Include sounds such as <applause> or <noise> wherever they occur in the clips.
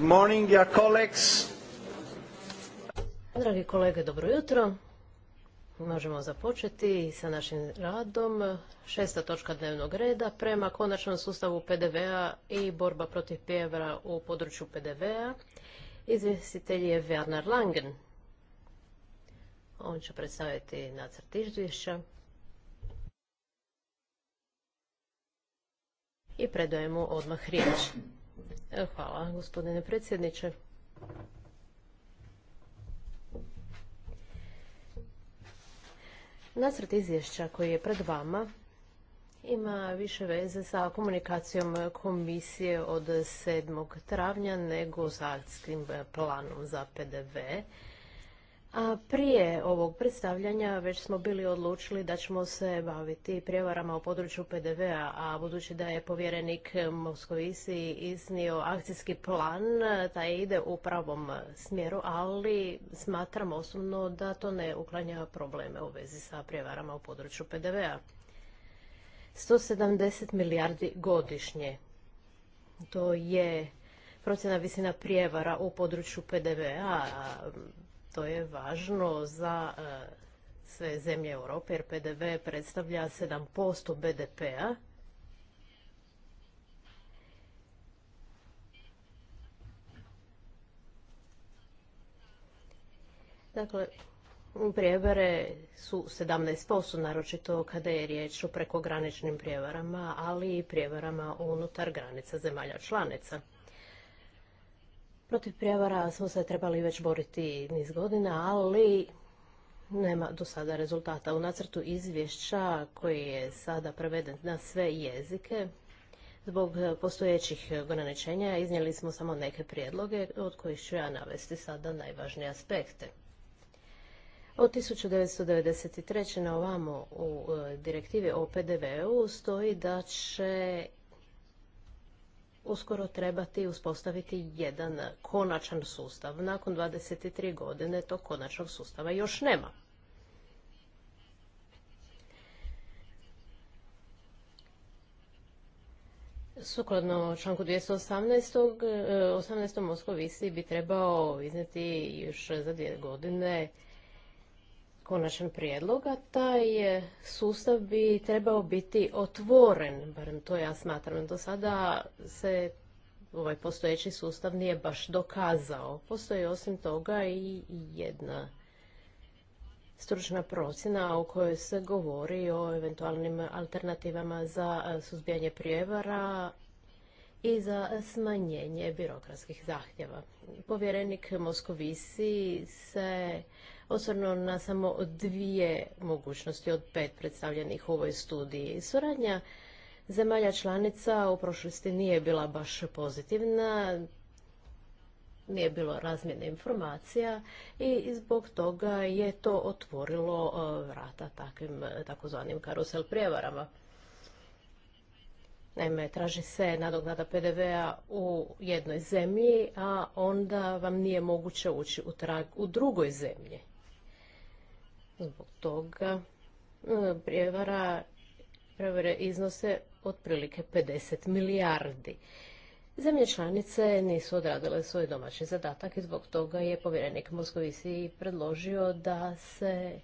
morning, dear Dragi kolege, dobro jutro. Možemo započeti sa našim radom. Šesta točka dnevnog reda prema konačnom sustavu PDV-a i borba protiv prijevara u području PDV-a. je Werner Langen. On će predstaviti nacrt izvješća. I predajemo odmah riječ. Hvala, gospodine predsjedniče. Nacrt izvješća koji je pred vama ima više veze sa komunikacijom komisije od 7. travnja nego sa akcijskim planom za PDV. A prije ovog predstavljanja već smo bili odlučili da ćemo se baviti prijevarama u području PDV-a, a budući da je povjerenik Moskovisi iznio akcijski plan, taj ide u pravom smjeru, ali smatram osobno da to ne uklanja probleme u vezi sa prijevarama u području PDV-a. 170 milijardi godišnje. To je procjena visina prijevara u području PDV-a što je važno za e, sve zemlje Europe, jer PDV predstavlja 7% BDP-a. Dakle, prijevare su 17%, naročito kada je riječ o prekograničnim prijevarama, ali i prijevarama unutar granica zemalja članica. Protiv prijevara smo se trebali već boriti niz godina, ali nema do sada rezultata. U nacrtu izvješća koji je sada preveden na sve jezike, zbog postojećih ograničenja iznijeli smo samo neke prijedloge od kojih ću ja navesti sada najvažnije aspekte. Od 1993. na ovamo u e, direktivi o PDV-u stoji da će uskoro trebati uspostaviti jedan konačan sustav. Nakon 23 godine tog konačnog sustava još nema. Sukladno članku 218. 18. Moskov bi trebao izneti još za dvije godine konačan prijedlog, a taj sustav bi trebao biti otvoren, barem to ja smatram. Do sada se ovaj postojeći sustav nije baš dokazao. Postoji osim toga i jedna stručna procjena o kojoj se govori o eventualnim alternativama za e, suzbijanje prijevara i za smanjenje birokratskih zahtjeva. Povjerenik Moskovisi se osvrnuo na samo dvije mogućnosti od pet predstavljenih u ovoj studiji. Suradnja zemalja članica u prošlosti nije bila baš pozitivna, nije bilo razmjene informacija i zbog toga je to otvorilo e, vrata takvim e, takozvanim karusel prijevarama. Naime, traži se nadoknada PDV-a u jednoj zemlji, a onda vam nije moguće ući u trag u drugoj zemlji. Zbog toga e, prijevara iznose otprilike 50 milijardi. Zemlje članice nisu odradile svoj domaći zadatak i zbog toga je povjerenik Moskovisi predložio da se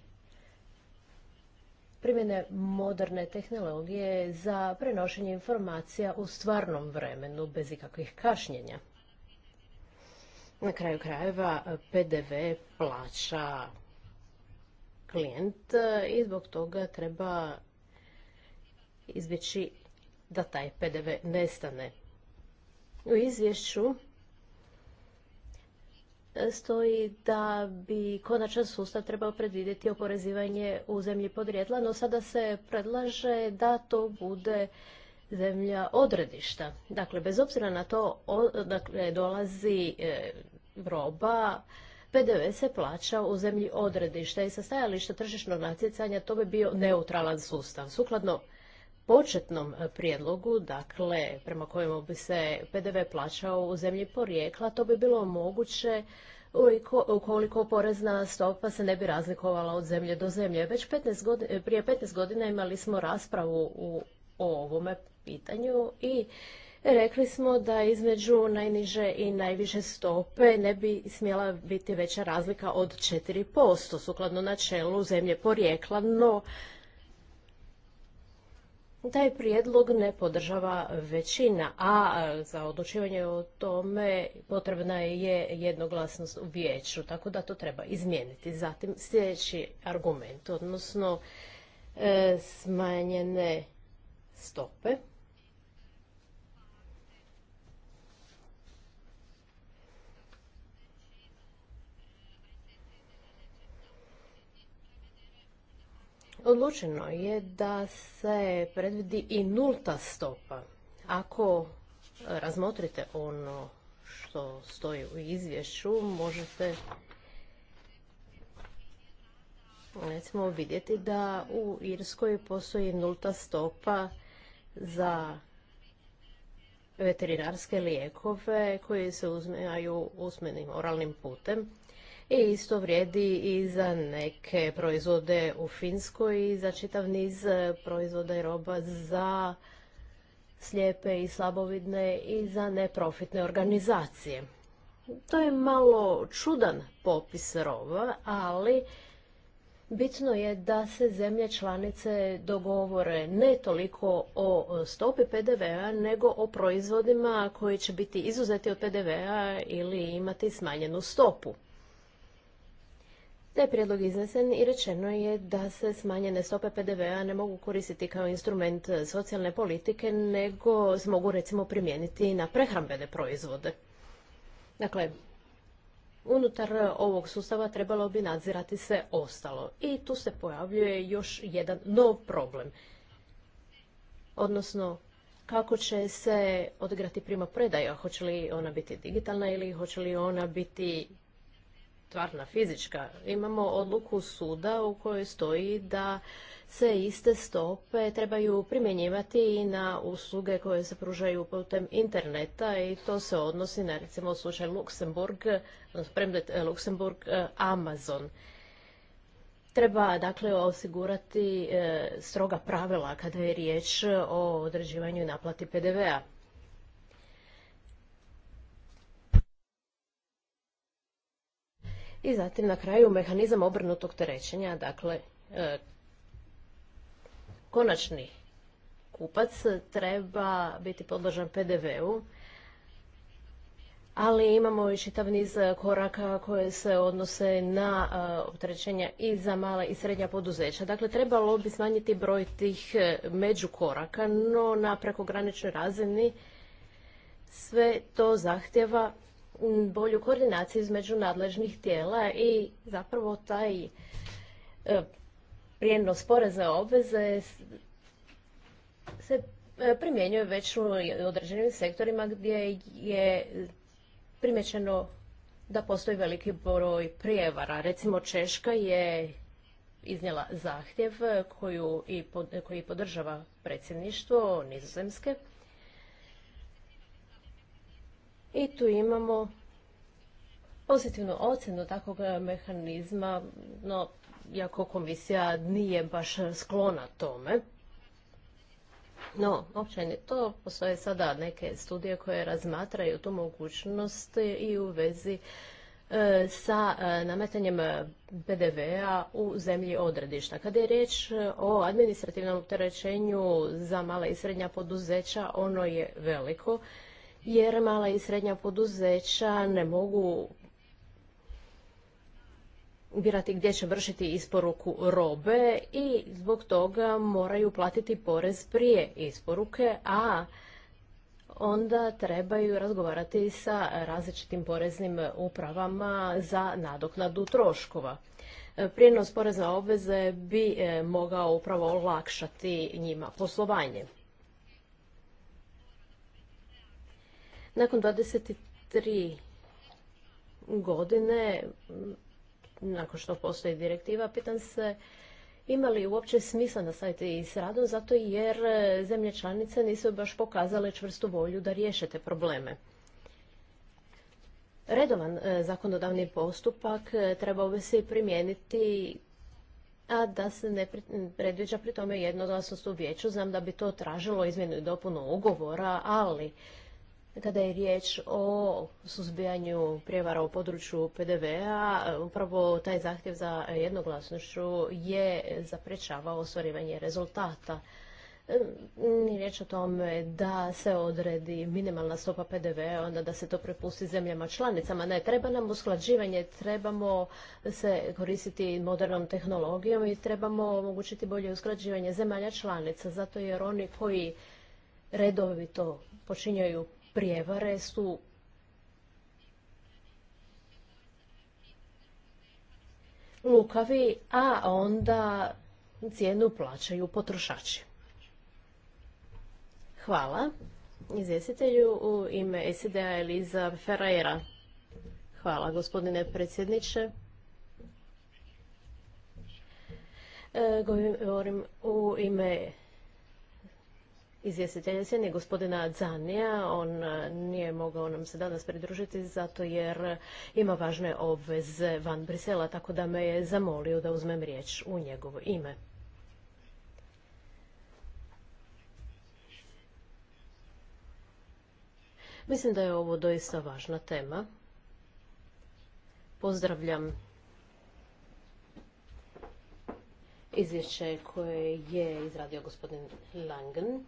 primjene moderne tehnologije za prenošenje informacija u stvarnom vremenu bez ikakvih kašnjenja. Na kraju krajeva PDV plaća klijent e, i zbog toga treba izbjeći da taj PDV nestane. U izvješću e, stoji da bi konačan sustav trebao predvidjeti oporezivanje u zemlji podrijetla, no sada se predlaže da to bude zemlja odredišta. Dakle, bez obzira na to, dakle, dolazi e, roba PDV se plaća u zemlji odredišta i sa stajališta tržišnog natjecanja to bi bio neutralan sustav. Sukladno početnom prijedlogu, dakle, prema kojemu bi se PDV plaćao u zemlji porijekla, to bi bilo moguće ukoliko porezna stopa se ne bi razlikovala od zemlje do zemlje. Već prije 15 godina imali smo raspravu u o ovome pitanju i rekli smo da između najniže i najviše stope ne bi smjela biti veća razlika od 4%, sukladno načelu zemlje porijekla, no taj prijedlog ne podržava većina, a za odlučivanje o tome potrebna je jednoglasnost u vijeću, tako da to treba izmijeniti. Zatim sljedeći argument, odnosno e, smanjene stope. Odlučeno je da se predvidi i nulta stopa. Ako e, razmotrite ono što stoji u izvješću, možete recimo vidjeti da u Irskoj postoji nulta stopa za veterinarske lijekove koji se uzmijaju usmenim oralnim putem. I isto vrijedi i za neke proizvode u Finskoj za čitav niz e, proizvoda i roba za slijepe i slabovidne i za neprofitne organizacije. To je malo čudan popis roba, ali bitno je da se zemlje članice dogovore ne toliko o stopi PDV-a, nego o proizvodima koji će biti izuzeti od PDV-a ili imati smanjenu stopu je prijedlog iznesen i rečeno je da se smanjene stope PDV-a ne mogu koristiti kao instrument socijalne politike, nego se mogu recimo primijeniti na prehrambene proizvode. Dakle, unutar ovog sustava trebalo bi nadzirati sve ostalo. I tu se pojavljuje još jedan nov problem. Odnosno, kako će se odigrati prima predaja, hoće li ona biti digitalna ili hoće li ona biti stvarna fizička. Imamo odluku suda u kojoj stoji da se iste stope trebaju primjenjivati i na usluge koje se pružaju putem interneta i to se odnosi na recimo slučaj Luksemburg, Luksemburg, e, Amazon. Treba dakle osigurati e, stroga pravila kada je riječ o određivanju i naplati PDV-a. I zatim na kraju mehanizam obrnutog terećenja, dakle e, konačni kupac treba biti podložan PDV-u, ali imamo i čitav niz koraka koje se odnose na e, opterećenja i za mala i srednja poduzeća. Dakle, trebalo bi smanjiti broj tih e, međukoraka, no na prekograničnoj razini sve to zahtjeva bolju koordinaciju između nadležnih tijela i zapravo taj e, prijenos poreza obveze se e, primjenjuje već u određenim sektorima gdje je primjećeno da postoji veliki broj prijevara. Recimo Češka je iznijela zahtjev koju koji podržava predsjedništvo Nizozemske I tu imamo pozitivnu ocjenu takvog e, mehanizma, no jako komisija nije baš sklona tome. No, općenito postoje sada neke studije koje razmatraju tu mogućnost i u vezi e, sa e, nametanjem PDV-a u zemlji odredišta. Kada je riječ o administrativnom opterećenju za mala i srednja poduzeća, ono je veliko jer mala i srednja poduzeća ne mogu birati gdje će vršiti isporuku robe i zbog toga moraju platiti porez prije isporuke, a onda trebaju razgovarati sa različitim poreznim upravama za nadoknadu troškova. Prijenos porezne obveze bi eh, mogao upravo olakšati njima poslovanje. Nakon 23 godine, nakon što postoji direktiva, pitan se ima li uopće smisla nastaviti s radom, zato jer e, zemlje članice nisu baš pokazale čvrstu volju da riješe te probleme. Redovan e, zakonodavni postupak e, trebao bi se primijeniti a da se ne predviđa pri tome jednoglasnost u vijeću. Znam da bi to tražilo izmjenu i dopunu ugovora, ali kada je riječ o suzbijanju prijevara u području PDV-a, upravo taj zahtjev za jednoglasnošću je zaprečavao ostvarivanje rezultata. Riječ o tome da se odredi minimalna stopa PDV-a, onda da se to prepusti zemljama članicama. Ne, treba nam usklađivanje, trebamo se koristiti modernom tehnologijom i trebamo omogućiti bolje usklađivanje zemalja članica, zato jer oni koji redovito počinjaju prijevare su lukavi, a onda cijenu plaćaju potrošači. Hvala izvjestitelju u ime SDA Eliza Ferreira. Hvala gospodine predsjedniče. E, govorim u ime izvjestiteljice ni gospodina Zanija. On e, nije mogao nam se danas pridružiti zato jer ima važne obveze van Brisela, tako da me je zamolio da uzmem riječ u njegovo ime. Mislim da je ovo doista važna tema. Pozdravljam izvješće koje je izradio gospodin Langen.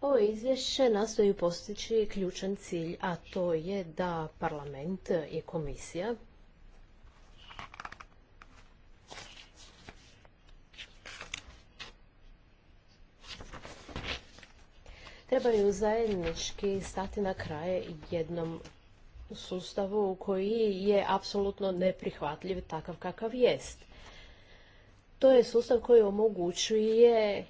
Ovo izvješće nastoji postići ključan cilj, a to je da parlament i komisija trebaju zajednički stati na kraje jednom sustavu koji je apsolutno neprihvatljiv takav kakav jest. To je sustav koji omogućuje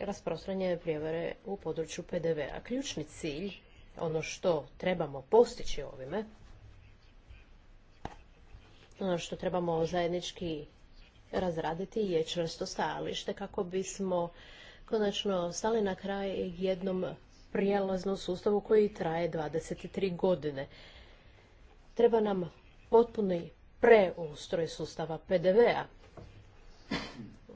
rasprostranje prijevare u području PDV-a. Ključni cilj, ono što trebamo postići ovime, ono što trebamo zajednički razraditi je čvrsto stajalište kako bismo konačno stali na kraj jednom prijelaznom sustavu koji traje 23 godine. Treba nam potpuni preustroj sustava PDV-a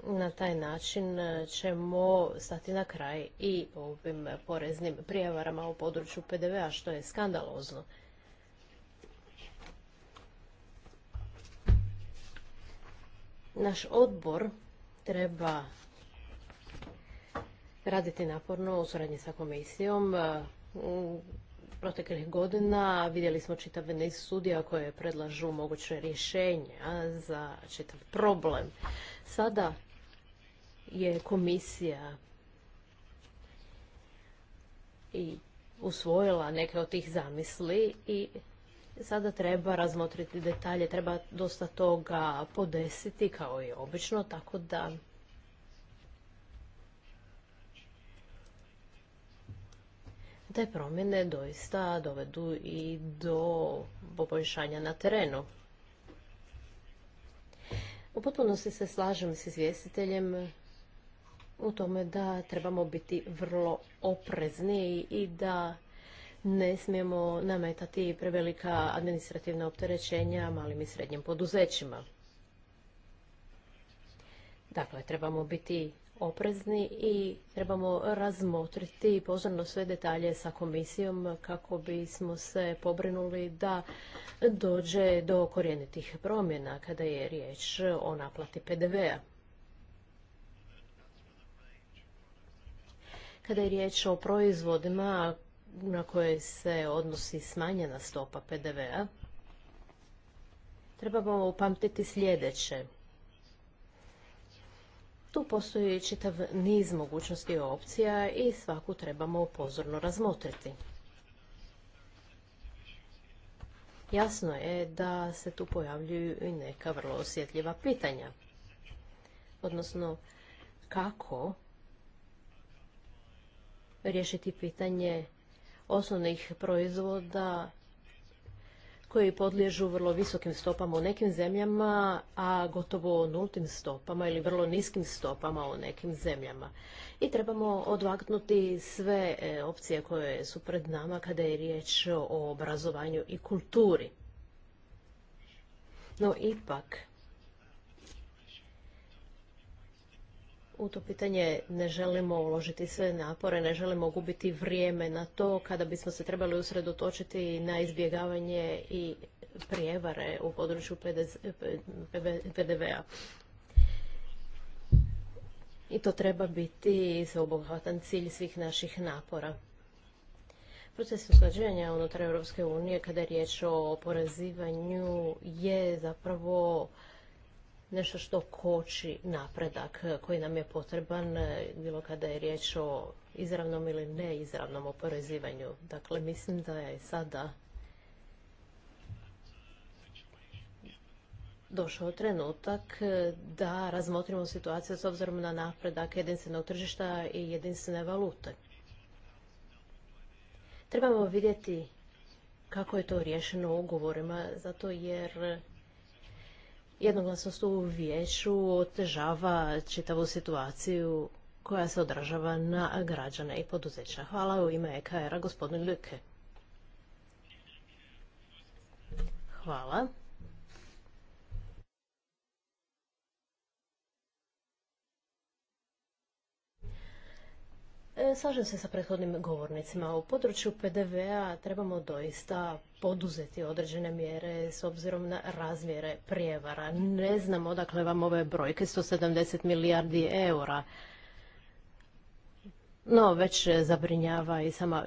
na taj način e, ćemo stati na kraj i ovim poreznim prijevarama u području PDV-a, što je skandalozno. Naš odbor treba raditi naporno u suradnji sa komisijom. E, proteklih godina vidjeli smo čitav niz studija koje predlažu moguće rješenja za čitav problem. Sada je komisija i usvojila neke od tih zamisli i sada treba razmotriti detalje, treba dosta toga podesiti kao i obično, tako da te promjene doista dovedu i do poboljšanja na terenu. U potpunosti se slažem s izvjestiteljem u tome da trebamo biti vrlo oprezni i da ne smijemo nametati prevelika administrativna opterećenja malim i srednjim poduzećima. Dakle, trebamo biti oprezni i trebamo razmotriti pozorno sve detalje sa komisijom kako bismo se pobrinuli da dođe do korijenitih promjena kada je riječ o naplati PDV-a. kada je riječ o proizvodima na koje se odnosi smanjena stopa PDV-a, trebamo upamtiti sljedeće. Tu postoji čitav niz mogućnosti i opcija i svaku trebamo pozorno razmotriti. Jasno je da se tu pojavljuju i neka vrlo osjetljiva pitanja. Odnosno, kako riješiti pitanje osnovnih proizvoda koji podliježu vrlo visokim stopama u nekim zemljama, a gotovo nultim stopama ili vrlo niskim stopama u nekim zemljama. I trebamo odvaknuti sve e, opcije koje su pred nama kada je riječ o obrazovanju i kulturi. No ipak, U to pitanje ne želimo uložiti sve napore, ne želimo gubiti vrijeme na to kada bismo se trebali usredotočiti na izbjegavanje i prijevare u području PDV-a. I to treba biti sveobuhvatan cilj svih naših napora. Proces usklađivanja unutar Europske unije kada je riječ o oporezivanju je zapravo nešto što koči napredak koji nam je potreban, bilo kada je riječ o izravnom ili neizravnom oporezivanju. Dakle, mislim da je sada došao trenutak da razmotrimo situaciju s obzirom na napredak jedinstvenog tržišta i jedinstvene valute. Trebamo vidjeti kako je to riješeno ugovorima, zato jer jednoglasnost u vijeću otežava čitavu situaciju koja se odražava na građane i poduzeća. Hvala u ime EKR-a gospodin Ljuke. Hvala. E, slažem se sa prethodnim govornicima. U području PDV-a trebamo doista poduzeti određene mjere s obzirom na razmjere prijevara. Ne znam odakle vam ove brojke, 170 milijardi eura. No, već zabrinjava i sama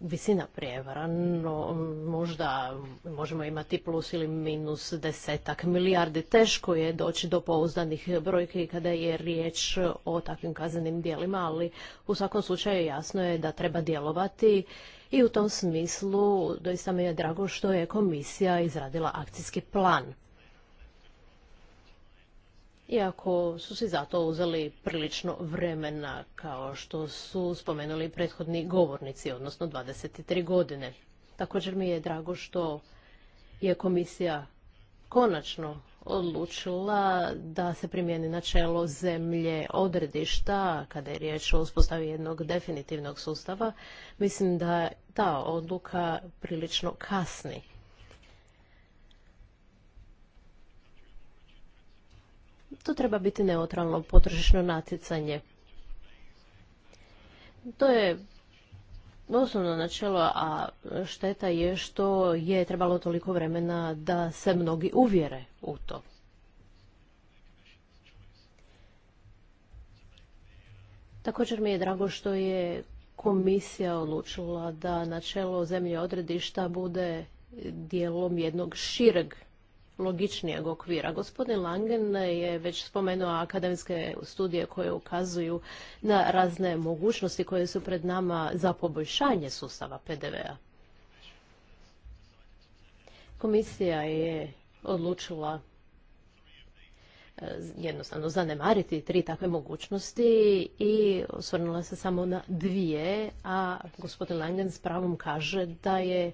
visina prijevara, no možda možemo imati plus ili minus desetak milijardi. Teško je doći do pouzdanih brojki kada je riječ o takvim kaznenim dijelima, ali u svakom slučaju jasno je da treba djelovati i u tom smislu doista mi je drago što je komisija izradila akcijski plan. Iako su si zato uzeli prilično vremena, kao što su spomenuli prethodni govornici, odnosno 23 godine. Također mi je drago što je komisija konačno odlučila da se primijeni načelo zemlje odredišta kada je riječ o uspostavi jednog definitivnog sustava, mislim da ta odluka prilično kasni. To treba biti neutralno potržišno natjecanje. To je osnovno načelo, a šteta je što je trebalo toliko vremena da se mnogi uvjere u to. Također mi je drago što je komisija odlučila da načelo zemlje odredišta bude dijelom jednog šireg logičnijeg okvira. Gospodin Langen je već spomenuo akademske studije koje ukazuju na razne mogućnosti koje su pred nama za poboljšanje sustava PDV-a. Komisija je odlučila e, jednostavno zanemariti tri takve mogućnosti i osvrnula se samo na dvije, a gospodin Langen s pravom kaže da je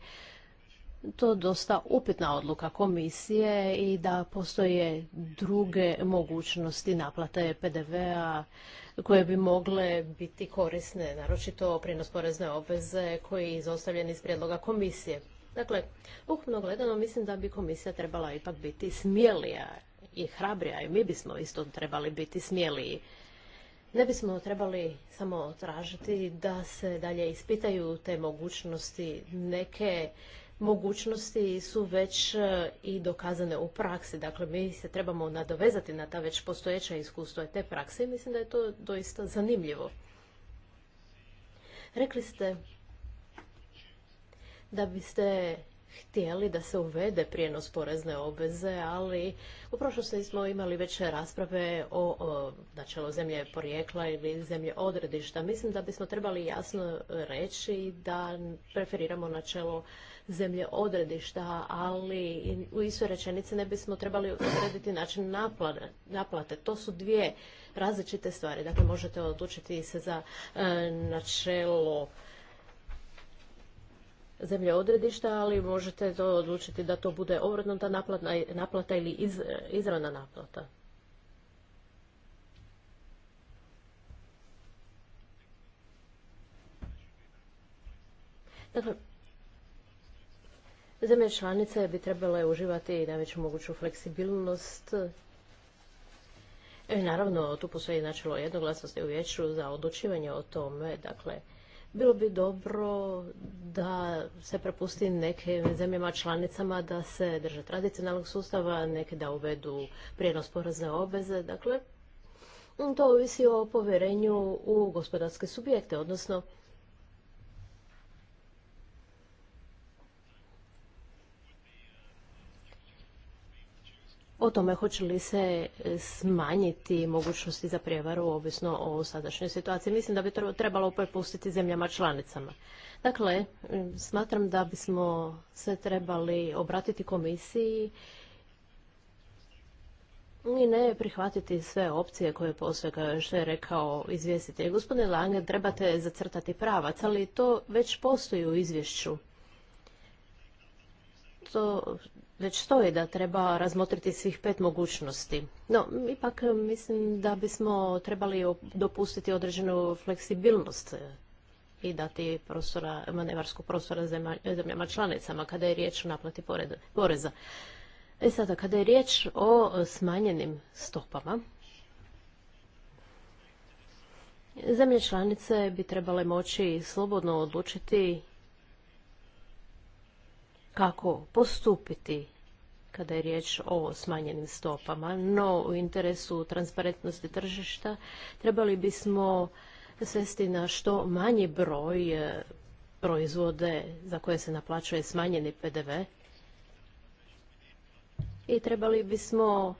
to dosta upitna odluka komisije i da postoje druge mogućnosti naplate PDV-a koje bi mogle biti korisne, naročito prinos porezne obveze koji je izostavljen iz prijedloga komisije. Dakle, ukupno gledano mislim da bi komisija trebala ipak biti smjelija i hrabrija i mi bismo isto trebali biti smjeliji. Ne bismo trebali samo tražiti da se dalje ispitaju te mogućnosti neke mogućnosti su već e, i dokazane u praksi. Dakle, mi se trebamo nadovezati na ta već postojeća iskustva te prakse i mislim da je to doista zanimljivo. Rekli ste da biste htjeli da se uvede prijenos porezne obveze, ali u prošlosti smo imali već rasprave o, o načelu zemlje porijekla ili zemlje odredišta. Mislim da bismo trebali jasno reći da preferiramo načelo zemlje odredišta, ali u istoj rečenici ne bismo trebali odrediti način naplate. To su dvije različite stvari. Dakle, možete odlučiti se za e, načelo zemlje odredišta, ali možete to odlučiti da to bude obrnuta naplata, naplata ili iz, izravna naplata. Dakle, zemlje članice bi trebale uživati najveću moguću fleksibilnost. E, naravno, tu postoji načelo jednoglasnosti u vijeću za odlučivanje o tome. Dakle, bilo bi dobro da se prepusti nekim zemljama članicama da se drže tradicionalnog sustava, neke da uvedu prijenos porezne obveze. Dakle, to ovisi o povjerenju u gospodarske subjekte, odnosno o tome hoće li se e, smanjiti mogućnosti za prijevaru ovisno o sadašnjoj situaciji. Mislim da bi to trebalo prepustiti zemljama članicama. Dakle, e, smatram da bismo se trebali obratiti komisiji i ne prihvatiti sve opcije koje postoje, kao što je rekao izvjestitelj. Gospodine Lange, trebate zacrtati pravac, ali to već postoji u izvješću. To već stoji da treba razmotriti svih pet mogućnosti. No, ipak mislim da bismo trebali dopustiti određenu fleksibilnost i dati prostora, manevarskog prostora zemljama članicama kada je riječ o naplati poreza. E sada, kada je riječ o smanjenim stopama, zemlje članice bi trebale moći slobodno odlučiti kako postupiti kada je riječ o smanjenim stopama, no u interesu transparentnosti tržišta trebali bismo svesti na što manji broj e, proizvode za koje se naplaćuje smanjeni PDV i trebali bismo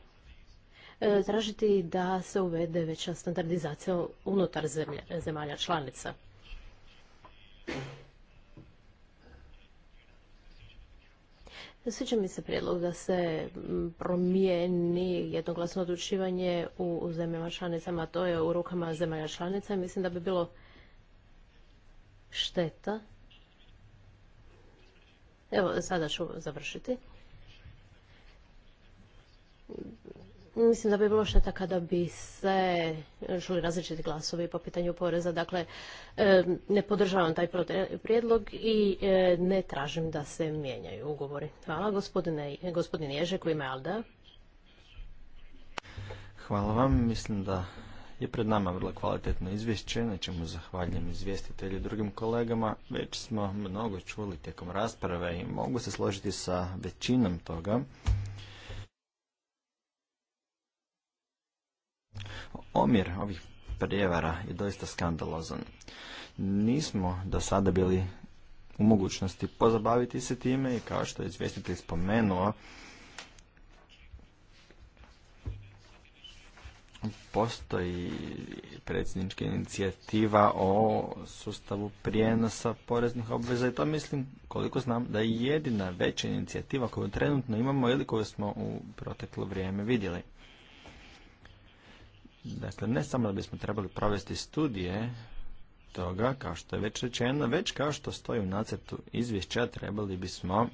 e, tražiti da se uvede veća standardizacija unutar zemalja članica. Sviđa mi se prijedlog da se promijeni jednoglasno odlučivanje u zemljama članicama, to je u rukama zemalja članica. Mislim da bi bilo šteta. Evo, sada ću završiti. Mislim da bi bilo šteta kada bi se čuli različiti glasovi po pitanju poreza. Dakle, ne podržavam taj prijedlog i e, ne tražim da se mijenjaju ugovori. Hvala gospodine, gospodin Ježek u ime Alda. Hvala vam. Mislim da je pred nama vrlo kvalitetno izvješće, na čemu zahvaljujem izvjestitelju i drugim kolegama. Već smo mnogo čuli tijekom rasprave i mogu se složiti sa većinom toga. Omjer ovih prijevara je doista skandalozan. Nismo do sada bili u mogućnosti pozabaviti se time i kao što je izvjestitelj spomenuo, postoji predsjednička inicijativa o sustavu prijenosa poreznih obveza i to mislim, koliko znam, da je jedina veća inicijativa koju trenutno imamo ili koju smo u proteklo vrijeme vidjeli. Dakle, ne samo da bismo trebali provesti studije toga, kao što je već rečeno, već kao što stoji u nacrtu izvješća, trebali bismo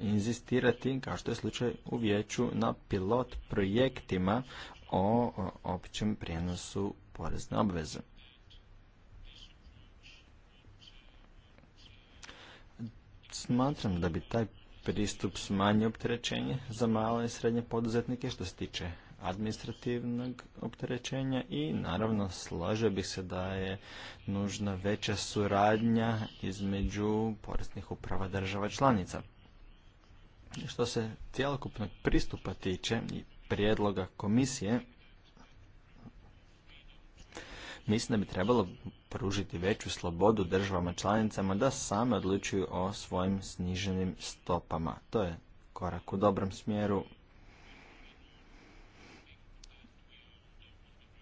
inzistirati, kao što je slučaj u vijeću, na pilot projektima o općem prijenosu porezne obveze. Smatram da bi taj pristup smanjio opterećenje za male i srednje poduzetnike što se tiče administrativnog opterećenja i naravno slaže bih se da je nužna veća suradnja između poreznih uprava država članica. Što se cjelokupnog pristupa tiče i prijedloga komisije, mislim da bi trebalo pružiti veću slobodu državama članicama da same odlučuju o svojim sniženim stopama. To je korak u dobrom smjeru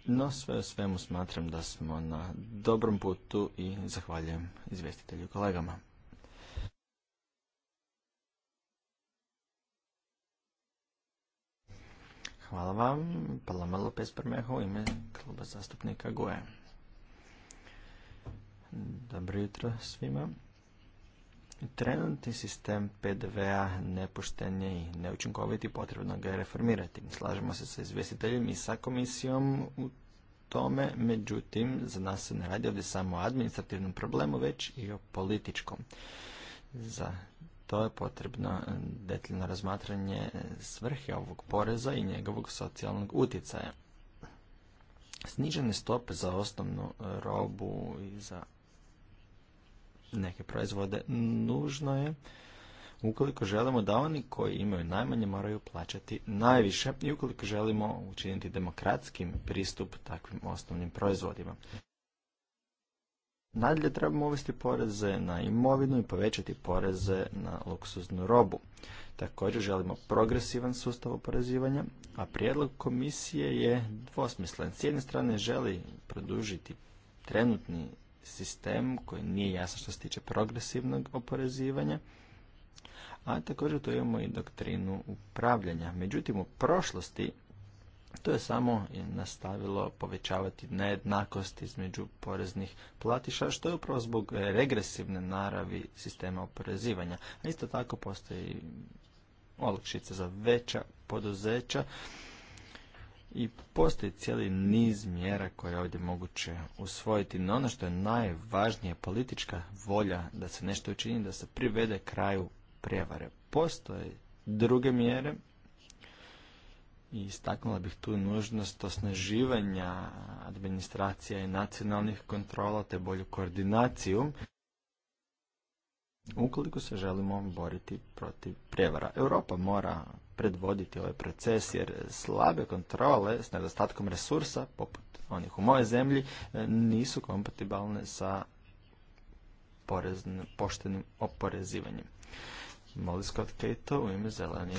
No sve o svemu smatram da smo na dobrom putu i zahvaljujem izvjestitelju kolegama. Hvala vam. Paloma Lopez Permeho u ime kluba zastupnika GUE. Dobro jutro svima. Trenutni sistem PDV-a nepošten i neučinkoviti, potrebno ga je reformirati. Slažemo se sa izvjestiteljem i sa komisijom u tome, međutim, za nas se ne radi ovdje samo o administrativnom problemu, već i o političkom. Za to je potrebno detaljno razmatranje svrhe ovog poreza i njegovog socijalnog utjecaja. Snižene stope za osnovnu robu i za neke proizvode, nužno je ukoliko želimo da oni koji imaju najmanje moraju plaćati najviše i ukoliko želimo učiniti demokratskim pristup takvim osnovnim proizvodima. Nadalje trebamo uvesti poreze na imovinu i povećati poreze na luksuznu robu. Također želimo progresivan sustav oporezivanja, a prijedlog komisije je dvosmislen. S jedne strane želi produžiti trenutni sistem koji nije jasan što se tiče progresivnog oporezivanja, a također tu imamo i doktrinu upravljanja. Međutim, u prošlosti to je samo nastavilo povećavati nejednakost između poreznih platiša, što je upravo zbog regresivne naravi sistema oporezivanja. A isto tako postoji olakšica za veća poduzeća i postoji cijeli niz mjera koje je ovdje moguće usvojiti, no ono što je najvažnije politička volja da se nešto učini, da se privede kraju prijevare. Postoje druge mjere i istaknula bih tu nužnost osnaživanja administracija i nacionalnih kontrola te bolju koordinaciju ukoliko se želimo boriti protiv prijevara. Europa mora predvoditi ovaj proces jer slabe kontrole s nedostatkom resursa, poput onih u moje zemlji, e, nisu kompatibilne sa poštenim oporezivanjem. Molim Scott Cato u ime zelenih.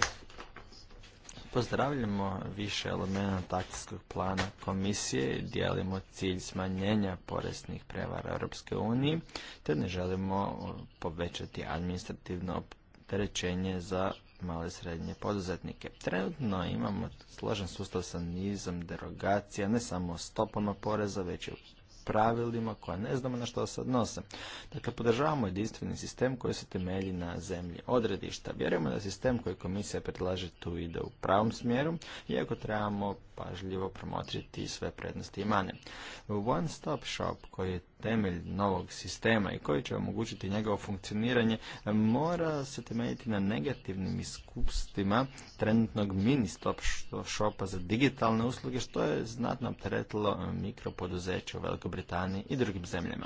Pozdravljamo više elemena akcijskog plana komisije dijelimo cilj smanjenja poreznih prevara Europske unije, te ne želimo povećati administrativno opterećenje za male i srednje poduzetnike. Trenutno imamo složen sustav sa nizom derogacija, ne samo stopama poreza, već i pravilima koja ne znamo na što se odnose. Dakle, podržavamo jedinstveni sistem koji se temelji na zemlji odredišta. Vjerujemo da sistem koji komisija predlaže tu ide u pravom smjeru, iako trebamo pažljivo promotriti sve prednosti i mane. One Stop Shop koji je temelj novog sistema i koji će omogućiti njegovo funkcioniranje mora se temeljiti na negativnim iskustvima trenutnog mini stop shopa za digitalne usluge što je znatno opteretilo e, mikropoduzeće u Velikoj Britaniji i drugim zemljama.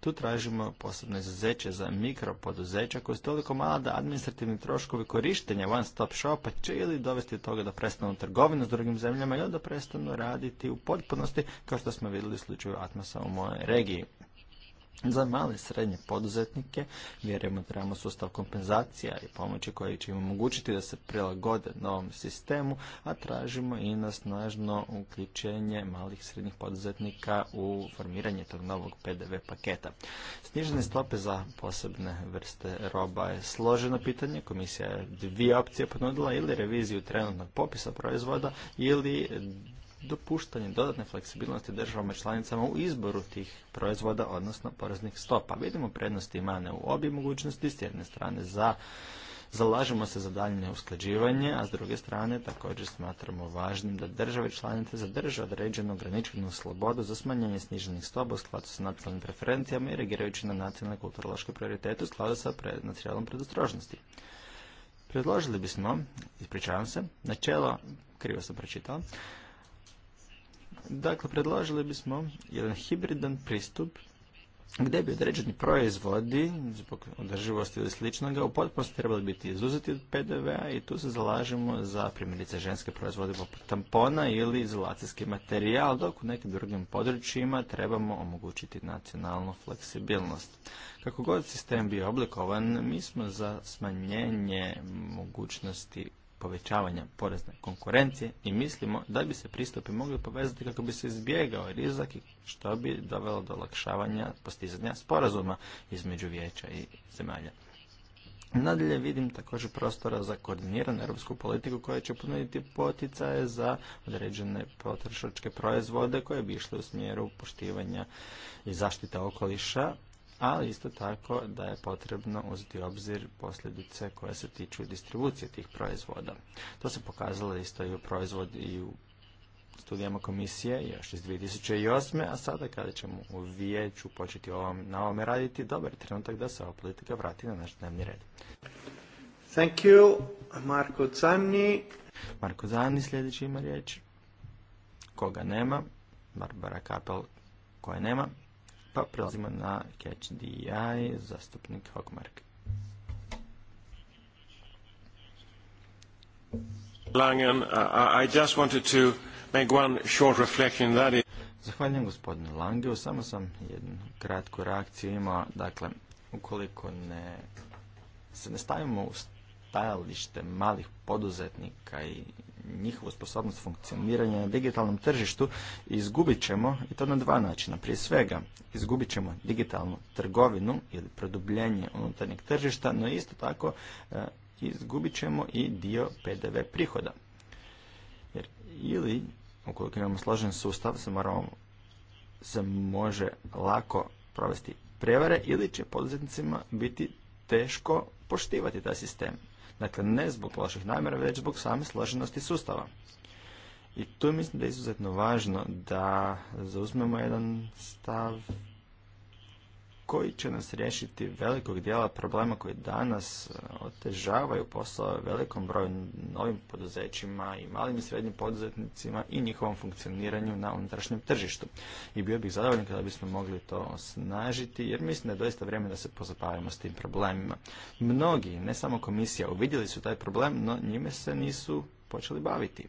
Tu tražimo posebno izuzeće za mikropoduzeća koje su toliko mala da administrativni troškovi korištenja one stop shopa će ili dovesti do toga da prestanu trgovinu s drugim zemljama ili da prestanu raditi u potpunosti kao što smo vidjeli u slučaju Atmasa u mojoj regiji. Za male i srednje poduzetnike vjerujemo trebamo sustav kompenzacija i pomoći koji će im omogućiti da se prilagode novom sistemu, a tražimo i na snažno uključenje malih i srednjih poduzetnika u formiranje tog novog PDV paketa. Snižene stope za posebne vrste roba je složeno pitanje. Komisija je dvije opcije ponudila ili reviziju trenutnog popisa proizvoda ili dopuštanje dodatne fleksibilnosti državama članicama u izboru tih proizvoda, odnosno poreznih stopa. Vidimo prednosti imane u obje mogućnosti, s jedne strane za Zalažemo se za daljnje usklađivanje, a s druge strane također smatramo važnim da države članice zadrže određenu ograničenu slobodu za smanjenje sniženih stopa u skladu sa nacionalnim preferencijama i reagirajući na nacionalne kulturološke prioritete u skladu sa nacionalnom predostrožnosti. Predložili bismo, ispričavam se, načelo, krivo sam pročitao, Dakle, predložili bismo jedan hibridan pristup gdje bi određeni proizvodi zbog održivosti ili sličnoga u potpunosti trebali biti izuzeti od PDV-a i tu se zalažemo za primjerice ženske proizvode poput tampona ili izolacijski materijal, dok u nekim drugim područjima trebamo omogućiti nacionalnu fleksibilnost. Kako god sistem bio oblikovan, mi smo za smanjenje mogućnosti povećavanja porezne konkurencije i mislimo da bi se pristupi mogli povezati kako bi se izbjegao rizik što bi dovelo do olakšavanja postizanja sporazuma između vijeća i zemalja. Nadalje vidim također prostora za koordiniranu europsku politiku koja će ponuditi poticaje za određene potrošačke proizvode koje bi išle u smjeru poštivanja i zaštite okoliša, ali isto tako da je potrebno uzeti obzir posljedice koje se tiču distribucije tih proizvoda. To se pokazalo isto i u proizvod i u studijama komisije još iz 2008. A sada kada ćemo u vijeću početi ovom, na ovome raditi, dobar je trenutak da se ova politika vrati na naš dnevni red. Thank you, Marko Zanni. Marko Zanni sljedeći ima riječ. Koga nema? Barbara Kapel koja nema. Pa prelazimo na Catch Eye zastupnik Hogmark. Langen, uh, I just wanted to make one short reflection that is... Zahvaljujem gospodinu Langeu, samo sam jednu kratku reakciju imao, dakle, ukoliko ne, se ne stavimo u stajalište malih poduzetnika i njihovu sposobnost funkcioniranja na digitalnom tržištu izgubit ćemo i to na dva načina. Prije svega izgubit ćemo digitalnu trgovinu ili produbljenje unutarnjeg tržišta, no isto tako e, izgubit ćemo i dio PDV prihoda. Jer ili ukoliko imamo složen sustav se se može lako provesti prevare ili će poduzetnicima biti teško poštivati taj sistem. Dakle, ne zbog loših namjera, već zbog same složenosti sustava. I tu mislim da je izuzetno važno da zauzmemo jedan stav koji će nas riješiti velikog dijela problema koji danas e, otežavaju posao velikom broju novim poduzećima i malim i srednjim poduzetnicima i njihovom funkcioniranju na unutrašnjem tržištu. I bio bih zadovoljan kada bismo mogli to osnažiti jer mislim da je doista vrijeme da se pozabavimo s tim problemima. Mnogi, ne samo komisija, uvidjeli su taj problem, no njime se nisu počeli baviti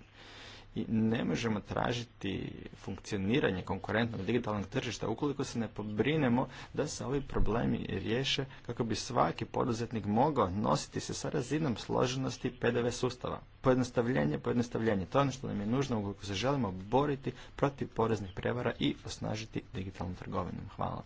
i ne možemo tražiti funkcioniranje konkurentnog digitalnog tržišta ukoliko se ne pobrinemo da se ovi problemi riješe kako bi svaki poduzetnik mogao nositi se sa razinom složenosti PDV sustava. Pojednostavljenje, pojednostavljenje. To je ono što nam je nužno ukoliko se želimo boriti protiv poreznih prevara i osnažiti digitalnu trgovinu. Hvala.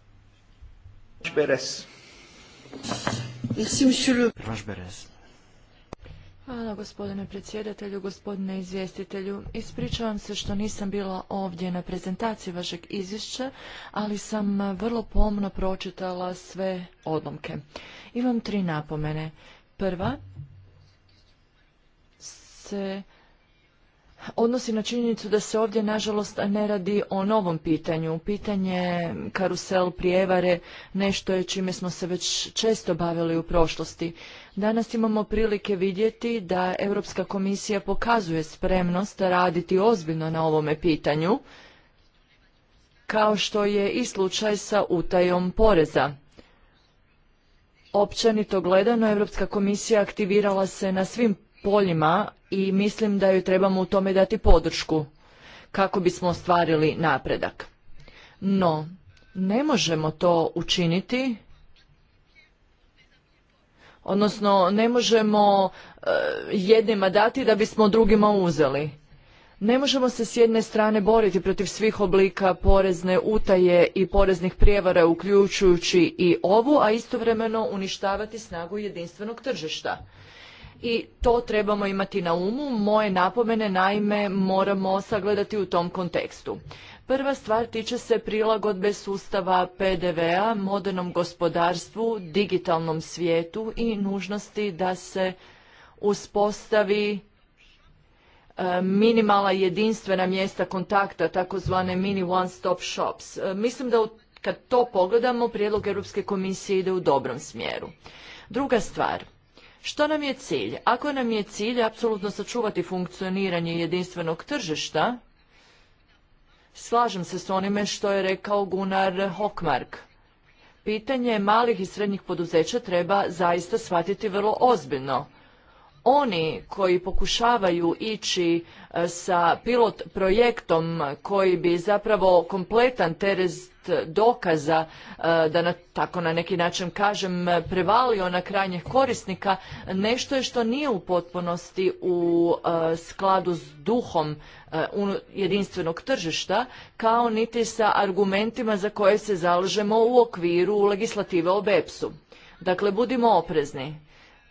Hvala gospodine predsjedatelju, gospodine izvjestitelju. Ispričavam se što nisam bila ovdje na prezentaciji vašeg izvješća, ali sam vrlo pomno pročitala sve odlomke. Imam tri napomene. Prva se odnosi na činjenicu da se ovdje nažalost ne radi o novom pitanju. Pitanje karusel prijevare nešto je čime smo se već često bavili u prošlosti. Danas imamo prilike vidjeti da Europska komisija pokazuje spremnost raditi ozbiljno na ovome pitanju, kao što je i slučaj sa utajom poreza. Općenito gledano, Europska komisija aktivirala se na svim poljima i mislim da joj trebamo u tome dati podršku kako bismo ostvarili napredak. No, ne možemo to učiniti odnosno ne možemo e, jednima dati da bismo drugima uzeli. Ne možemo se s jedne strane boriti protiv svih oblika porezne utaje i poreznih prijevara uključujući i ovu, a istovremeno uništavati snagu jedinstvenog tržišta i to trebamo imati na umu. Moje napomene naime moramo sagledati u tom kontekstu. Prva stvar tiče se prilagodbe sustava PDV-a modernom gospodarstvu, digitalnom svijetu i nužnosti da se uspostavi e, minimala jedinstvena mjesta kontakta, takozvane mini one-stop shops. E, mislim da kad to pogledamo, prijedlog Europske komisije ide u dobrom smjeru. Druga stvar – što nam je cilj? Ako nam je cilj apsolutno sačuvati funkcioniranje jedinstvenog tržišta, slažem se s onime što je rekao Gunnar Hockmark. Pitanje malih i srednjih poduzeća treba zaista shvatiti vrlo ozbiljno oni koji pokušavaju ići e, sa pilot projektom koji bi zapravo kompletan terest dokaza, e, da tako na neki način kažem, prevalio na krajnjih korisnika, nešto je što nije u potpunosti u e, skladu s duhom jedinstvenog tržišta, kao niti sa argumentima za koje se zalažemo u okviru legislative o BEPS-u. Dakle, budimo oprezni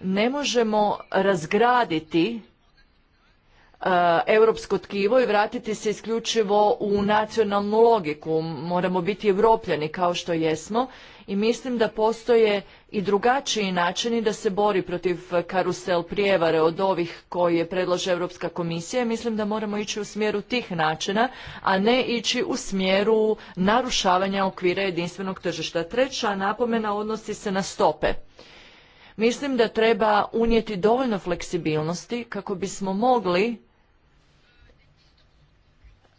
ne možemo razgraditi uh, europsko tkivo i vratiti se isključivo u nacionalnu logiku. Moramo biti evropljani kao što jesmo i mislim da postoje i drugačiji načini da se bori protiv karusel prijevare od ovih koje predlaže Europska komisija. Mislim da moramo ići u smjeru tih načina, a ne ići u smjeru narušavanja okvira jedinstvenog tržišta. Treća napomena odnosi se na stope. Mislim da treba unijeti dovoljno fleksibilnosti kako bismo mogli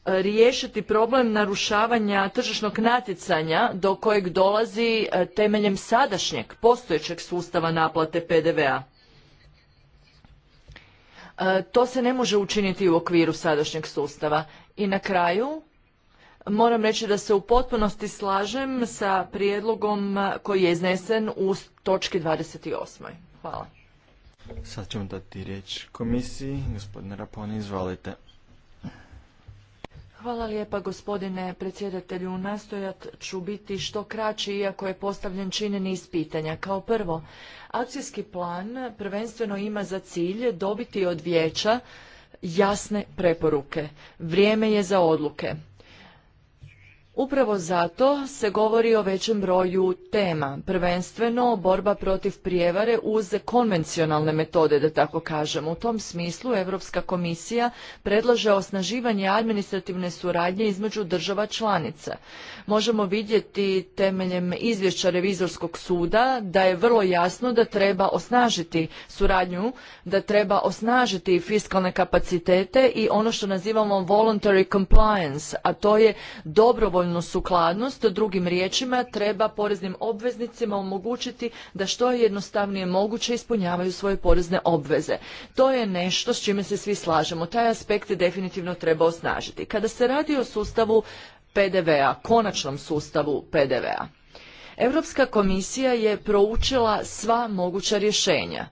riješiti problem narušavanja tržišnog natjecanja do kojeg dolazi e, temeljem sadašnjeg postojećeg sustava naplate PDV-a. E, to se ne može učiniti u okviru sadašnjeg sustava. I na kraju, Moram reći da se u potpunosti slažem sa prijedlogom koji je iznesen u točki 28. Hvala. Sad ćemo dati riječ komisiji. Gospodine Raponi, izvalite. Hvala lijepa gospodine predsjedatelju. Nastojat ću biti što kraći iako je postavljen čini niz pitanja. Kao prvo, akcijski plan prvenstveno ima za cilj dobiti od vijeća jasne preporuke. Vrijeme je za odluke. Upravo zato se govori o većem broju tema, prvenstveno borba protiv prijevare uz konvencionalne metode, da tako kažem. U tom smislu Europska komisija predlaže osnaživanje administrativne suradnje između država članica. Možemo vidjeti temeljem izvješća revizorskog suda da je vrlo jasno da treba osnažiti suradnju, da treba osnažiti fiskalne kapacitete i ono što nazivamo voluntary compliance, a to je dobrovoljno dovoljnu sukladnost, drugim riječima treba poreznim obveznicima omogućiti da što je jednostavnije moguće ispunjavaju svoje porezne obveze. To je nešto s čime se svi slažemo. Taj aspekt definitivno treba osnažiti. Kada se radi o sustavu PDV-a, konačnom sustavu PDV-a, Europska komisija je proučila sva moguća rješenja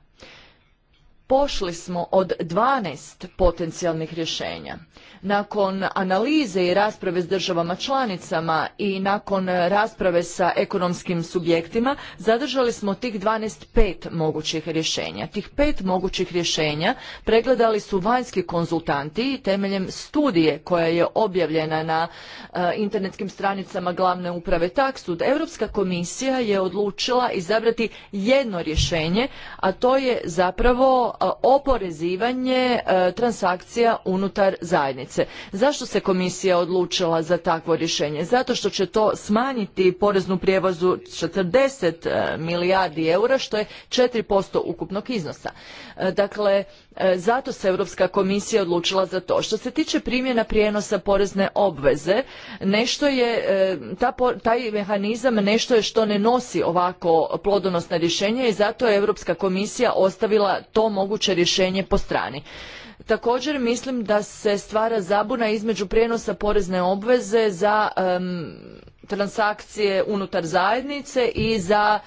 Pošli smo od 12 potencijalnih rješenja. Nakon analize i rasprave s državama članicama i nakon rasprave sa ekonomskim subjektima zadržali smo tih 12 pet mogućih rješenja. Tih pet mogućih rješenja pregledali su vanjski konzultanti i temeljem studije koja je objavljena na e, internetskim stranicama glavne uprave Taksud, Europska komisija je odlučila izabrati jedno rješenje, a to je zapravo oporezivanje e, transakcija unutar zajednice. Zašto se komisija odlučila za takvo rješenje? Zato što će to smanjiti poreznu prijevozu 40 e, milijardi eura, što je 4% ukupnog iznosa. E, dakle, E, zato se Europska komisija odlučila za to. Što se tiče primjena prijenosa porezne obveze, nešto je, e, taj mehanizam nešto je što ne nosi ovako plodonosna rješenja i zato je Europska komisija ostavila to moguće rješenje po strani. Također mislim da se stvara zabuna između prijenosa porezne obveze za transakcije unutar zajednice i za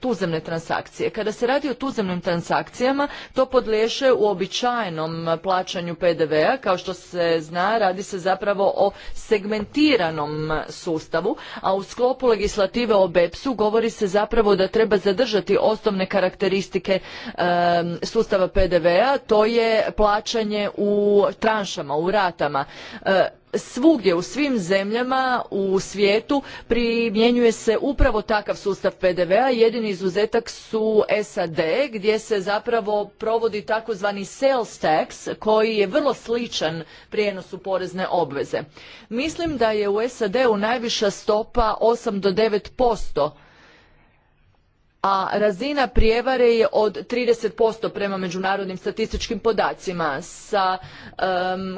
tuzemne transakcije. Kada se radi o tuzemnim transakcijama, to podliješe običajnom plaćanju PDV-a. Kao što se zna, radi se zapravo o segmentiranom sustavu, a u sklopu legislative o BEPS-u govori se zapravo da treba zadržati osnovne karakteristike sustava PDV-a, to je plaćanje u tranšama, u ratama. E, svugdje u svim zemljama u svijetu primjenjuje se upravo takav sustav PDV-a. Jedini izuzetak su SAD gdje se zapravo provodi takozvani sales tax koji je vrlo sličan prijenosu porezne obveze. Mislim da je u SAD-u najviša stopa 8 do 9% a razina prijevare je od 30% prema međunarodnim statističkim podacima. Sa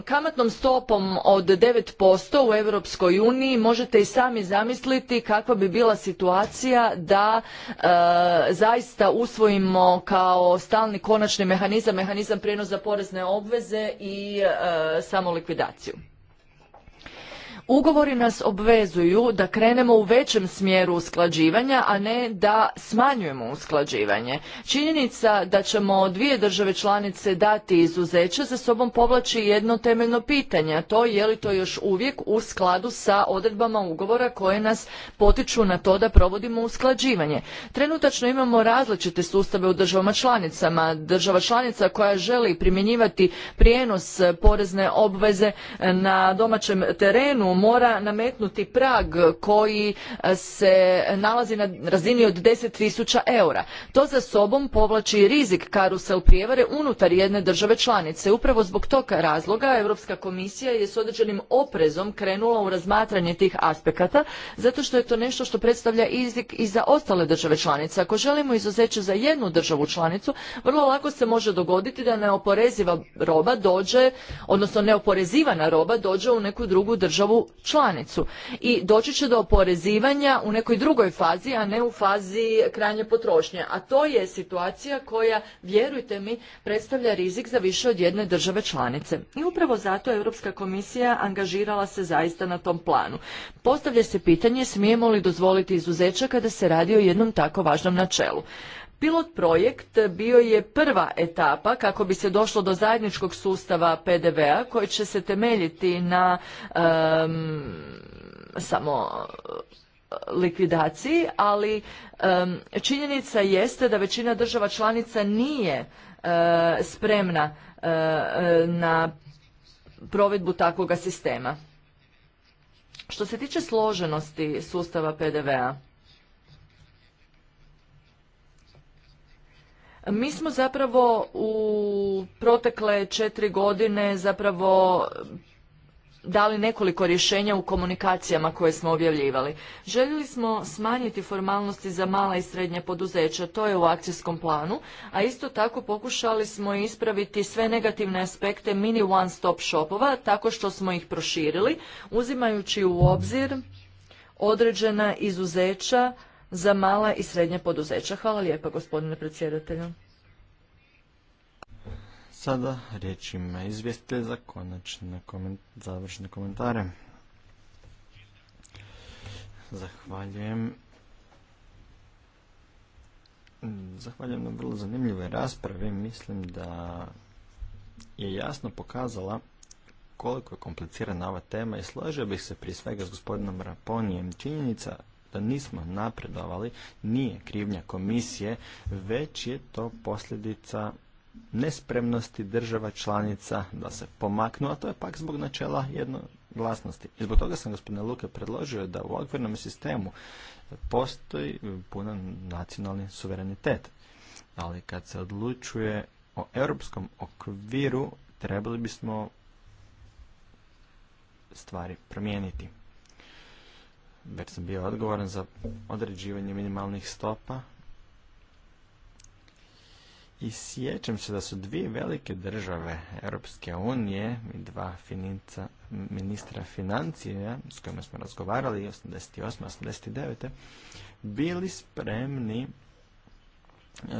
kamatnom stopom od 9% u Europskoj uniji možete i sami zamisliti kakva bi bila situacija da e, zaista usvojimo kao stalni konačni mehanizam, mehanizam prijenosa porezne obveze i e, samolikvidaciju. Ugovori nas obvezuju da krenemo u većem smjeru usklađivanja, a ne da smanjujemo usklađivanje. Činjenica da ćemo dvije države članice dati izuzeće za sobom povlači jedno temeljno pitanje, a to je li to još uvijek u skladu sa odredbama ugovora koje nas potiču na to da provodimo usklađivanje. Trenutačno imamo različite sustave u državama članicama. Država članica koja želi primjenjivati prijenos porezne obveze na domaćem terenu mora nametnuti prag koji e, se nalazi na razini od 10.000 eura. To za sobom povlači rizik karusel prijevare unutar jedne države članice. Upravo zbog tog razloga Europska komisija je s određenim oprezom krenula u razmatranje tih aspekata zato što je to nešto što predstavlja rizik i za ostale države članice. Ako želimo izuzeće za jednu državu članicu, vrlo lako se može dogoditi da neoporeziva roba dođe, odnosno neoporezivana roba dođe u neku drugu državu članicu i doći će do oporezivanja u nekoj drugoj fazi, a ne u fazi krajnje potrošnje. A to je situacija koja, vjerujte mi, predstavlja rizik za više od jedne države članice. I upravo zato Europska komisija angažirala se zaista na tom planu. Postavlja se pitanje smijemo li dozvoliti izuzeća kada se radi o jednom tako važnom načelu. Pilot projekt bio je prva etapa kako bi se došlo do zajedničkog sustava PDV-a koji će se temeljiti na samo eh, likvidaciji, ali činjenica jeste da većina država članica nije eh, spremna eh, na provedbu takvoga sistema. Što se tiče složenosti sustava PDV-a, Mi smo zapravo u protekle četiri godine zapravo dali nekoliko rješenja u komunikacijama koje smo objavljivali. Željeli smo smanjiti formalnosti za mala i srednja poduzeća, to je u akcijskom planu, a isto tako pokušali smo ispraviti sve negativne aspekte mini one-stop shopova tako što smo ih proširili, uzimajući u obzir određena izuzeća za mala i srednja poduzeća. Hvala lijepa gospodine predsjedatelju. Sada riječ ima izvjestitelj za konačne završne komentare. Zahvaljujem. Zahvaljujem na vrlo zanimljivoj raspravi. Mislim da je jasno pokazala koliko je komplicirana ova tema i složio bih se prije svega s gospodinom Raponijem. Činjenica da nismo napredovali nije krivnja komisije, već je to posljedica nespremnosti država članica da se pomaknu, a to je pak zbog načela jednoglasnosti. I zbog toga sam gospodine Luke predložio da u okvirnom sistemu postoji punan nacionalni suverenitet. Ali kad se odlučuje o europskom okviru, trebali bismo stvari promijeniti već sam bio odgovoran za određivanje minimalnih stopa. I sjećam se da su dvije velike države Europske unije i dva ministra financija s kojima smo razgovarali 88. 89. bili spremni E,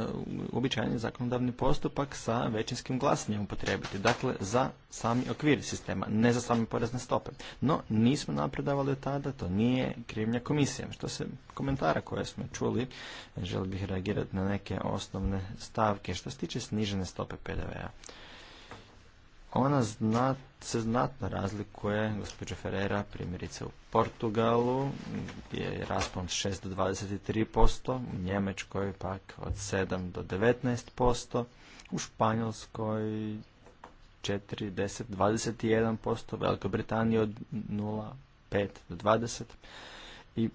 uobičajeni zakonodavni postupak sa većinskim glasanjem upotrebiti. Dakle, za sami okvir sistema, ne za same porezne stope. No, nismo napredavali od tada, to nije krivnja komisija. Što se komentara koje smo čuli, želi bih reagirati na neke osnovne stavke što se tiče snižene stope PDV-a. Ona se znatno razlikuje, gospođa Ferreira, primjerice u Portugalu, gdje je raspon 6 do 23%, u Njemačkoj pak od 7 do 19%, u Španjolskoj 4, 10, 21%, Velikoj Britaniji od 0, 5 do 20%. I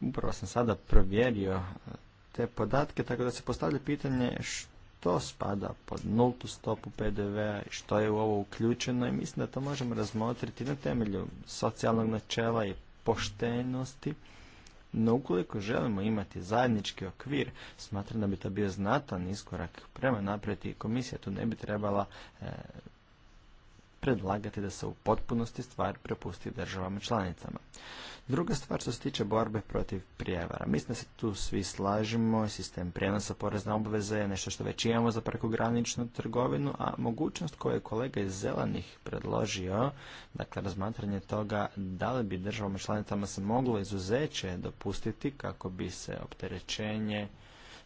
upravo sam sada provjerio te podatke, tako da se postavlja pitanje što to spada pod nultu stopu PDV-a i što je u ovo uključeno i mislim da to možemo razmotriti na temelju socijalnog načela i poštenosti. No ukoliko želimo imati zajednički okvir, smatram da bi to bio znatan iskorak prema naprijed i komisija tu ne bi trebala e, predlagati da se u potpunosti stvar prepusti državama članicama. Druga stvar što se tiče borbe protiv prijevara. Mislim da se tu svi slažemo, sistem prijenosa porezne obveze je nešto što već imamo za prekograničnu trgovinu, a mogućnost koju je kolega iz Zelenih predložio, dakle razmatranje toga da li bi državama članicama se moglo izuzeće dopustiti kako bi se opterećenje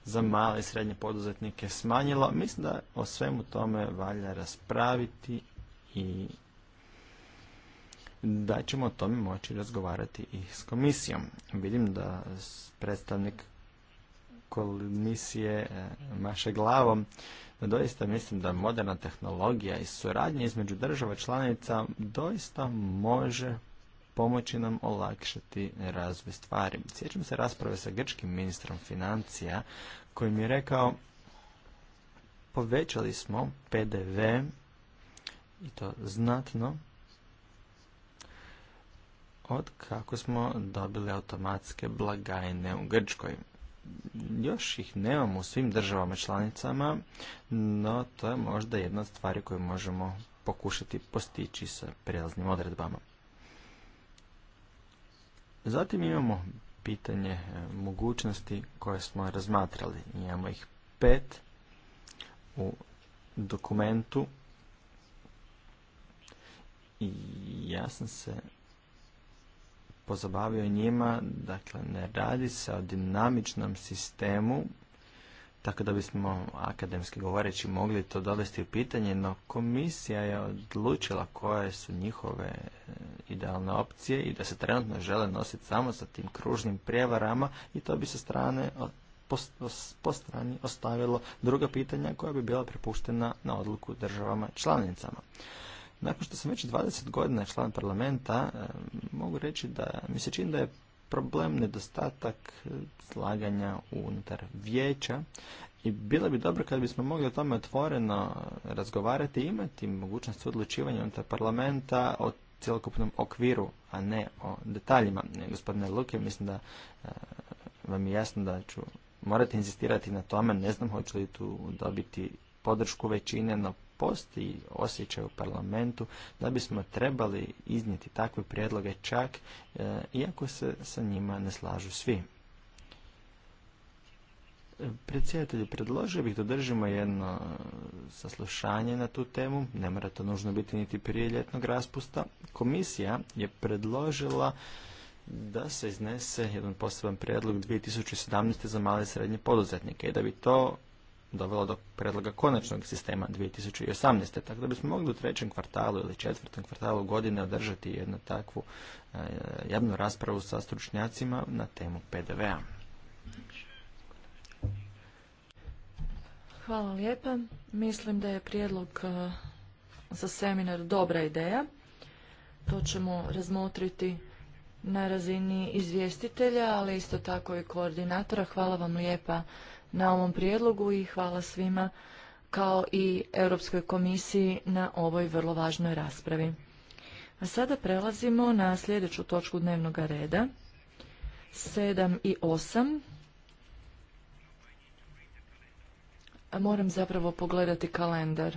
za male i srednje poduzetnike smanjilo, mislim da o svemu tome valja raspraviti i da ćemo o tome moći razgovarati i s komisijom. Vidim da predstavnik komisije e, maše glavom, da doista mislim da moderna tehnologija i suradnja između država članica doista može pomoći nam olakšati razvoj stvari. Sjećam se rasprave sa grčkim ministrom financija koji mi je rekao povećali smo PDV i to znatno od kako smo dobili automatske blagajne u Grčkoj. Još ih nemamo u svim državama članicama, no to je možda jedna od stvari koju možemo pokušati postići sa prijelaznim odredbama. Zatim imamo pitanje e, mogućnosti koje smo razmatrali. Imamo ih pet u dokumentu i ja sam se pozabavio njima, dakle ne radi se o dinamičnom sistemu, tako da bismo akademski govoreći mogli to dovesti u pitanje, no komisija je odlučila koje su njihove e, idealne opcije i da se trenutno žele nositi samo sa tim kružnim prijevarama i to bi se strane po strani ostavilo druga pitanja koja bi bila prepuštena na odluku državama članicama. Nakon što sam već 20 godina član parlamenta, e, mogu reći da mi se čini da je problem nedostatak slaganja e, unutar vijeća i bilo bi dobro kad bismo mogli o tome otvoreno razgovarati i imati mogućnost odlučivanja unutar parlamenta o cjelokupnom okviru, a ne o detaljima. E, gospodine Luke, mislim da vam je jasno da ću morati inzistirati na tome, ne znam hoću li tu dobiti podršku većine, no postoji osjećaj u parlamentu da bismo trebali iznijeti takve prijedloge čak e, iako se sa njima ne slažu svi. Predsjedatelju, predložio bih da držimo jedno saslušanje na tu temu, ne mora to nužno biti niti prije ljetnog raspusta. Komisija je predložila da se iznese jedan poseban prijedlog 2017. za male i srednje poduzetnike i da bi to dovelo do predloga konačnog sistema 2018. Tako da bismo mogli u trećem kvartalu ili četvrtom kvartalu godine održati jednu takvu e, javnu raspravu sa stručnjacima na temu PDV-a. Hvala lijepa. Mislim da je prijedlog e, za seminar dobra ideja. To ćemo razmotriti na razini izvjestitelja, ali isto tako i koordinatora. Hvala vam lijepa na ovom prijedlogu i hvala svima kao i Europskoj komisiji na ovoj vrlo važnoj raspravi. A sada prelazimo na sljedeću točku dnevnog reda, 7 i 8. Moram zapravo pogledati kalendar,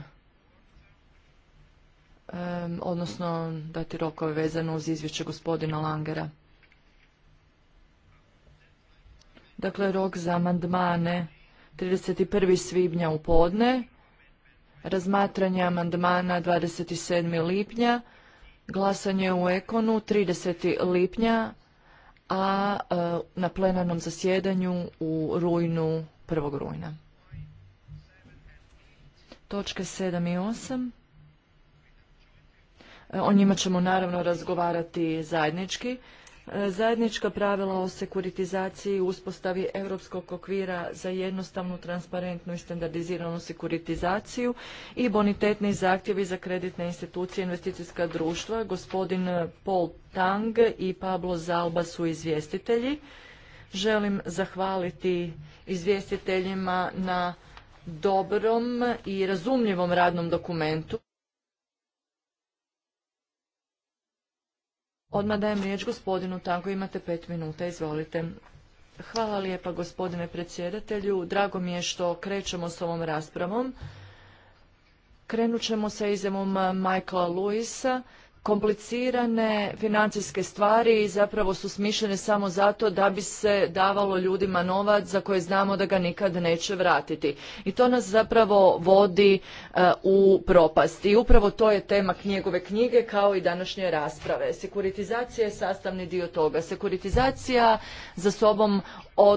odnosno dati rokove vezano uz izvješće gospodina Langera. Dakle, rok za amandmane 31. svibnja u podne, razmatranje amandmana 27. lipnja, glasanje u Ekonu 30. lipnja, a e, na plenarnom zasjedanju u rujnu 1. rujna. Točke 7 i 8. E, o njima ćemo naravno razgovarati zajednički zajednička pravila o sekuritizaciji uspostavi europskog okvira za jednostavnu, transparentnu i standardiziranu sekuritizaciju i bonitetni zahtjevi za kreditne institucije i investicijska društva. Gospodin Paul Tang i Pablo Zalba su izvjestitelji. Želim zahvaliti izvjestiteljima na dobrom i razumljivom radnom dokumentu. Odmah dajem riječ gospodinu Tango, imate pet minuta, izvolite. Hvala lijepa gospodine predsjedatelju, drago mi je što krećemo s ovom raspravom. Krenut ćemo sa izjemom Michaela Lewisa komplicirane financijske stvari i zapravo su smišljene samo zato da bi se davalo ljudima novac za koje znamo da ga nikad neće vratiti. I to nas zapravo vodi e, u propast. I upravo to je tema njegove knjige kao i današnje rasprave. Sekuritizacija je sastavni dio toga. Sekuritizacija za sobom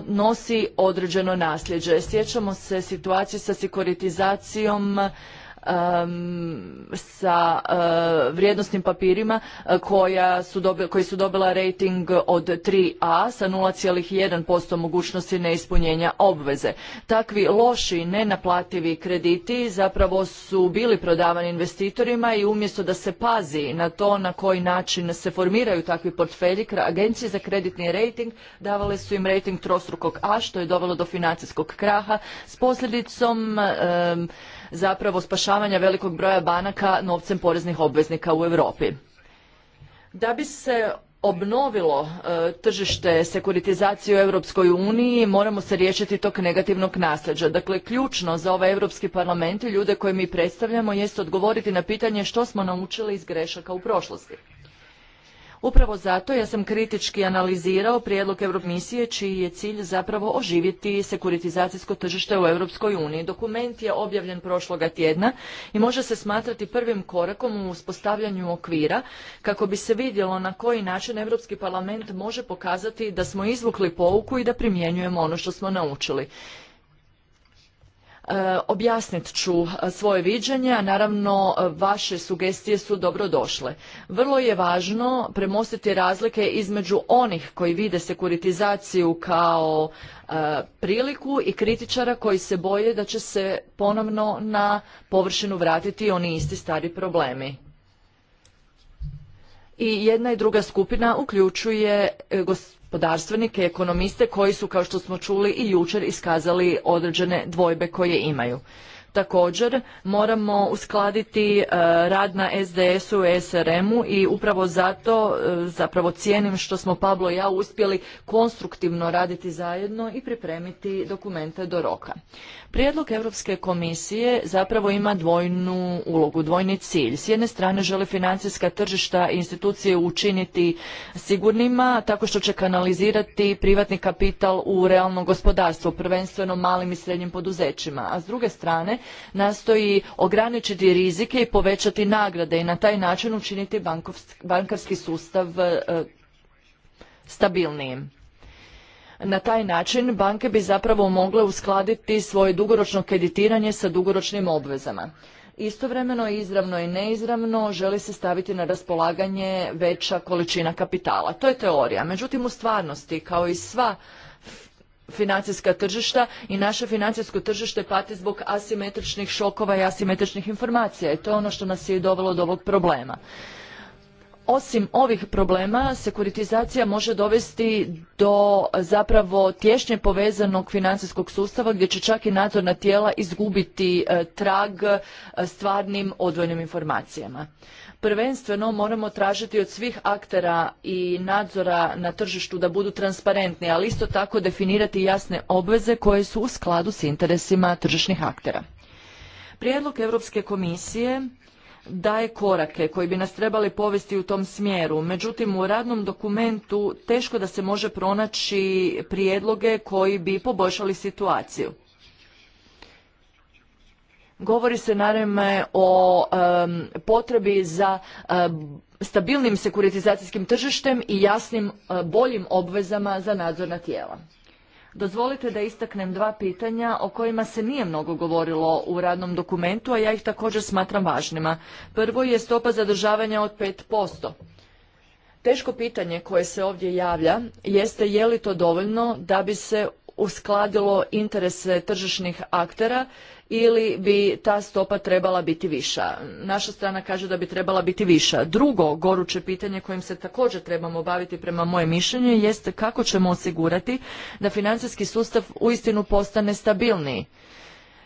nosi određeno nasljeđe. Sjećamo se situacije sa sekuritizacijom sa vrijednosnim eh, vrijednostnim papirima eh, koja su koji su dobila rating od 3A sa 0,1% mogućnosti neispunjenja obveze. Takvi loši nenaplativi krediti zapravo su bili prodavani investitorima i umjesto da se pazi na to na koji način se formiraju takvi portfelji, agencije za kreditni rating davale su im rating trostrukog A što je dovelo do financijskog kraha s posljedicom zapravo spašavanja velikog broja banaka novcem poreznih obveznika u Europi. Da bi se obnovilo e, tržište sekuritizacije u Europskoj uniji moramo se riješiti tog negativnog nasljeđa. Dakle, ključno za ovaj Europski parlament i ljude koje mi predstavljamo jest odgovoriti na pitanje što smo naučili iz grešaka u prošlosti. Upravo zato ja sam kritički analizirao prijedlog komisije čiji je cilj zapravo oživjeti sekuritizacijsko tržište u Europskoj uniji. Dokument je objavljen prošloga tjedna i može se smatrati prvim korakom u uspostavljanju okvira kako bi se vidjelo na koji način Europski parlament može pokazati da smo izvukli pouku i da primjenjujemo ono što smo naučili. E, objasnit ću e, svoje viđenje, a naravno e, vaše sugestije su dobrodošle. Vrlo je važno premostiti razlike između onih koji vide sekuritizaciju kao priliku i kritičara koji se boje da će se ponovno na površinu vratiti oni isti stari problemi. I jedna i druga skupina uključuje gospodarstvenike i ekonomiste koji su, kao što smo čuli i jučer, iskazali određene dvojbe koje imaju. Također moramo uskladiti e, rad na SDS-u i SRM-u i upravo zato e, zapravo cijenim što smo Pablo i ja uspjeli konstruktivno raditi zajedno i pripremiti dokumente do roka. Prijedlog Europske komisije zapravo ima dvojnu ulogu, dvojni cilj. S jedne strane žele financijska tržišta i institucije učiniti sigurnima tako što će kanalizirati privatni kapital u realno gospodarstvo, prvenstveno malim i srednjim poduzećima. A s druge strane nastoji ograničiti rizike i povećati nagrade i na taj način učiniti bankarski sustav e, stabilnijim. Na taj način banke bi zapravo mogle uskladiti svoje dugoročno kreditiranje sa dugoročnim obvezama. Istovremeno, izravno i neizravno, želi se staviti na raspolaganje veća količina kapitala. To je teorija. Međutim, u stvarnosti, kao i sva financijska tržišta i naše financijsko tržište pati zbog asimetričnih šokova i asimetričnih informacija i to je ono što nas je dovelo do ovog problema. Osim ovih problema, sekuritizacija može dovesti do zapravo tješnje povezanog financijskog sustava gdje će čak i nadzorna tijela izgubiti e, trag e, stvarnim odvojenim informacijama prvenstveno moramo tražiti od svih aktera i nadzora na tržištu da budu transparentni, ali isto tako definirati jasne obveze koje su u skladu s interesima tržišnih aktera. Prijedlog Europske komisije daje korake koji bi nas trebali povesti u tom smjeru. Međutim, u radnom dokumentu teško da se može pronaći prijedloge koji bi poboljšali situaciju. Govori se naravno o potrebi za stabilnim sekuritizacijskim tržištem i jasnim e, boljim obvezama za nadzorna tijela. Dozvolite da istaknem dva pitanja o kojima se nije mnogo govorilo u radnom dokumentu, a ja ih također smatram važnima. Prvo je stopa zadržavanja od 5%. Teško pitanje koje se ovdje javlja jeste je li to dovoljno da bi se uskladilo interese tržišnih aktera ili bi ta stopa trebala biti viša? Naša strana kaže da bi trebala biti viša. Drugo goruće pitanje kojim se također trebamo baviti prema moje mišljenju jest kako ćemo osigurati da financijski sustav uistinu postane stabilniji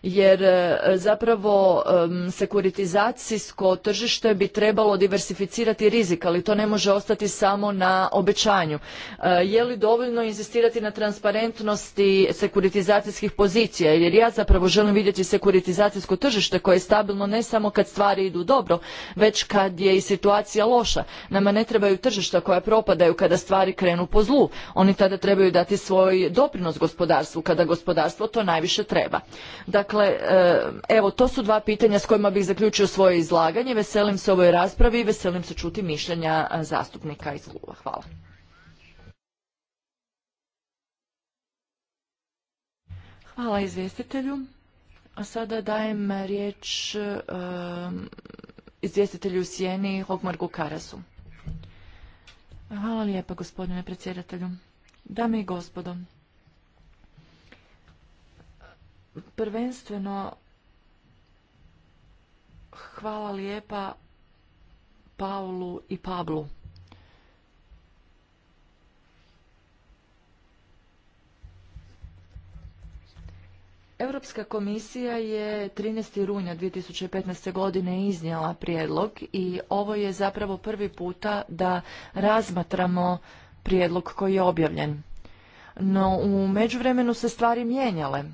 jer e, zapravo sekuritizacijsko tržište bi trebalo diversificirati rizik, ali to ne može ostati samo na obećanju. E, je li dovoljno inzistirati na transparentnosti sekuritizacijskih pozicija, jer ja zapravo želim vidjeti sekuritizacijsko tržište koje je stabilno ne samo kad stvari idu dobro, već kad je i situacija loša. Nama ne trebaju tržišta koja propadaju kada stvari krenu po zlu. Oni tada trebaju dati svoj doprinos gospodarstvu kada gospodarstvo to najviše treba. Dakle, Dakle, eh, evo, to su dva pitanja s kojima bih zaključio svoje izlaganje. Veselim se ovoj raspravi i veselim se čuti mišljenja eh, zastupnika iz kluba. Hvala. Hvala izvjestitelju. A sada dajem riječ eh, izvjestitelju Sijeni Hogmargu Karasu. Hvala lijepa gospodine predsjedatelju. Dame i gospodo, Prvenstveno, hvala lijepa Paulu i Pablu. Europska komisija je 13. runja 2015. godine iznijela prijedlog i ovo je zapravo prvi puta da razmatramo prijedlog koji je objavljen. No u međuvremenu se stvari mijenjale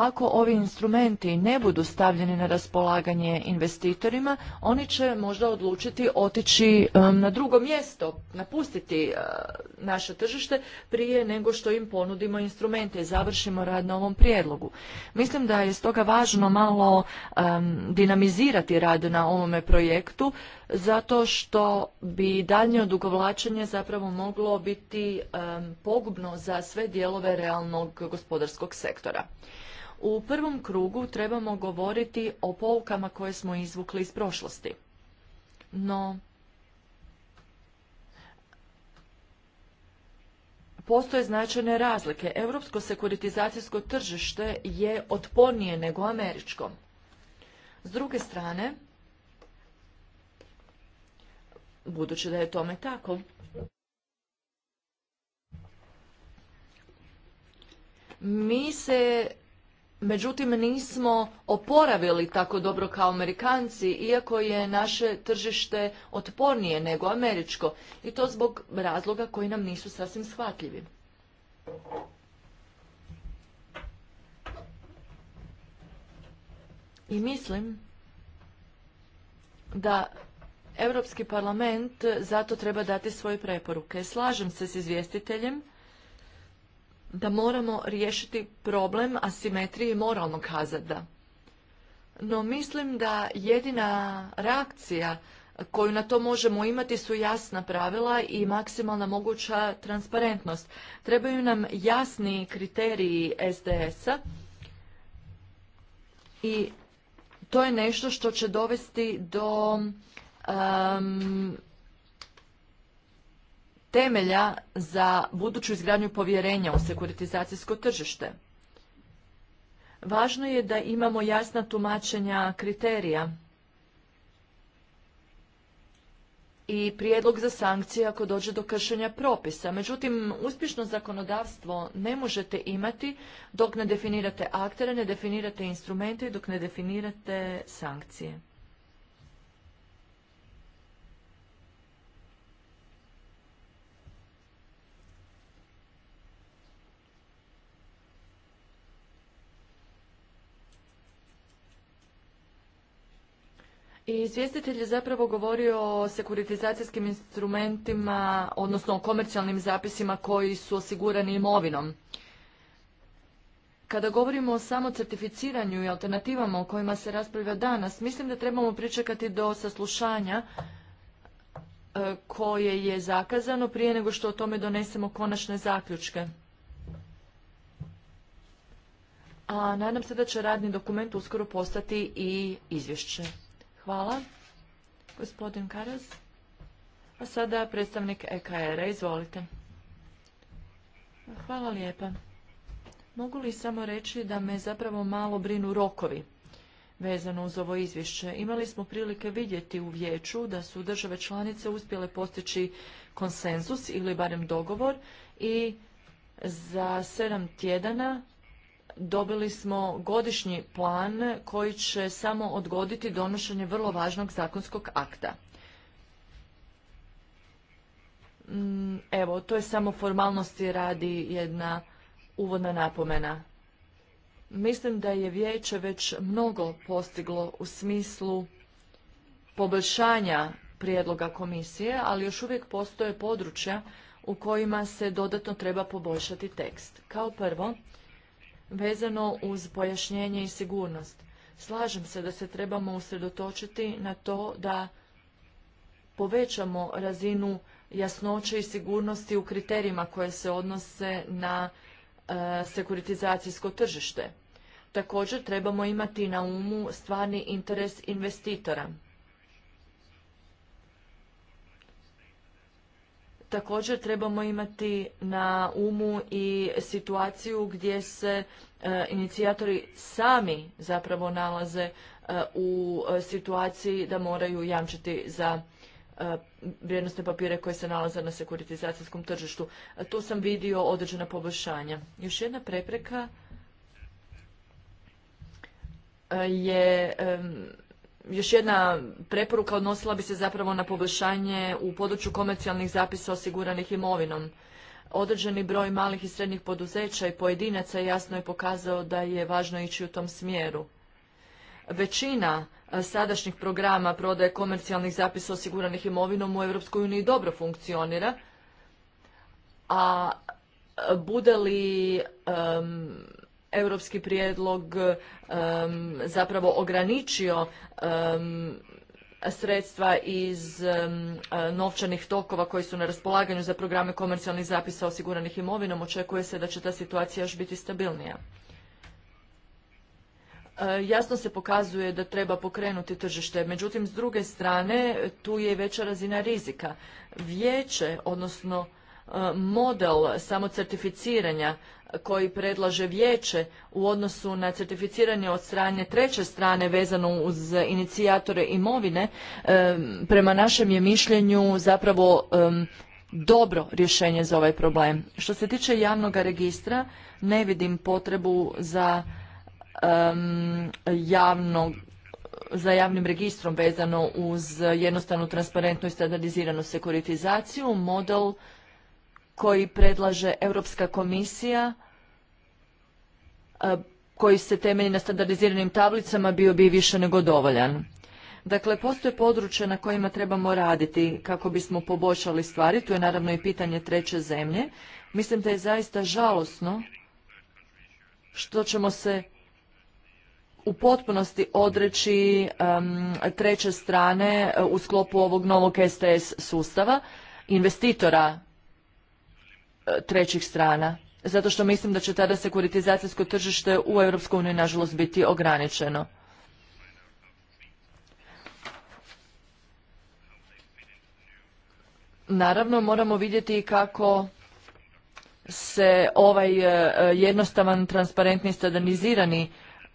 ako ovi instrumenti ne budu stavljeni na raspolaganje investitorima, oni će možda odlučiti otići na drugo mjesto, napustiti e, naše tržište prije nego što im ponudimo instrumente i završimo rad na ovom prijedlogu. Mislim da je stoga važno malo dinamizirati rad na ovome projektu zato što bi daljnje odugovlačenje zapravo moglo biti pogubno za sve dijelove realnog gospodarskog sektora. U prvom krugu trebamo govoriti o poukama koje smo izvukli iz prošlosti. No, postoje značajne razlike. Europsko sekuritizacijsko tržište je otpornije nego američko. S druge strane, budući da je tome tako, mi se međutim nismo oporavili tako dobro kao Amerikanci, iako je naše tržište otpornije nego američko i to zbog razloga koji nam nisu sasvim shvatljivi. I mislim da Europski parlament zato treba dati svoje preporuke. Slažem se s izvjestiteljem da moramo riješiti problem asimetrije moralnog hazarda. No mislim da jedina reakcija koju na to možemo imati su jasna pravila i maksimalna moguća transparentnost. Trebaju nam jasni kriteriji SDS-a i to je nešto što će dovesti do um, temelja za buduću izgradnju povjerenja u sekuritizacijsko tržište. Važno je da imamo jasna tumačenja kriterija i prijedlog za sankcije ako dođe do kršenja propisa. Međutim, uspješno zakonodavstvo ne možete imati dok ne definirate aktere, ne definirate instrumente i dok ne definirate sankcije. I izvjestitelj je zapravo govorio o sekuritizacijskim instrumentima, odnosno o komercijalnim zapisima koji su osigurani imovinom. Kada govorimo o samocertificiranju certificiranju i alternativama o kojima se raspravlja danas, mislim da trebamo pričekati do saslušanja e, koje je zakazano prije nego što o tome donesemo konačne zaključke. A nadam se da će radni dokument uskoro postati i izvješće. Hvala. Gospodin Karas. A sada predstavnik EKR-a. Izvolite. Hvala lijepa. Mogu li samo reći da me zapravo malo brinu rokovi vezano uz ovo izvješće? Imali smo prilike vidjeti u vijeću da su države članice uspjele postići konsenzus ili barem dogovor i za sedam tjedana dobili smo godišnji plan koji će samo odgoditi donošenje vrlo važnog zakonskog akta. Mm, evo, to je samo formalnosti radi jedna uvodna napomena. Mislim da je vijeće već mnogo postiglo u smislu poboljšanja prijedloga komisije, ali još uvijek postoje područja u kojima se dodatno treba poboljšati tekst. Kao prvo, vezano uz pojašnjenje i sigurnost. Slažem se da se trebamo usredotočiti na to da povećamo razinu jasnoće i sigurnosti u kriterijima koje se odnose na e, sekuritizacijsko tržište. Također trebamo imati na umu stvarni interes investitora. Također trebamo imati na umu i situaciju gdje se e, inicijatori sami zapravo nalaze e, u situaciji da moraju jamčiti za e, vrijednostne papire koje se nalaze na sekuritizacijskom tržištu. Tu sam vidio određena poboljšanja. Još jedna prepreka je još jedna preporuka odnosila bi se zapravo na poboljšanje u području komercijalnih zapisa osiguranih imovinom. Određeni broj malih i srednjih poduzeća i pojedinaca jasno je pokazao da je važno ići u tom smjeru. Većina e, sadašnjih programa prodaje komercijalnih zapisa osiguranih imovinom u EU dobro funkcionira, a e, bude li europski prijedlog zapravo ograničio sredstva iz novčanih tokova koji su na raspolaganju za programe komercijalnih zapisa osiguranih imovinom, očekuje se da će ta situacija još biti stabilnija. E, jasno se pokazuje da treba pokrenuti tržište, međutim s druge strane tu je i veća razina rizika. Vijeće, odnosno e, model samocertificiranja koji predlaže vijeće u odnosu na certificiranje od strane treće strane vezano uz inicijatore imovine, prema našem je mišljenju zapravo dobro rješenje za ovaj problem. Što se tiče javnog registra, ne vidim potrebu za za javnim registrom vezano uz jednostavnu transparentnu i standardiziranu sekuritizaciju. Model koji predlaže Europska komisija e, koji se temelji na standardiziranim tablicama bio bi više nego dovoljan. Dakle, postoje područja na kojima trebamo raditi kako bismo poboljšali stvari. Tu je naravno i pitanje treće zemlje. Mislim da je zaista žalosno što ćemo se u potpunosti odreći treće strane e, u sklopu ovog novog STS sustava, investitora E, trećih strana. Zato što mislim da će tada sekuritizacijsko tržište u EU nažalost biti ograničeno. Naravno moramo vidjeti kako se ovaj e, jednostavan, transparentni, standardizirani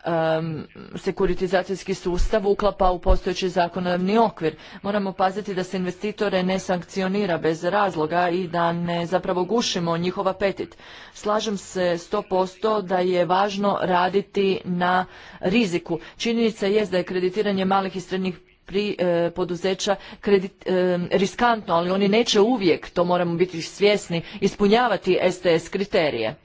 Um, sekuritizacijski sustav uklapa u postojeći zakonodavni okvir. Moramo paziti da se investitore ne sankcionira bez razloga i da ne zapravo gušimo njihov apetit. Slažem se 100% da je važno raditi na riziku. Činjenica je da je kreditiranje malih i srednjih e, poduzeća e, riskantno, ali oni neće uvijek, to moramo biti svjesni, ispunjavati STS kriterije.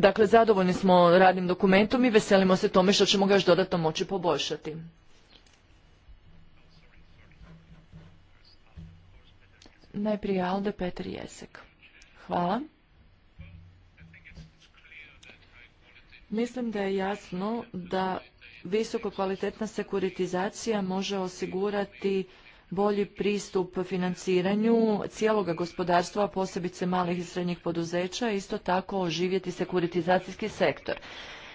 dakle, zadovoljni smo radnim dokumentom i veselimo se tome što ćemo ga još dodatno moći poboljšati. Najprije Alde Petar Jesek. Hvala. Mislim da je jasno da visoko kvalitetna sekuritizacija može osigurati bolji pristup financiranju cijeloga gospodarstva, posebice malih i srednjih poduzeća, isto tako oživjeti sekuritizacijski sektor.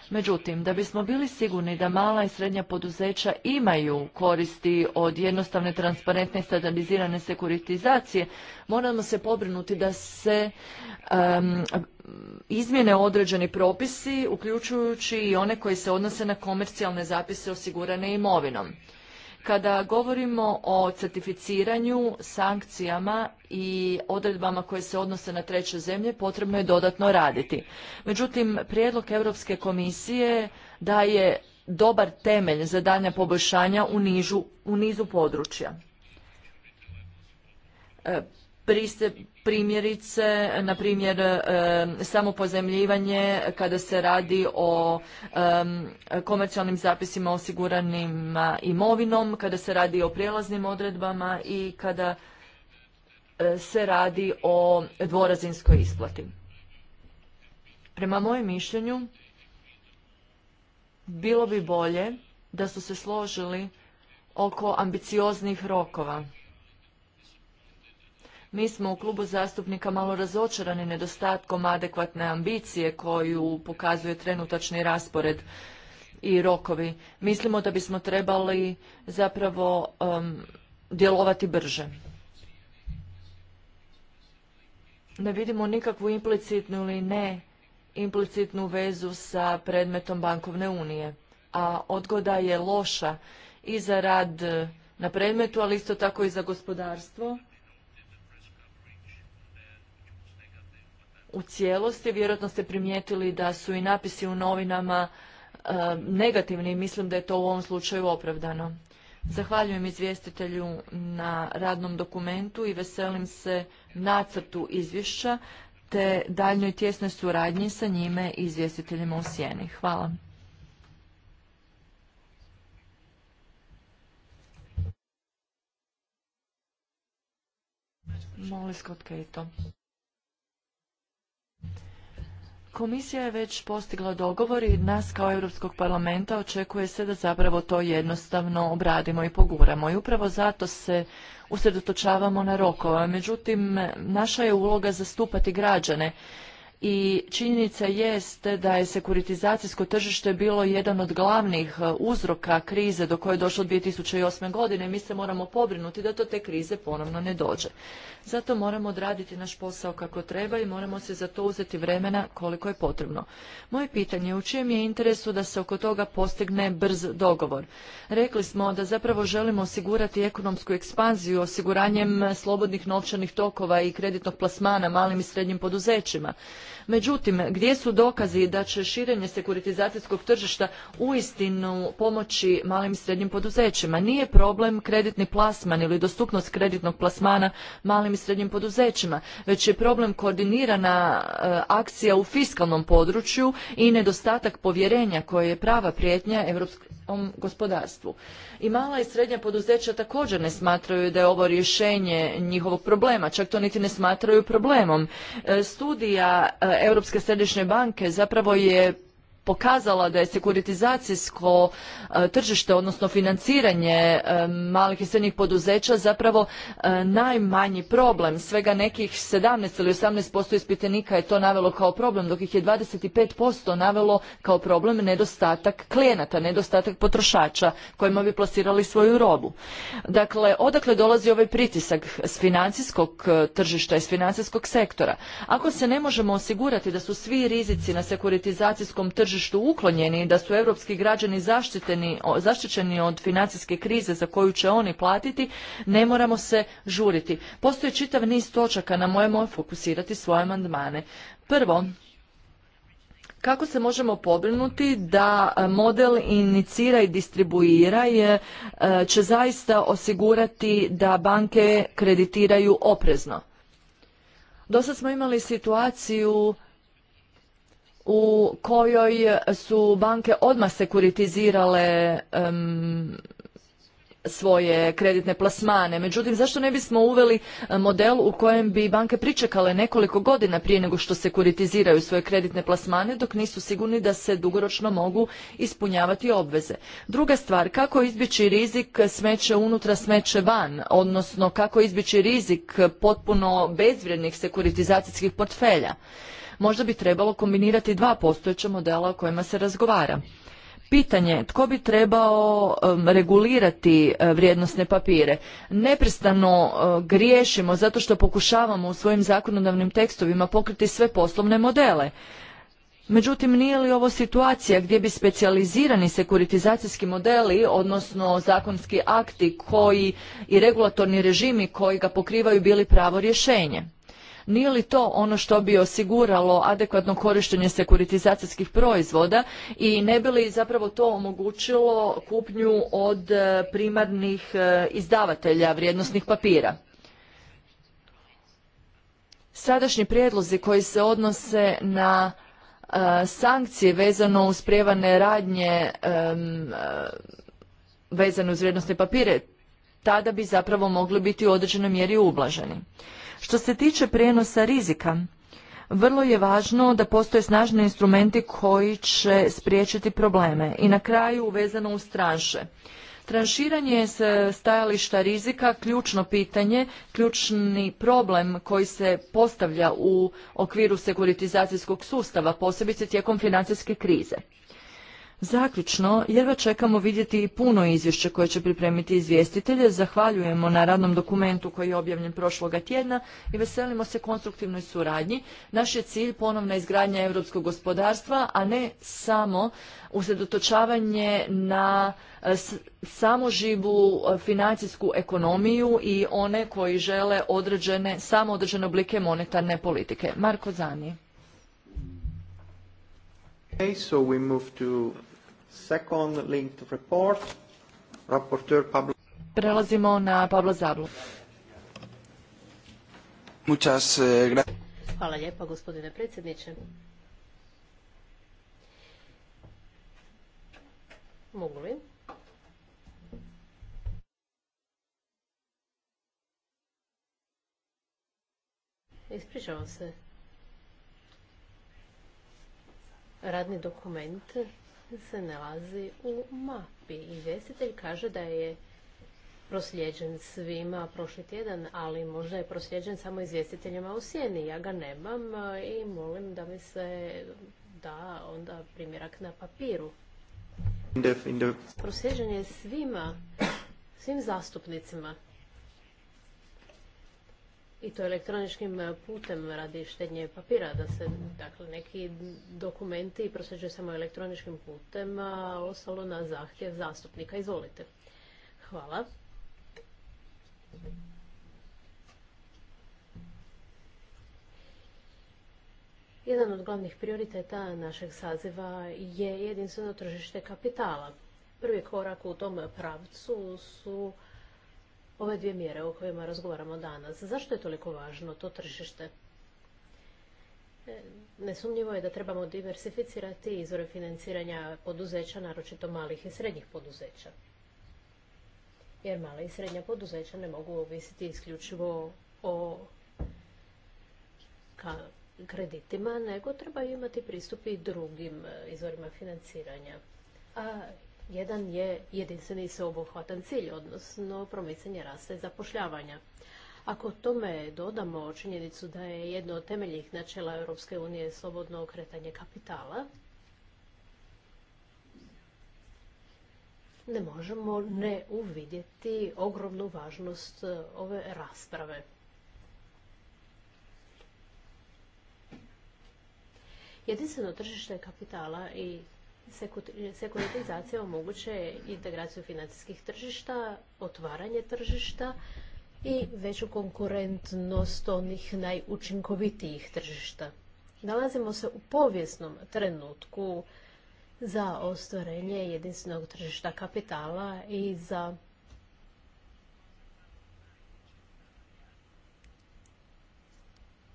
Međutim, da bismo bili sigurni da mala i srednja poduzeća imaju koristi od jednostavne, transparentne i standardizirane sekuritizacije, moramo se pobrinuti da se izmjene određeni propisi, uključujući i one koji se odnose na komercijalne zapise osigurane imovinom. Kada govorimo o certificiranju, sankcijama i odredbama koje se odnose na treće zemlje, potrebno je dodatno raditi. Međutim, prijedlog Europske komisije daje dobar temelj za danja poboljšanja u, u nizu područja. E, primjerice, na primjer, samopozemljivanje kada se radi o komercijalnim zapisima osiguranim imovinom, kada se radi o prijelaznim odredbama i kada e, se radi o dvorazinskoj isplati. Prema mojem mišljenju, bilo bi bolje da su se složili oko ambicioznih rokova mi smo u klubu zastupnika malo razočarani nedostatkom adekvatne ambicije koju pokazuje trenutačni raspored i rokovi. Mislimo da bismo trebali zapravo djelovati brže. Ne vidimo nikakvu implicitnu ili ne implicitnu vezu sa predmetom bankovne unije, a odgoda je loša i za rad na predmetu, ali isto tako i za gospodarstvo u cijelosti. Vjerojatno ste primijetili da su i napisi u novinama e, negativni i mislim da je to u ovom slučaju opravdano. Zahvaljujem izvjestitelju na radnom dokumentu i veselim se nacrtu izvješća te daljnjoj tjesnoj suradnji sa njime i izvjestiteljima u sjeni. Hvala. Molim Komisija je već postigla dogovor i nas kao Europskog parlamenta očekuje se da zapravo to jednostavno obradimo i poguramo. I upravo zato se usredotočavamo na rokove. Međutim, naša je uloga zastupati građane i činjenica jest da je sekuritizacijsko tržište bilo jedan od glavnih e, uzroka krize do koje je došlo 2008. godine. Mi se moramo pobrinuti da to te krize ponovno ne dođe. Zato moramo odraditi naš posao kako treba i moramo se za to uzeti vremena koliko je potrebno. Moje pitanje je u čijem je interesu da se oko toga postigne brz dogovor. Rekli smo da zapravo želimo osigurati ekonomsku ekspanziju osiguranjem slobodnih novčanih tokova i kreditnog plasmana malim i srednjim poduzećima. Međutim, gdje su dokazi da će širenje sekuritizacijskog tržišta uistinu pomoći malim i srednjim poduzećima? Nije problem kreditni plasman ili dostupnost kreditnog plasmana malim i srednjim poduzećima, već je problem koordinirana eh, akcija u fiskalnom području i nedostatak povjerenja koje je prava prijetnja europskom gospodarstvu. I mala i srednja poduzeća također ne smatraju da je ovo rješenje njihovog problema, čak to niti ne smatraju problemom. Eh, studija Europske središnje banke zapravo je pokazala da je sekuritizacijsko e, tržište, odnosno financiranje e, malih i srednjih poduzeća zapravo e, najmanji problem. Svega nekih 17 ili 18% ispitanika je to navelo kao problem, dok ih je 25% navelo kao problem nedostatak klijenata, nedostatak potrošača kojima bi plasirali svoju robu. Dakle, odakle dolazi ovaj pritisak s financijskog tržišta, s financijskog sektora? Ako se ne možemo osigurati da su svi rizici na sekuritizacijskom tržištu tržištu uklonjeni i da su europski građani zaštićeni od financijske krize za koju će oni platiti, ne moramo se žuriti. Postoji čitav niz točaka na mojemo fokusirati svoje amandmane. Prvo, kako se možemo pobrinuti da e, model inicira i distribuira je, e, će zaista osigurati da banke kreditiraju oprezno? Dosad smo imali situaciju u kojoj su banke odmah sekuritizirale svoje kreditne plasmane. Međutim, zašto ne bismo uveli eh, model u kojem bi banke pričekale nekoliko godina prije nego što sekuritiziraju svoje kreditne plasmane dok nisu sigurni da se dugoročno mogu ispunjavati obveze. Druga stvar, kako izbjeći rizik smeće unutra, smeće van, odnosno kako izbjeći rizik potpuno bezvrijednih sekuritizacijskih portfelja. Možda bi trebalo kombinirati dva postojeća modela o kojima se razgovara. Pitanje tko bi trebao regulirati e, vrijednosne papire. Neprestano e, griješimo zato što pokušavamo u svojim zakonodavnim tekstovima pokriti sve poslovne modele. Međutim, nije li ovo situacija gdje bi specijalizirani sekuritizacijski modeli, odnosno zakonski akti koji i regulatorni režimi koji ga pokrivaju bili pravo rješenje? Nije li to ono što bi osiguralo adekvatno korištenje sekuritizacijskih proizvoda i ne bi li zapravo to omogućilo kupnju od e, primarnih e, izdavatelja vrijednosnih papira? Sadašnji prijedlozi koji se odnose na e, sankcije vezano uz prijevane radnje vezane vezano uz vrijednosne papire tada bi zapravo mogli biti u određenoj mjeri ublaženi. Što se tiče prijenosa rizika, vrlo je važno da postoje snažni instrumenti koji će spriječiti probleme. I na kraju uvezano uz tranše. Tranširanje s stajališta rizika ključno pitanje, ključni problem koji se postavlja u okviru sekuritizacijskog sustava, posebice tijekom financijske krize. Zaključno, jedva čekamo vidjeti i puno izvješće koje će pripremiti izvjestitelje. Zahvaljujemo na radnom dokumentu koji je objavljen prošloga tjedna i veselimo se konstruktivnoj suradnji. Naš je cilj ponovna izgradnja europskog gospodarstva, a ne samo usredotočavanje na e, samo e, financijsku ekonomiju i one koji žele određene, samo određene oblike monetarne politike. Marko Zani. Second linked report, rapporteur Pablo. Prelazimo na Pablo Zablo. Muchas, eh, gracias. Hvala lijepa gospodine predsjedniče. Mogu li? Ispričavam se. Radni dokument se nalazi u mapi. Izvjestitelj kaže da je prosljeđen svima prošli tjedan, ali možda je prosljeđen samo izvjestiteljima u sjeni. Ja ga nemam e, i molim da mi se da onda primjerak na papiru. Prosljeđen je svima, svim zastupnicima i to elektroničkim e, putem radi štednje papira, da se dakle, neki dokumenti prosjeđuju samo elektroničkim putem, a ostalo na zahtjev zastupnika. Izvolite. Hvala. Jedan od glavnih prioriteta našeg saziva je jedinstveno tržište kapitala. Prvi korak u tom pravcu su ove dvije mjere o kojima razgovaramo danas. Zašto je toliko važno to tržište? E, nesumnjivo je da trebamo diversificirati izvore financiranja poduzeća, naročito malih i srednjih poduzeća. Jer mala i srednja poduzeća ne mogu ovisiti isključivo o kreditima, nego trebaju imati pristup i drugim e, izvorima financiranja. A jedan je jedinstveni sveobuhvatan cilj, odnosno promicanje rasta i zapošljavanja. Ako tome dodamo činjenicu da je jedno od temeljnih načela Europske unije slobodno okretanje kapitala, ne možemo ne uvidjeti ogromnu važnost e, ove rasprave. Jedinstveno tržište kapitala i sekuritizacija omogućuje integraciju financijskih tržišta, otvaranje tržišta i veću konkurentnost onih najučinkovitijih tržišta. Nalazimo se u povijesnom trenutku za ostvarenje jedinstvenog tržišta kapitala i za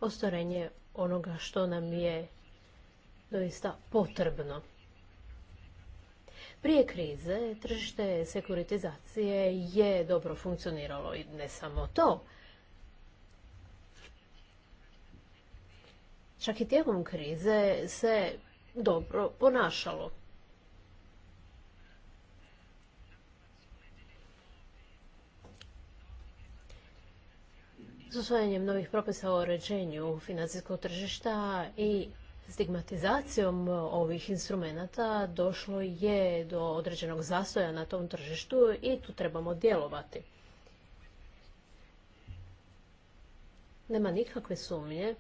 ostvarenje onoga što nam je doista potrebno. Prije krize tržište sekuritizacije je dobro funkcioniralo i ne samo to. Čak i tijekom krize se dobro ponašalo. S novih propisa o ređenju financijskog tržišta i stigmatizacijom e, ovih instrumenata došlo je do određenog zastoja na tom tržištu i tu trebamo djelovati. Nema nikakve sumnje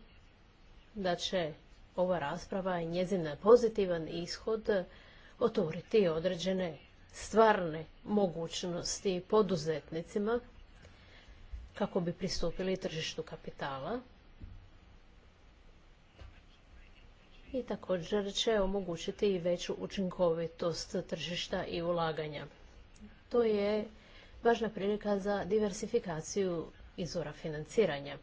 da će ova rasprava i njezin pozitivan ishod otvoriti određene stvarne mogućnosti poduzetnicima kako bi pristupili tržištu kapitala i također će omogućiti i veću učinkovitost tržišta i ulaganja. To je važna prilika za diversifikaciju izvora financiranja.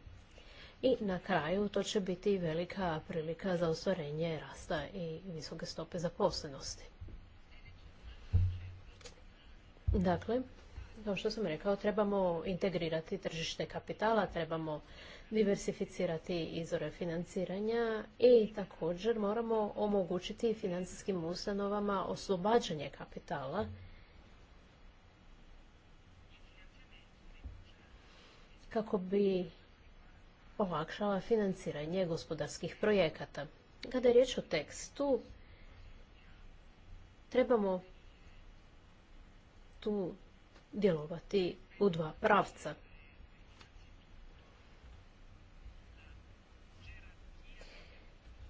I na kraju to će biti velika prilika za ostvarenje rasta i visoke stope zaposlenosti. Dakle, kao što sam rekao, trebamo integrirati tržište kapitala, trebamo diversificirati izvore financiranja i također moramo omogućiti financijskim ustanovama oslobađanje kapitala kako bi olakšala financiranje gospodarskih projekata. Kada je riječ o tekstu, trebamo tu djelovati u dva pravca.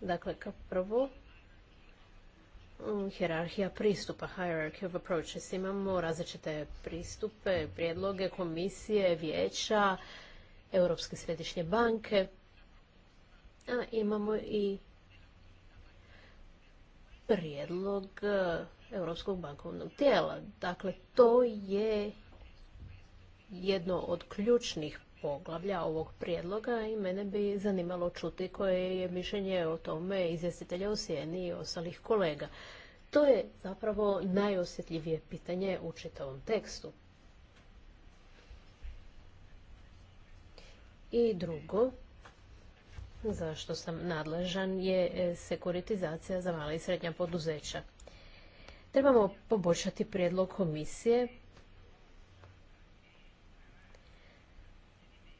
Dakle, kao prvo, mm, hjerarhija pristupa, hierarchy of approaches. Imamo različite pristupe, prijedloge, komisije, vijeća, Europske središnje banke. A imamo i prijedlog Europskog bankovnog tijela. Dakle, to je jedno od ključnih poglavlja ovog prijedloga i mene bi zanimalo čuti koje je mišljenje o tome izvjestitelja u i ostalih kolega. To je zapravo najosjetljivije pitanje u čitavom tekstu. I drugo, zašto sam nadležan, je sekuritizacija za mala i srednja poduzeća. Trebamo poboljšati prijedlog komisije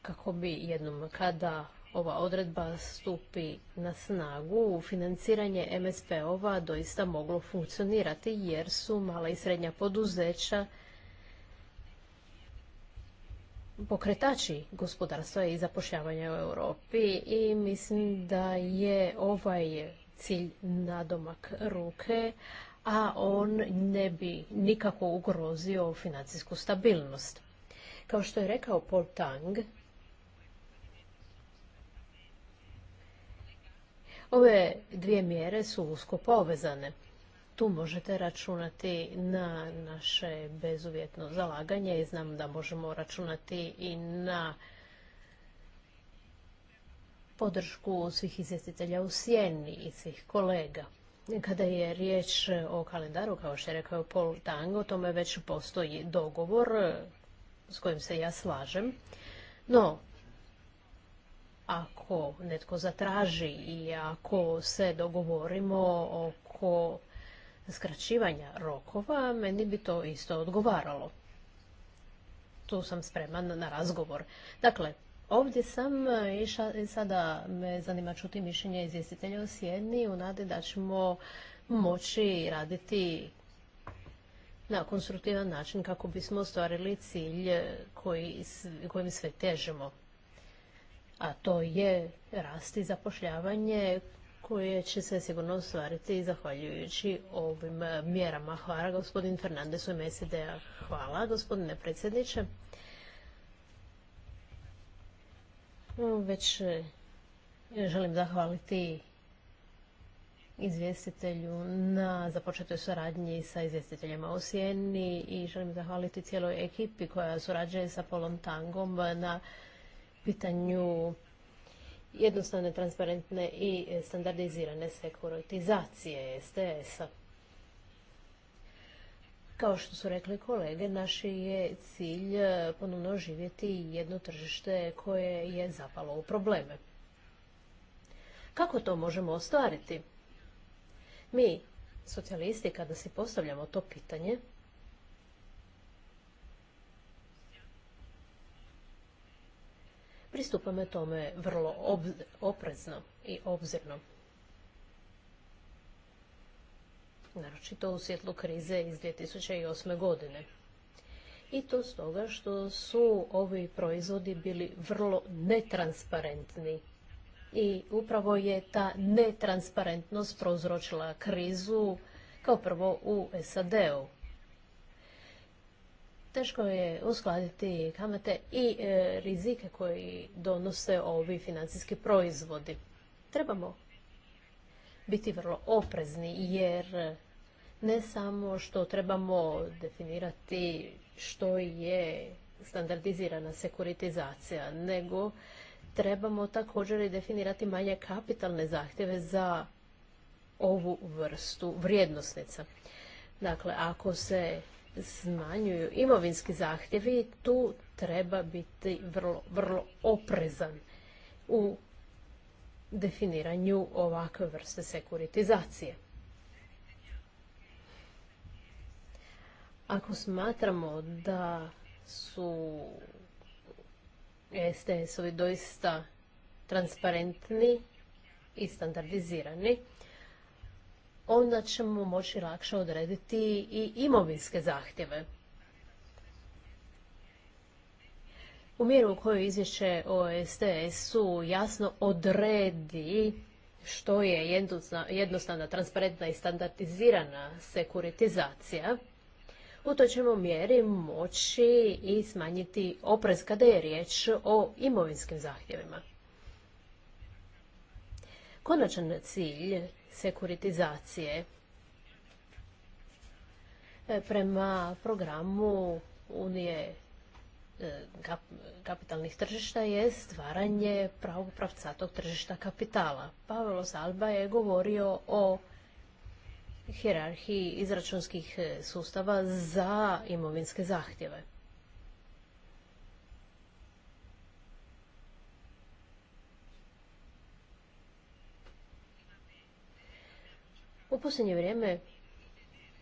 kako bi jednom kada ova odredba stupi na snagu, financiranje MSP-ova doista moglo funkcionirati jer su mala i srednja poduzeća pokretači gospodarstva i zapošljavanja u Europi i mislim da je ovaj cilj na domak ruke, a on ne bi nikako ugrozio financijsku stabilnost. Kao što je rekao Paul Tang, ove dvije mjere su usko povezane. Tu možete računati na naše bezuvjetno zalaganje i znam da možemo računati i na podršku svih izvjestitelja u sjeni i svih kolega. Kada je riječ o kalendaru, kao što je rekao Paul Tang, o tome već postoji dogovor e, s kojim se ja slažem. No, ako netko zatraži i ako se dogovorimo oko skraćivanja rokova, meni bi to isto odgovaralo. Tu sam spreman na razgovor. Dakle, Ovdje sam e, i e, sada me zanima čuti mišljenje izvjestitelja o Sjedni u nade da ćemo moći raditi na konstruktivan način kako bismo ostvarili cilj kojim sve težimo. A to je rast i zapošljavanje koje će se sigurno ostvariti zahvaljujući ovim mjerama. Hvala gospodin Fernandez u MSD-a. Hvala gospodine predsjedniče. Već e, želim zahvaliti izvjestitelju na započetoj suradnji sa izvjestiteljima u Sjeni i želim zahvaliti cijeloj ekipi koja surađuje sa Polom Tangom na pitanju jednostavne, transparentne i standardizirane sekuritizacije STS-a. Kao što su rekli kolege, naši je cilj e, ponovno živjeti jedno tržište koje je zapalo u probleme. Kako to možemo ostvariti? Mi, socijalisti, kada si postavljamo to pitanje, pristupamo tome vrlo oprezno i obzirno. naročito u svjetlu krize iz 2008. godine. I to stoga što su ovi proizvodi bili vrlo netransparentni. I upravo je ta netransparentnost prozročila krizu kao prvo u SAD-u. Teško je uskladiti kamate i e, rizike koji donose ovi financijski proizvodi. Trebamo biti vrlo oprezni jer ne samo što trebamo definirati što je standardizirana sekuritizacija, nego trebamo također i definirati manje kapitalne zahtjeve za ovu vrstu vrijednosnica. Dakle, ako se smanjuju imovinski zahtjevi, tu treba biti vrlo, vrlo oprezan u definiranju ovakve vrste sekuritizacije. Ako smatramo da su STS-ovi doista transparentni i standardizirani, onda ćemo moći lakše odrediti i imovinske zahtjeve. U mjeru u kojoj izvješće o STS-u jasno odredi što je jednostavna, transparentna i standardizirana sekuritizacija, u to ćemo mjeri moći i smanjiti oprez kada je riječ o imovinskim zahtjevima. Konačan cilj sekuritizacije e, prema programu Unije e, kapitalnih tržišta je stvaranje pravog tog tržišta kapitala. Pavelo Salba je govorio o hjerarhiji izračunskih e, sustava za imovinske zahtjeve. U posljednje vrijeme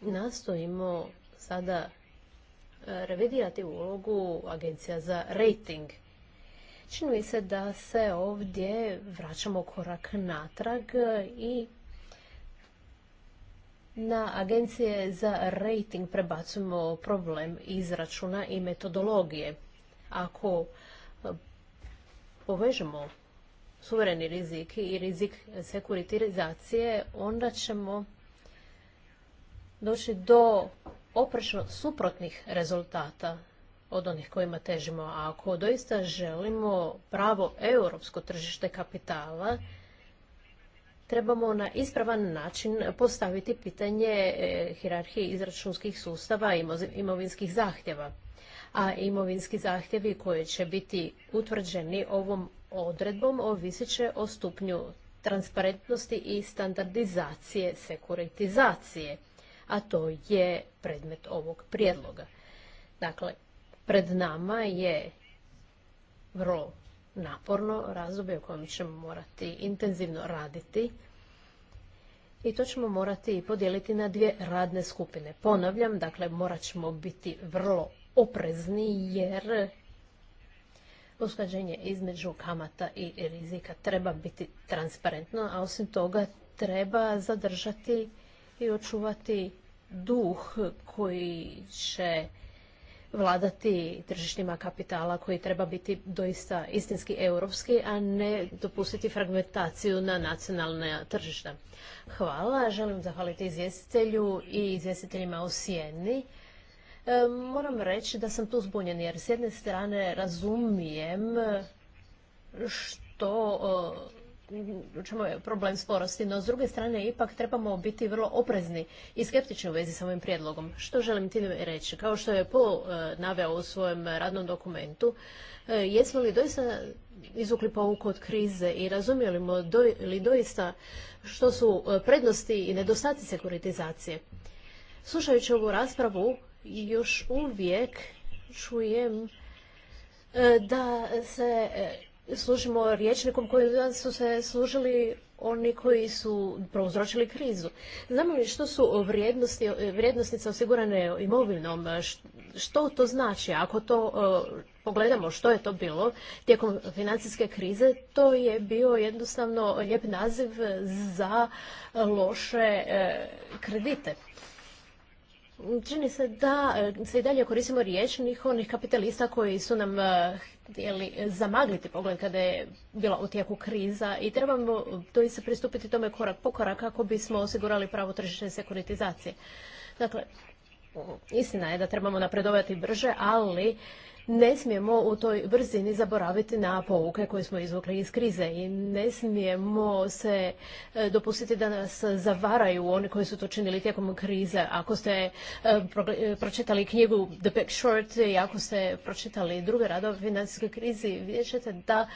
nastojimo sada e, revidirati ulogu agencija za rating. Čini mi se da se ovdje vraćamo korak natrag i na agencije za rating prebacujemo problem izračuna i metodologije. Ako e, povežemo suvereni rizik i rizik sekuritizacije, onda ćemo doći do oprečno suprotnih rezultata od onih kojima težimo. A ako doista želimo pravo europsko tržište kapitala, trebamo na ispravan način postaviti pitanje e, hirarhije izračunskih sustava i imovinskih zahtjeva. A imovinski zahtjevi koji će biti utvrđeni ovom odredbom ovisit će o stupnju transparentnosti i standardizacije sekuritizacije, a to je predmet ovog prijedloga. Dakle, pred nama je vrlo naporno razdoblje u kojem ćemo morati intenzivno raditi i to ćemo morati podijeliti na dvije radne skupine. Ponavljam, dakle, morat ćemo biti vrlo oprezni jer usklađenje između kamata i rizika treba biti transparentno, a osim toga treba zadržati i očuvati duh koji će vladati tržištima kapitala koji treba biti doista istinski europski, a ne dopustiti fragmentaciju na nacionalne tržišta. Hvala, želim zahvaliti izvjestitelju i izvjestiteljima u Sjeni. E, moram reći da sam tu zbunjen jer s jedne strane razumijem što čemu je problem sporosti, no s druge strane ipak trebamo biti vrlo oprezni i skeptični u vezi sa ovim prijedlogom. Što želim tim reći? Kao što je Paul e, naveo u svojem radnom dokumentu, e, jesmo li doista izvukli pouku od krize i razumijeli li doista što su e, prednosti i nedostaci sekuritizacije? Slušajući ovu raspravu, još uvijek čujem da se služimo riječnikom koji su se služili oni koji su prouzročili krizu. Znamo li što su vrijednosti, vrijednostnice osigurane imovinom? Što to znači? Ako to e, pogledamo što je to bilo tijekom financijske krize, to je bio jednostavno lijep naziv za loše e, kredite. Čini se da e, se i dalje koristimo riječnih onih kapitalista koji su nam e, htjeli zamagliti pogled kada je bila u tijeku kriza i trebamo doista pristupiti tome korak po korak kako bismo osigurali pravo tržišne sekuritizacije. Dakle, istina je da trebamo napredovati brže, ali ne smijemo u toj brzini zaboraviti na pouke koje smo izvukli iz krize i ne smijemo se e, dopustiti da nas zavaraju oni koji su to činili tijekom krize. Ako ste e, e, pročitali knjigu The Big Short i ako ste pročitali druge radove o financijskoj krizi, vidjet ćete da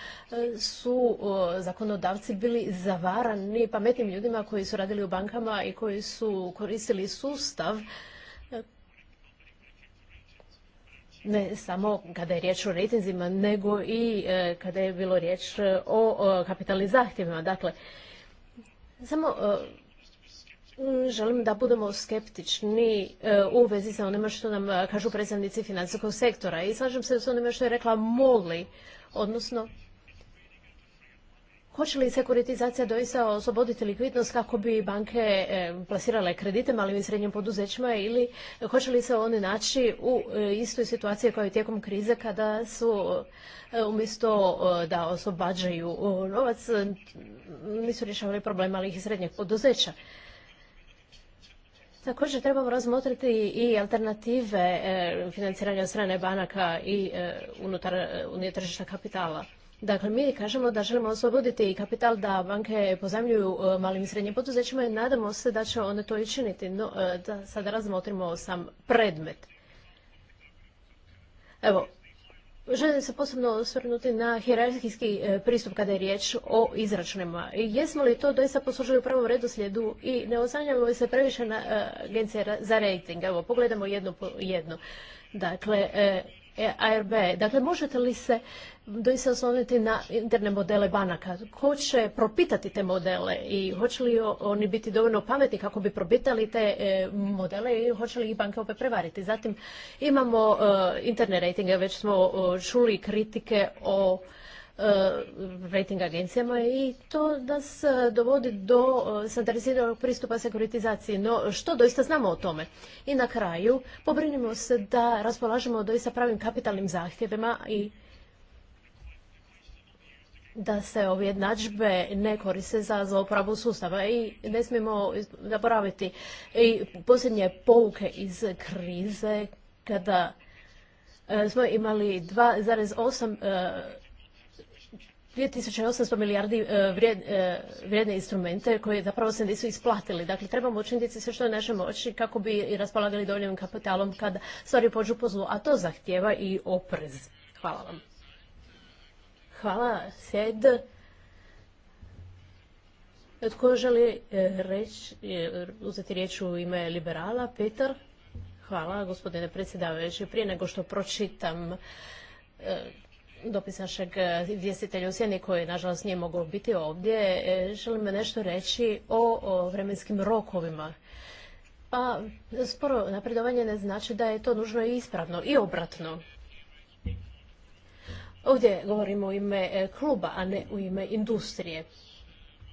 su zakonodavci bili zavarani pametnim ljudima koji su radili u bankama i koji su koristili sustav ne samo kada je riječ o rejtinzima, nego i e, kada je bilo riječ e, o, kapitalnim zahtjevima. Dakle, samo e, želim da budemo skeptični u vezi sa onima što nam kažu predstavnici financijskog sektora. I slažem se s onima što je rekla Molly, odnosno Hoće li sekuritizacija doista osloboditi likvidnost kako bi banke e, plasirale kredite malim i srednjim poduzećima ili hoće li se oni naći u e, istoj situaciji kao i tijekom krize kada su e, umjesto da oslobađaju novac nisu rješavali problem malih i srednjih poduzeća? Također trebamo razmotriti i alternative financiranja od strane banaka i unutar unije tržišta kapitala. Dakle, mi kažemo da želimo osvoboditi kapital da banke pozajmljuju e, malim i srednjim poduzećima i nadamo se da će one to i činiti. No, e, da sad razmotrimo sam predmet. Evo, želim se posebno osvrnuti na hierarhijski e, pristup kada je riječ o izračunima. Jesmo li to doista poslužili u prvom redoslijedu i ne osanjamo li se previše na agencije za rating? Evo, pogledamo jedno po jedno. Dakle, ARB. Dakle, možete li se doista osnoviti na interne modele banaka? Ko će propitati te modele i hoće li oni biti dovoljno pametni kako bi propitali te e, modele i hoće li ih banke opet prevariti? Zatim imamo e, interne rejtinge, već smo e, čuli kritike o E, rating agencijama i to nas e, dovodi do standardiziranog e, pristupa sekuritizaciji. No što doista znamo o tome? I na kraju pobrinimo se da raspolažemo doista pravim kapitalnim zahtjevima i da se ove jednadžbe ne koriste za zlouporabu sustava i ne smijemo zaboraviti i posljednje pouke iz krize kada smo imali 2,8 2800 milijardi e, e, vrijedne instrumente koje zapravo se nisu isplatili. Dakle, trebamo učiniti sve što je naše moći kako bi i raspolagali dovoljnim kapitalom kada stvari pođu po zlu, a to zahtjeva i oprez. Hvala vam. Hvala, Sjed. Tko želi e, uzeti riječ u ime liberala? Petar? Hvala, gospodine predsjedavajući. Prije nego što pročitam dopis našeg e, izvjestitelja u Sjeni koji nažalost nije mogao biti ovdje, e, želim nešto reći o, vremenskim rokovima. Pa sporo napredovanje ne znači da je to nužno i ispravno i obratno. Ovdje govorimo u ime e, kluba, a ne u ime industrije.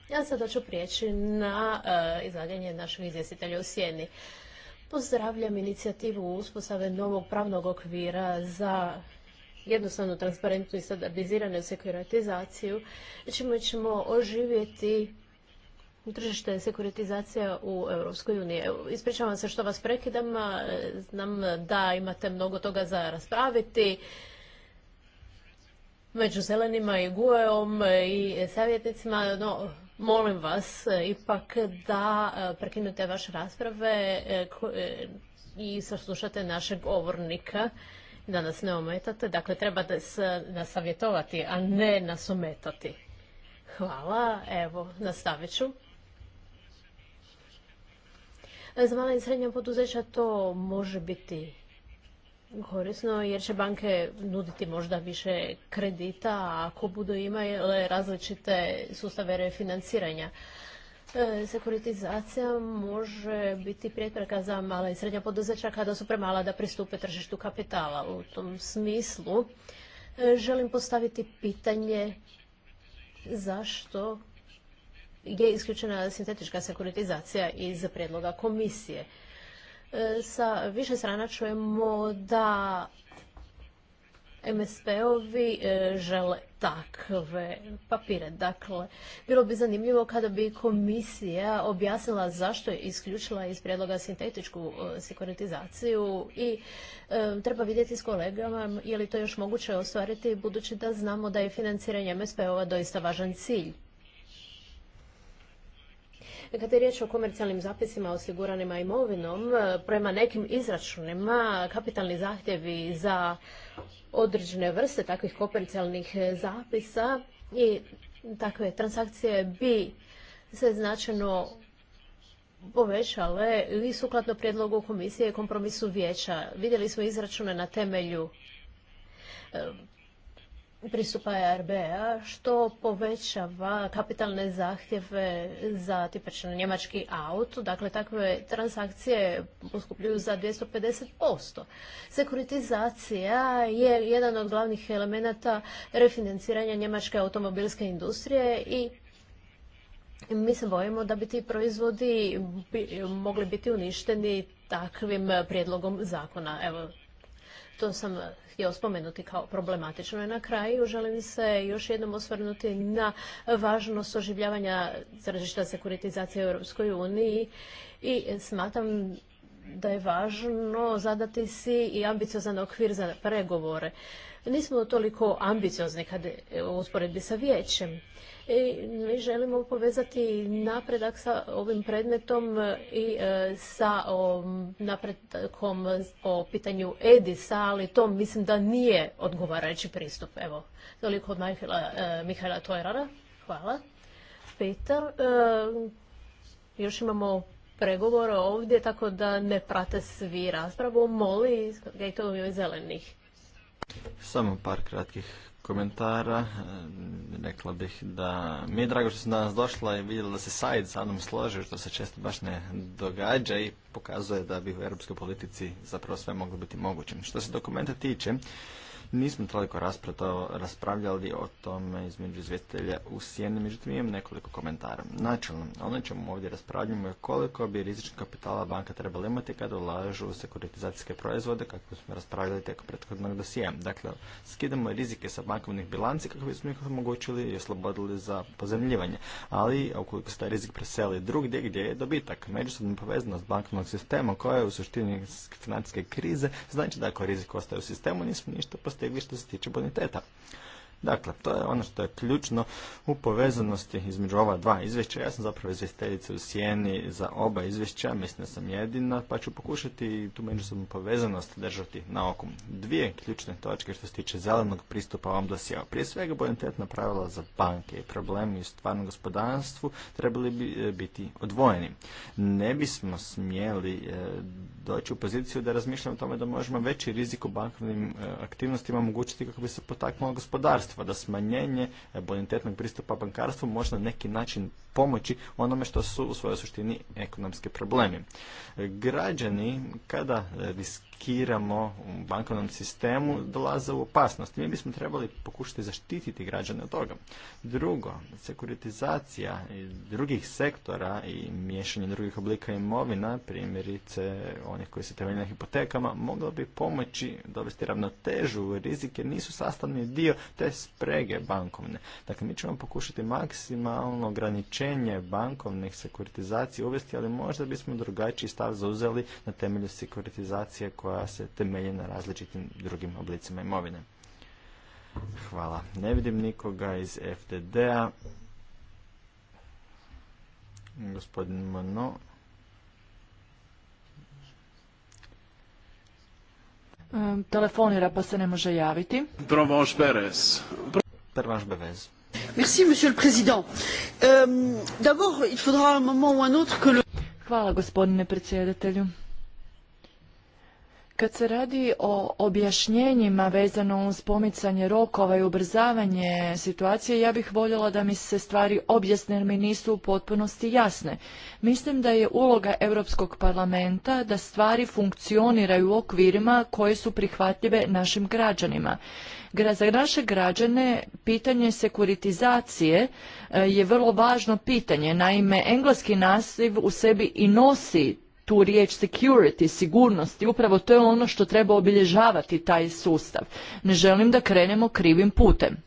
Ja sada ću prijeći na izlaganje našeg izvjestitelja u Sjeni. Pozdravljam inicijativu uspostave novog pravnog okvira za jednostavnu, transparentnu i standardiziranu sekuritizaciju, čime ćemo oživjeti tržište sekuritizacija u EU. Ispričavam se što vas prekidam, znam da imate mnogo toga za raspraviti među zelenima i gueom i savjetnicima, no molim vas e, ipak da e, prekinute vaše rasprave e, i saslušate našeg govornika da nas ne ometate. Dakle, treba se nas savjetovati, a ne nas ometati. Hvala. Evo, nastavit ću. E, za mala i srednja poduzeća to može biti korisno jer će banke nuditi možda više kredita ako budu imale različite sustave refinanciranja. E, sekuritizacija može biti prepreka za mala i srednja poduzeća kada su premala da pristupe tržištu kapitala. U tom smislu e, želim postaviti pitanje zašto je isključena sintetička sekuritizacija iz prijedloga komisije. E, sa više strana čujemo da MSP-ovi žele takve papire. Dakle, bilo bi zanimljivo kada bi komisija objasnila zašto je isključila iz prijedloga sintetičku e, sekuritizaciju i e, treba vidjeti s kolegama je li to još moguće ostvariti budući da znamo da je financiranje MSP-ova doista važan cilj. E, kada je riječ o komercijalnim zapisima osiguranima imovinom, prema nekim izračunima kapitalni zahtjevi za određene vrste takvih komercijalnih e, zapisa i takve transakcije bi se značajno povećale i sukladno prijedlogu komisije i kompromisu vijeća. Vidjeli smo izračune na temelju e, pristupa e rba a što povećava kapitalne zahtjeve za tipičan njemački auto. Dakle, takve transakcije poskupljuju za 250%. Sekuritizacija je jedan od glavnih elemenata refinanciranja njemačke automobilske industrije i mi se bojimo da bi ti proizvodi mogli biti uništeni takvim prijedlogom zakona. Evo, to sam htio spomenuti kao problematično. I na kraju želim se još jednom osvrnuti na važnost oživljavanja tržišta sekuritizacije u Europskoj uniji i smatram da je važno zadati si i ambiciozan okvir za pregovore nismo toliko ambiciozni kad u usporedbi sa vijećem. I mi želimo povezati napredak sa ovim predmetom i e, sa napredakom o pitanju Edisa, ali to mislim da nije odgovarajući pristup. Evo, toliko od Mihajla, e, Mihajla Hvala. Peter, e, još imamo pregovore ovdje, tako da ne prate svi raspravu. Moli, i to je zelenih. Samo par kratkih komentara. Rekla bih da mi je drago što sam danas došla i vidjela da se Said sa mnom složio, što se često baš ne događa i pokazuje da bi u europskoj politici zapravo sve moglo biti moguće. Što se dokumenta tiče, Nismo toliko raspravljali o tome između izvjestitelja u Sijeni, međutim imam nekoliko komentara. Načelno, ono čemu ovdje raspravljamo je koliko bi rizičnih kapitala banka trebala imati kada ulažu u sekuritizacijske proizvode kako smo raspravljali tek prethodnog dosije. Dakle, skidamo rizike sa bankovnih bilanci kako bismo ih omogućili i oslobodili za pozemljivanje. Ali, ukoliko se taj rizik preseli drugdje gdje je dobitak, međusobna povezanost bankovnog sistema koja je u suštini financijske krize, znači da ako rizik ostaje u sistemu nismo ništa više što se tiče boniteta. Dakle, to je ono što je ključno u povezanosti između ova dva izvješća. Ja sam zapravo izvjestiteljica u sjeni za oba izvješća, mislim da sam jedina, pa ću pokušati tu međusobnu povezanost držati na oku. Dvije ključne točke što se tiče zelenog pristupa ovom dosijelu. Prije svega, bonitetna pravila za banke i problemi u stvarnom gospodarstvu trebali bi e, biti odvojeni. Ne bismo smjeli e, doći u poziciju da razmišljamo o tome da možemo veći rizik u bankovnim e, aktivnostima omogućiti kako bi se potaknulo gospodarstvo bankarstva, da smanjenje bonitetnog pristupa bankarstvu može na neki način pomoći onome što su u svojoj suštini ekonomske problemi. Građani kada kiramo u bankovnom sistemu dolaze u opasnost. Mi bismo trebali pokušati zaštititi građane od toga. Drugo, sekuritizacija drugih sektora i miješanje drugih oblika imovina, primjerice onih koji se temelje na hipotekama, moglo bi pomoći dovesti ravnotežu rizike, nisu sastavni dio te sprege bankovne. Dakle, mi ćemo pokušati maksimalno ograničenje bankovnih sekuritizacija uvesti, ali možda bismo drugačiji stav zauzeli na temelju sekuritizacije koja se temelji na različitim drugim oblicima imovine. Hvala. Ne vidim nikoga iz FTD-a. Gospodin Mono. Telefonira pa se ne može javiti. Provanš Perez. Provanš Perez. Merci, monsieur le président. D'abord, il faudra un moment ou un autre que le... Hvala, gospodine predsjedatelju. Kad se radi o objašnjenjima vezano uz pomicanje rokova i ubrzavanje situacije, ja bih voljela da mi se stvari objasne jer mi nisu u potpunosti jasne. Mislim da je uloga Europskog parlamenta da stvari funkcioniraju u okvirima koje su prihvatljive našim građanima. Za naše građane pitanje sekuritizacije e, je vrlo važno pitanje. Naime, engleski nasiv u sebi i nosi tu riječ security, sigurnosti, upravo to je ono što treba obilježavati taj sustav. Ne želim da krenemo krivim putem.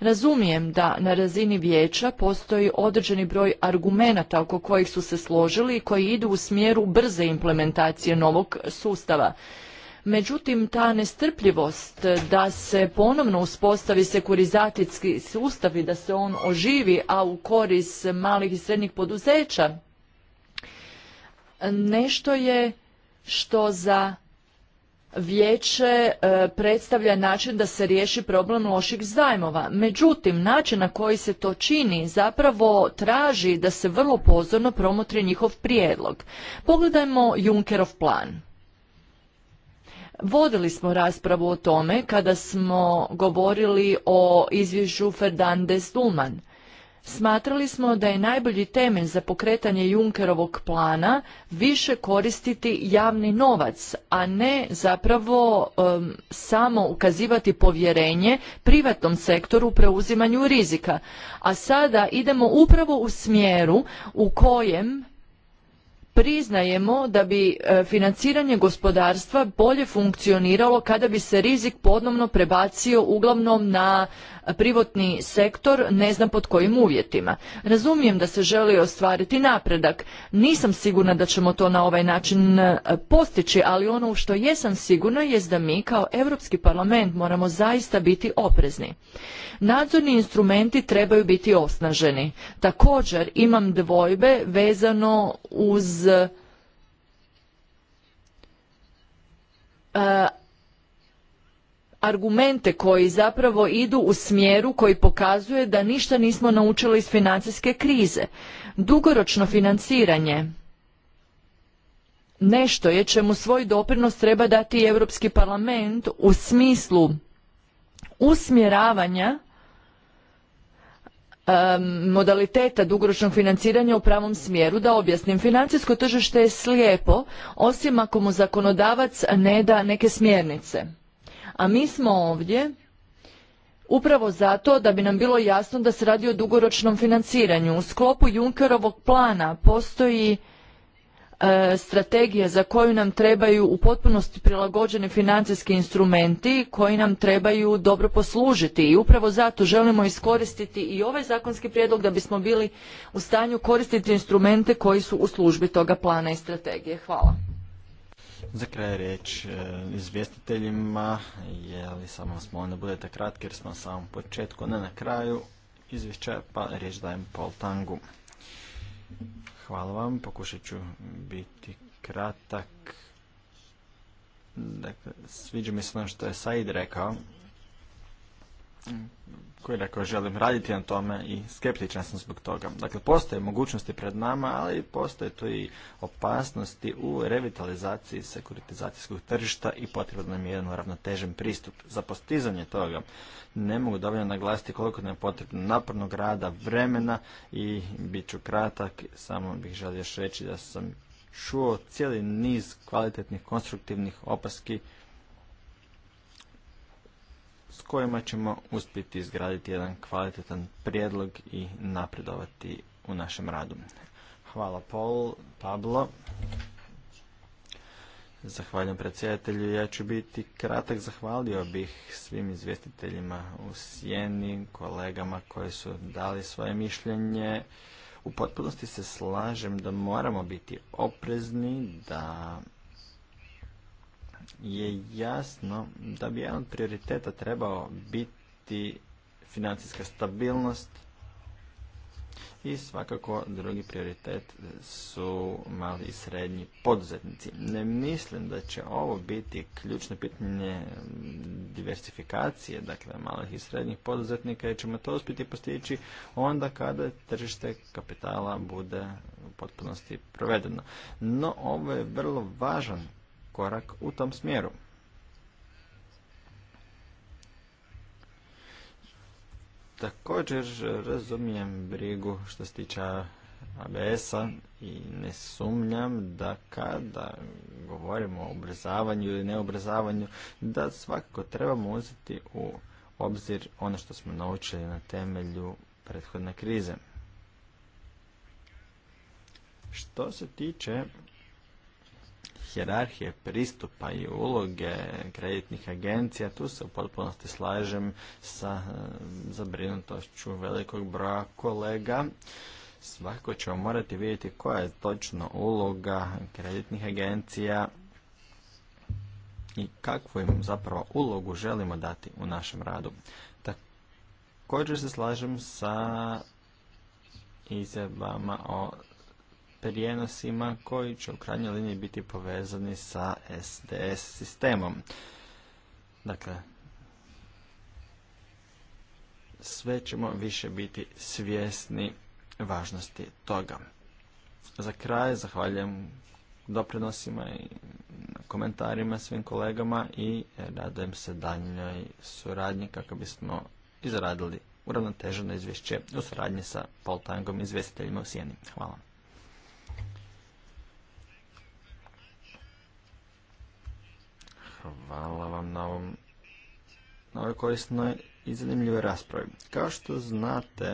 Razumijem da na razini vijeća postoji određeni broj argumenata oko kojih su se složili i koji idu u smjeru brze implementacije novog sustava. Međutim, ta nestrpljivost da se ponovno uspostavi sekurizacijski sustav i da se on oživi, a u koris malih i srednjih poduzeća, nešto je što za vijeće e, predstavlja način da se riješi problem loših zajmova. Međutim, način na koji se to čini zapravo traži da se vrlo pozorno promotri njihov prijedlog. Pogledajmo Junkerov plan. Vodili smo raspravu o tome kada smo govorili o izvješću ferdandes Dulman. Smatrali smo da je najbolji temelj za pokretanje Junkerovog plana više koristiti javni novac, a ne zapravo samo ukazivati povjerenje privatnom sektoru u preuzimanju rizika. A sada idemo upravo u smjeru u kojem priznajemo da bi e, financiranje gospodarstva bolje funkcioniralo kada bi se rizik ponovno prebacio uglavnom na privatni sektor ne znam pod kojim uvjetima. Razumijem da se želi ostvariti napredak. Nisam sigurna da ćemo to na ovaj način e, postići, ali ono u što jesam sigurna jest da mi kao Europski parlament moramo zaista biti oprezni. Nadzorni instrumenti trebaju biti osnaženi. Također imam dvojbe vezano uz e, argumente koji zapravo idu u smjeru koji pokazuje da ništa nismo naučili iz financijske krize. Dugoročno financiranje nešto je čemu svoj doprinos treba dati Europski parlament u smislu usmjeravanja modaliteta dugoročnog financiranja u pravom smjeru. Da objasnim, financijsko tržište je slijepo osim ako mu zakonodavac ne da neke smjernice. A mi smo ovdje upravo zato da bi nam bilo jasno da se radi o dugoročnom financiranju. U sklopu Junkerovog plana postoji e, strategija za koju nam trebaju u potpunosti prilagođeni financijski instrumenti koji nam trebaju dobro poslužiti i upravo zato želimo iskoristiti i ovaj zakonski prijedlog da bismo bili u stanju koristiti instrumente koji su u službi toga plana i strategije. Hvala. Za kraj riječ e, izvjestiteljima, je li samo vas molim da budete kratki jer smo na samom početku, ne na kraju izvješća, pa riječ dajem poltangu. Tangu. Hvala vam, pokušat ću biti kratak. Dakle, sviđa mi se ono što je Said rekao, koji rekao želim raditi na tome i skeptičan sam zbog toga. Dakle, postoje mogućnosti pred nama, ali postoje tu i opasnosti u revitalizaciji sekuritizacijskog tržišta i potrebno nam je jedan ravnotežen pristup. Za postizanje toga ne mogu dovoljno naglasiti koliko nam je potrebno napornog rada, vremena i bit ću kratak, samo bih želio još reći da sam čuo cijeli niz kvalitetnih, konstruktivnih opaski s kojima ćemo uspjeti izgraditi jedan kvalitetan prijedlog i napredovati u našem radu. Hvala Paul, Pablo. Zahvaljujem predsjedatelju. Ja ću biti kratak. Zahvalio bih svim izvjestiteljima u Sjeni, kolegama koji su dali svoje mišljenje. U potpunosti se slažem da moramo biti oprezni, da je jasno da bi jedan od prioriteta trebao biti financijska stabilnost i svakako drugi prioritet su mali i srednji poduzetnici. Ne mislim da će ovo biti ključno pitanje diversifikacije, dakle malih i srednjih poduzetnika, jer ćemo to uspjeti postići onda kada tržište kapitala bude u potpunosti provedeno. No, ovo je vrlo važan korak u tom smjeru. Također razumijem brigu što se tiče ABS-a i ne sumnjam da kada govorimo o obrazavanju ili neobrazavanju, da svakako trebamo uzeti u obzir ono što smo naučili na temelju prethodne krize. Što se tiče hjerarhije pristupa i uloge kreditnih agencija, tu se u potpunosti slažem sa eh, zabrinutošću velikog broja kolega. Svako ćemo morati vidjeti koja je točno uloga kreditnih agencija i kakvu im zapravo ulogu želimo dati u našem radu. Također se slažem sa izjavama o prijenosima koji će u krajnjoj liniji biti povezani sa SDS sistemom. Dakle, sve ćemo više biti svjesni važnosti toga. Za kraj zahvaljujem doprinosima i komentarima svim kolegama i radujem se daljnjoj suradnji kako bismo izradili uravnoteženo izvješće u suradnji sa Poltangom izvjestiteljima u Sjeni. Hvala. Hvala vam na ovom na ovoj korisnoj i zanimljivoj raspravi. Kao što znate,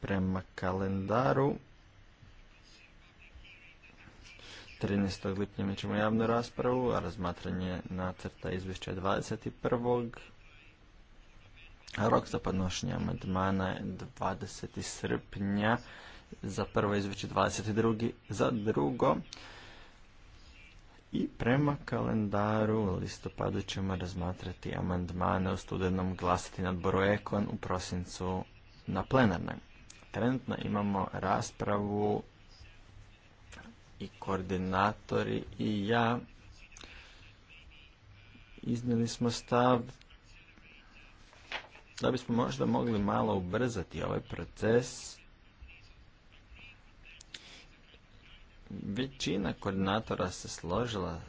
prema kalendaru 13. lipnja mi ćemo javnu raspravu, a razmatranje nacrta izvješća 21. A rok za podnošenje amandmana je 20. srpnja za prvo izvješće 22. za drugo i prema kalendaru u listopadu ćemo razmatrati amandmane u studenom glasati na odboru Ekon u prosincu na plenarne. Trenutno imamo raspravu i koordinatori i ja iznijeli smo stav da bismo možda mogli malo ubrzati ovaj proces većina koordinatora se složila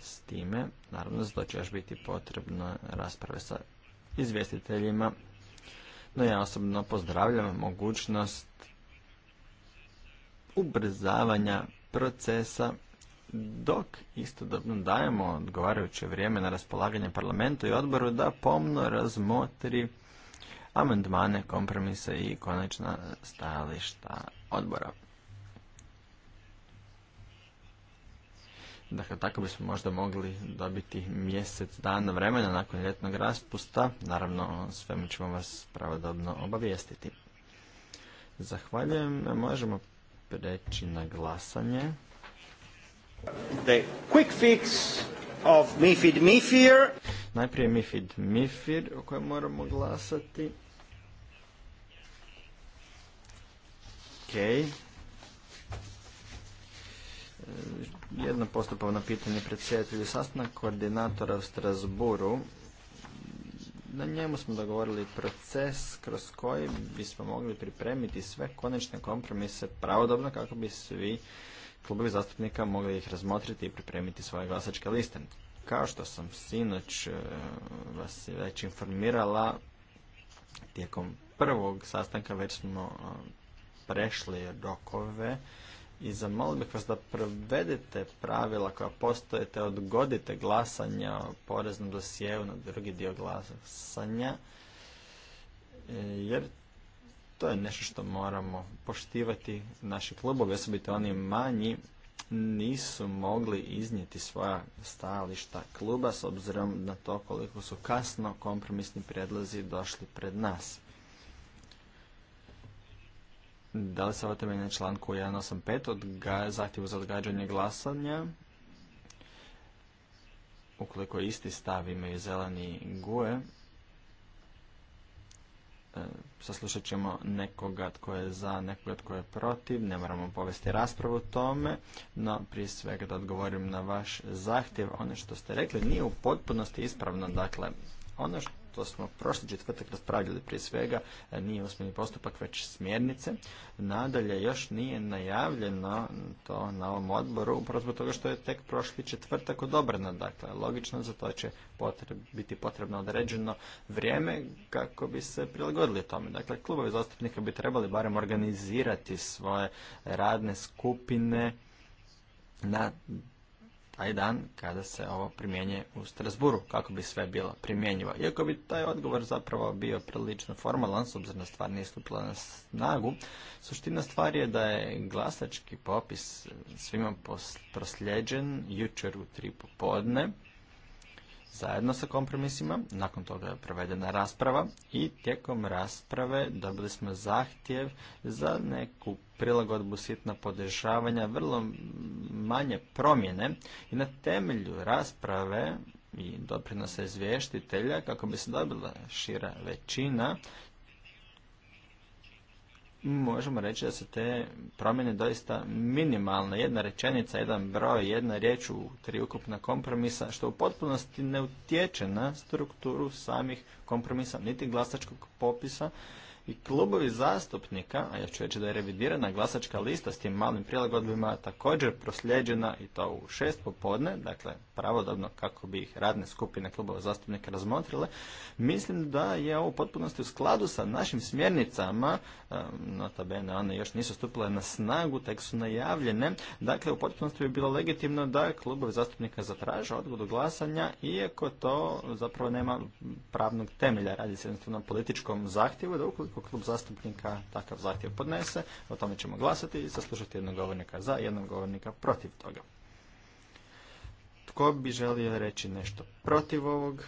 s time, naravno to će još biti potrebno rasprave sa izvjestiteljima, no ja osobno pozdravljam mogućnost ubrzavanja procesa dok istodobno dajemo odgovarajuće vrijeme na raspolaganje parlamentu i odboru da pomno razmotri amandmane, kompromise i konačna stajališta odbora. Dakle, tako bismo možda mogli dobiti mjesec dana vremena nakon ljetnog raspusta. Naravno, svemu ćemo vas pravodobno obavijestiti. Zahvaljujem. Možemo preći na glasanje. The quick fix of Mifid Mifir. Najprije Mifid Mifir o kojem moramo glasati. Ok. Jedno postupovno pitanje predsjedatelju sastanak koordinatora u Strasburu. Na njemu smo dogovorili proces kroz koji bismo mogli pripremiti sve konačne kompromise pravodobno kako bi svi klubovi zastupnika mogli ih razmotriti i pripremiti svoje glasačke liste. Kao što sam sinoć e, vas već informirala, tijekom prvog sastanka već smo e, prešli rokove i zamolio bih vas da provedete pravila koja postoje odgodite glasanje o poreznom dosijevu na drugi dio glasanja e, jer to je nešto što moramo poštivati naši klubovi, osobito oni manji nisu mogli iznijeti svoja stajališta kluba s obzirom na to koliko su kasno kompromisni prijedlozi došli pred nas. Da li se ovo temelji na članku 185 od zahtjevu za odgađanje glasanja? Ukoliko isti stav imaju zeleni guje, e, saslušat ćemo nekoga tko je za, nekoga tko je protiv, ne moramo povesti raspravu tome, no prije svega da odgovorim na vaš zahtjev, ono što ste rekli nije u potpunosti ispravno, dakle, ono što to smo prošli četvrtak raspravljali prije svega, e, nije usmeni postupak, već smjernice. Nadalje, još nije najavljeno to na ovom odboru, upravo zbog toga što je tek prošli četvrtak odobrano. Dakle, logično za to će biti potrebno određeno vrijeme kako bi se prilagodili tome. Dakle, klubovi zastupnika bi trebali barem organizirati svoje radne skupine na taj dan kada se ovo primjenje u Strasburu, kako bi sve bilo primjenjivo. Iako bi taj odgovor zapravo bio prilično formalan, s obzirom na stvar nije stupila na snagu, suština stvari je da je glasački popis eh, svima prosljeđen jučer u tri popodne, zajedno sa kompromisima. Nakon toga je provedena rasprava i tijekom rasprave dobili smo zahtjev za neku prilagodbu sitna podešavanja, vrlo manje promjene i na temelju rasprave i doprinosa izvještitelja kako bi se dobila šira većina možemo reći da se te promjene doista minimalne. Jedna rečenica, jedan broj, jedna riječ u tri ukupna kompromisa, što u potpunosti ne utječe na strukturu samih kompromisa, niti glasačkog popisa, i klubovi zastupnika, a ja ću reći da je revidirana glasačka lista s tim malim prilagodbima također prosljeđena i to u šest popodne, dakle pravodobno kako bi ih radne skupine klubova zastupnika razmotrile, mislim da je ovo potpunosti u skladu sa našim smjernicama, notabene one još nisu stupile na snagu, tek su najavljene, dakle u potpunosti bi bilo legitimno da klubovi zastupnika zatraže odgodu glasanja, iako to zapravo nema pravnog temelja, radi se jednostavno političkom zahtjevu da ukoliko ukoliko klub zastupnika takav zahtjev podnese, o tome ćemo glasati i saslušati jednog govornika za, jednog govornika protiv toga. Tko bi želio reći nešto protiv ovog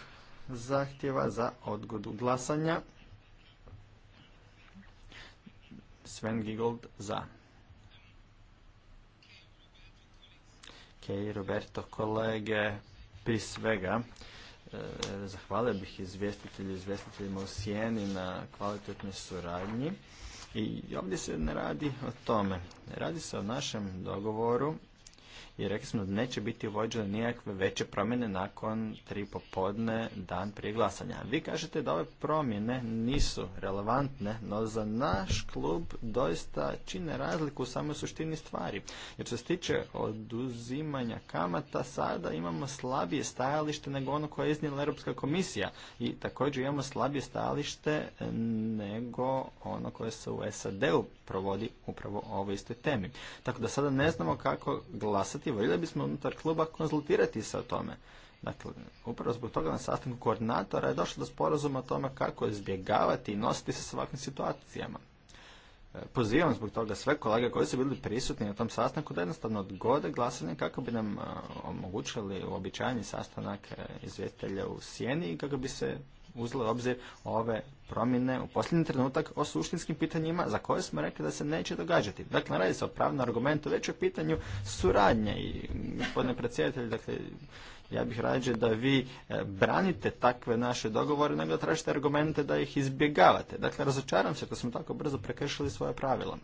zahtjeva za odgodu glasanja? Sven Gigold za. Ok, Roberto kolege, prije svega E, zahvalio bih izvjestitelju izvjestiteljima u Sijeni na kvalitetnoj suradnji. I ovdje se ne radi o tome. Radi se o našem dogovoru i rekli smo da neće biti uvođene nijakve veće promjene nakon tri popodne dan prije glasanja. Vi kažete da ove promjene nisu relevantne, no za naš klub doista čine razliku u samoj suštini stvari. Jer što se tiče oduzimanja kamata, sada imamo slabije stajalište nego ono koje je iznijela Europska komisija i također imamo slabije stajalište nego ono koje se u SAD-u provodi upravo o ovoj istoj temi. Tako da sada ne znamo kako glasati biti, voljeli bismo unutar kluba konzultirati se o tome. Dakle, upravo zbog toga na sastanku koordinatora je došlo do sporazuma o tome kako izbjegavati i nositi se s ovakvim situacijama. E, pozivam zbog toga sve kolege koji su bili prisutni na tom sastanku da jednostavno odgode glasanje kako bi nam e, omogućili uobičajeni sastanak e, izvjetelja u sjeni i kako bi se uzela u obzir ove promjene u posljednji trenutak o suštinskim pitanjima za koje smo rekli da se neće događati. Dakle, radi se o pravnom argumentu, već o pitanju suradnje i gospodine predsjedatelj, dakle, ja bih rađe da vi e, branite takve naše dogovore nego da tražite argumente da ih izbjegavate. Dakle, razočaram se da smo tako brzo prekršili svoje pravila.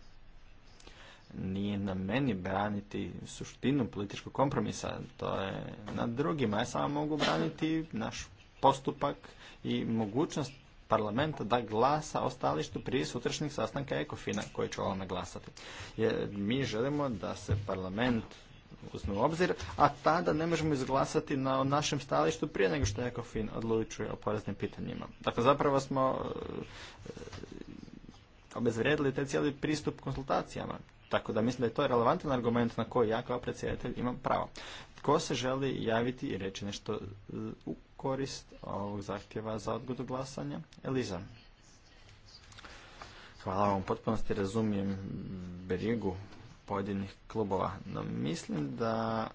Nije na meni braniti suštinu političkog kompromisa, to je na drugima. Ja samo mogu braniti naš postupak i mogućnost parlamenta da glasa o stalištu prije sutrašnjeg sastanka Ekofina koji će ovome glasati. Jer mi želimo da se parlament uzme u obzir, a tada ne možemo izglasati na našem stalištu prije nego što Ekofin odlučuje o poreznim pitanjima. Dakle, zapravo smo e, e, obezvrijedili te cijeli pristup konsultacijama. Tako da mislim da je to relevantan argument na koji ja kao predsjedatelj imam pravo. Tko se želi javiti i reći nešto e, u korist ovog zahtjeva za odgodu glasanja? Eliza. Hvala vam, potpunosti razumijem brigu pojedinih klubova, no mislim da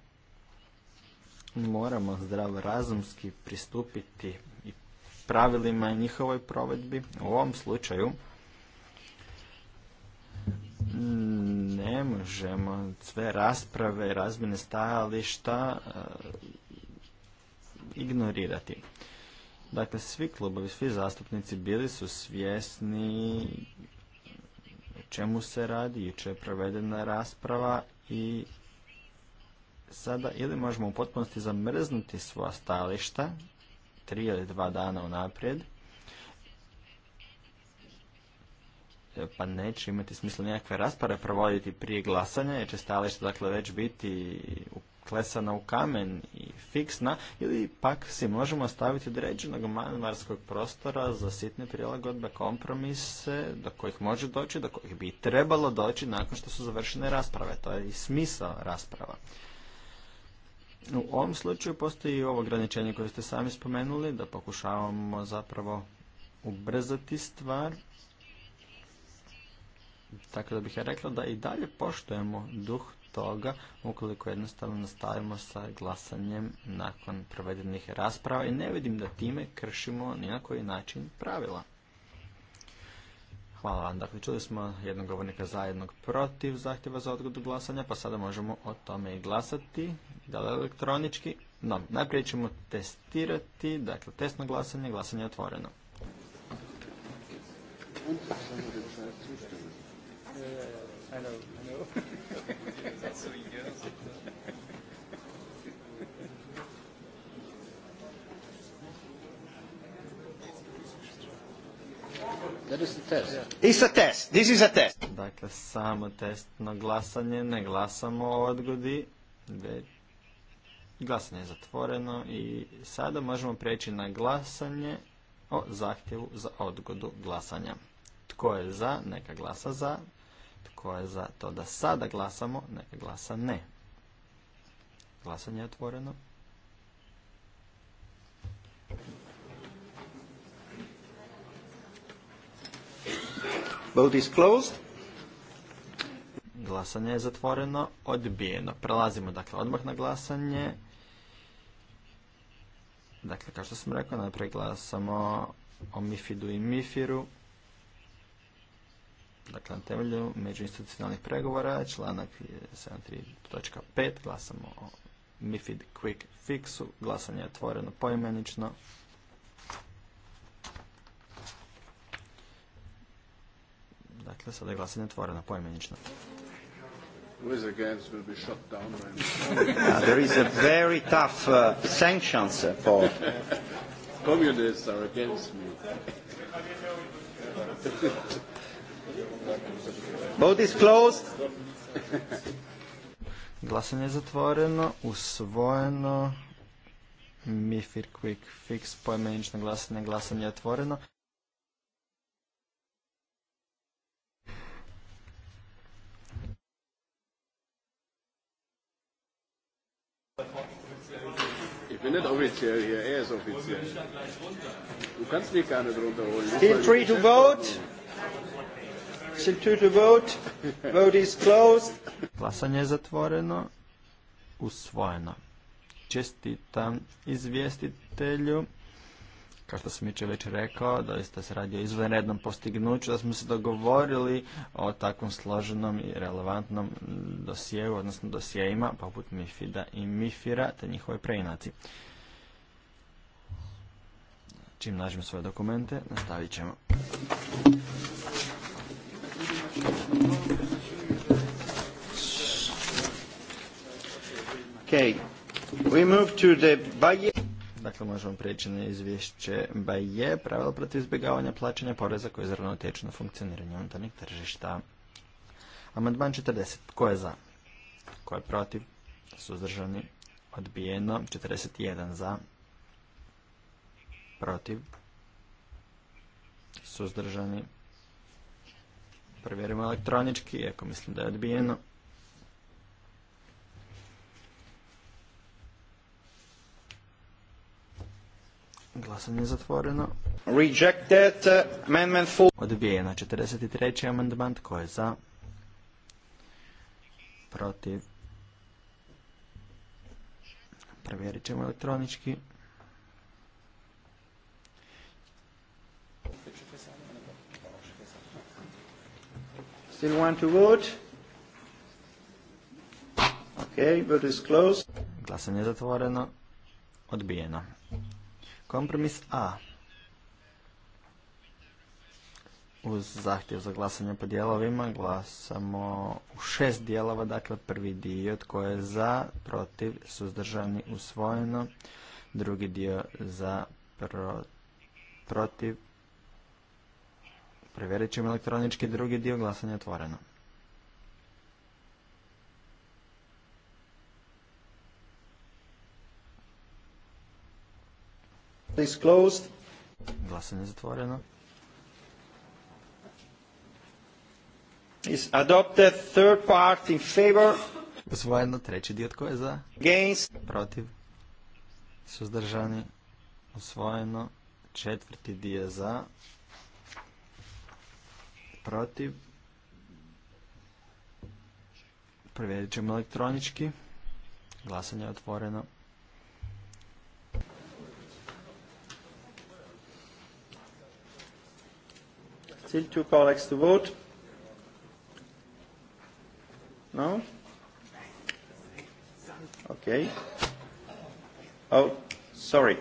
moramo zdravorazumski pristupiti i pravilima njihovoj provedbi. U ovom slučaju ne možemo sve rasprave i razmjene stajališta ignorirati. Dakle, svi klubovi, svi zastupnici bili su svjesni čemu se radi, jučer je provedena rasprava i sada ili možemo u potpunosti zamrznuti svoja stajališta tri ili dva dana unaprijed, pa neće imati smisla nikakve rasprave provoditi prije glasanja, jer će stajalište dakle već biti u klesana u kamen i fiksna ili pak si možemo staviti određenog manevarskog prostora za sitne prilagodbe, kompromise do kojih može doći, do kojih bi trebalo doći nakon što su završene rasprave. To je i smisao rasprava. U ovom slučaju postoji i ovo ograničenje koje ste sami spomenuli, da pokušavamo zapravo ubrzati stvar. Tako da bih ja rekla da i dalje poštujemo duh toga ukoliko jednostavno nastavimo sa glasanjem nakon provedenih rasprava i ne vidim da time kršimo ni način pravila. Hvala vam. Dakle, čuli smo jednog govornika za protiv zahtjeva za odgodu glasanja, pa sada možemo o tome i glasati. Da li elektronički? No, najprije ćemo testirati, dakle, testno glasanje, glasanje je otvoreno. E, i know, test. It's a test. This is a test. Dakle, samo testno glasanje, ne glasamo o odgodi, glasanje je zatvoreno i sada možemo preći na glasanje o zahtjevu za odgodu glasanja. Tko je za, neka glasa za, tko je za to da sada glasamo, neka glasa ne. Glasanje je otvoreno. is closed. Glasanje je zatvoreno, odbijeno. Prelazimo dakle odmah na glasanje. Dakle, kao što sam rekao, najprije glasamo o Mifidu i Mifiru. Dakle, na temelju međuinstitucionalnih pregovora, članak 7.3.5, glasamo o MIFID Quick Fixu, glasanje je otvoreno poimenično. Dakle, sada je glasanje otvoreno poimenično. Vote is closed. Glasanje je zatvoreno, usvojeno. Mifir Quick Fix, pojmenično glasanje, glasanje je otvoreno. to Glasanje je zatvoreno. Usvojeno. Čestitam izvjestitelju. Kao što sam iče već rekao, doista se radi o izvanrednom postignuću, da smo se dogovorili o takvom složenom i relevantnom dosjeu, odnosno dosjejima, poput Mifida i Mifira, te njihove preinaci. Čim nađemo svoje dokumente, nastavit ćemo. Okay. We move to the Baye. Dakle, možemo prijeći na izvješće Baje, pravila protiv izbjegavanja plaćanja poreza koje izravno utječu na funkcioniranje unutarnjeg tržišta. Amandman 40. Ko je za? Ko je protiv? Suzdržani? Odbijeno. 41 za. Protiv? Suzdržani? Provjerimo elektronički, iako mislim da je odbijeno. Glasanje je zatvoreno. Rejected uh, amendment Odbijeno 43. amandman. Tko je za? Protiv. Provjerit ćemo elektronički. Still want to vote? Okay, vote is closed. Glasanje je zatvoreno. Odbijeno. Kompromis A. Uz zahtjev za glasanje po dijelovima glasamo u šest dijelova, dakle prvi dio tko je za, protiv, suzdržani, usvojeno, drugi dio za, protiv, Provjerit ćemo elektronički drugi dio glasanja otvoreno. Glasanje je zatvoreno. Is adopted third part in favor. Usvojeno treći dio tko je za? Against. Protiv. Suzdržani. Usvojeno četvrti dio za protiv. Provjerit ćemo elektronički. Glasanje je otvoreno. Still two colleagues to vote. No? Okay. Oh, sorry.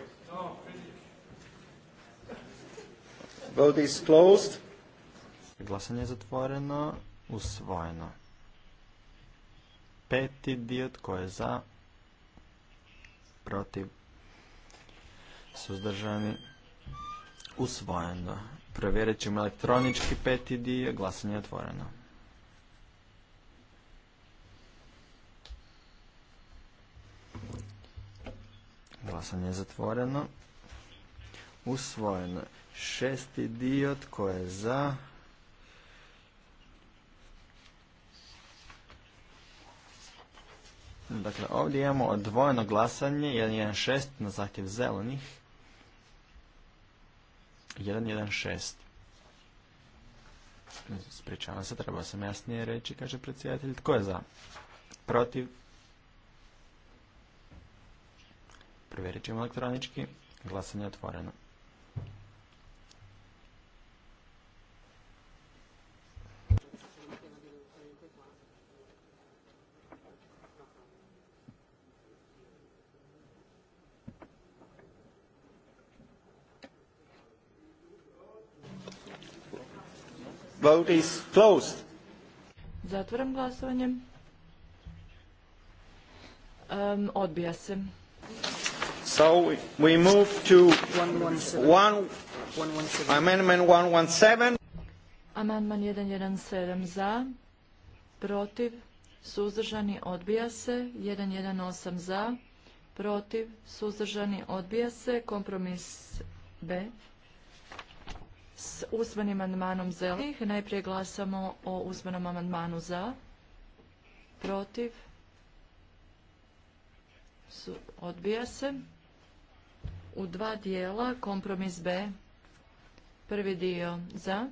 Vote is closed. Glasanje je zatvoreno. Usvojeno. Peti dio tko je za? Protiv. Suzdržani. Usvojeno. Provjerit ćemo elektronički peti dio. Glasanje je otvoreno. Glasanje je zatvoreno. Usvojeno. Šesti dio tko je za? Dakle, ovdje imamo odvojeno glasanje 1.1.6 na zahtjev zelenih. 1.1.6. Spričavam se, trebao sam jasnije reći, kaže predsjedatelj. Tko je za? Protiv? Provjerit ćemo elektronički. Glasanje je otvoreno. vote is closed. Zatvaram glasovanje. odbija se. So we move to 117. amendment 117. Amendman 117 za, protiv, suzdržani, odbija se. 118 za, protiv, suzdržani, odbija se. Kompromis B s usmenim amandmanom zelenih. Najprije glasamo o usmenom amandmanu za, protiv, odbija se. U dva dijela kompromis B. Prvi dio za,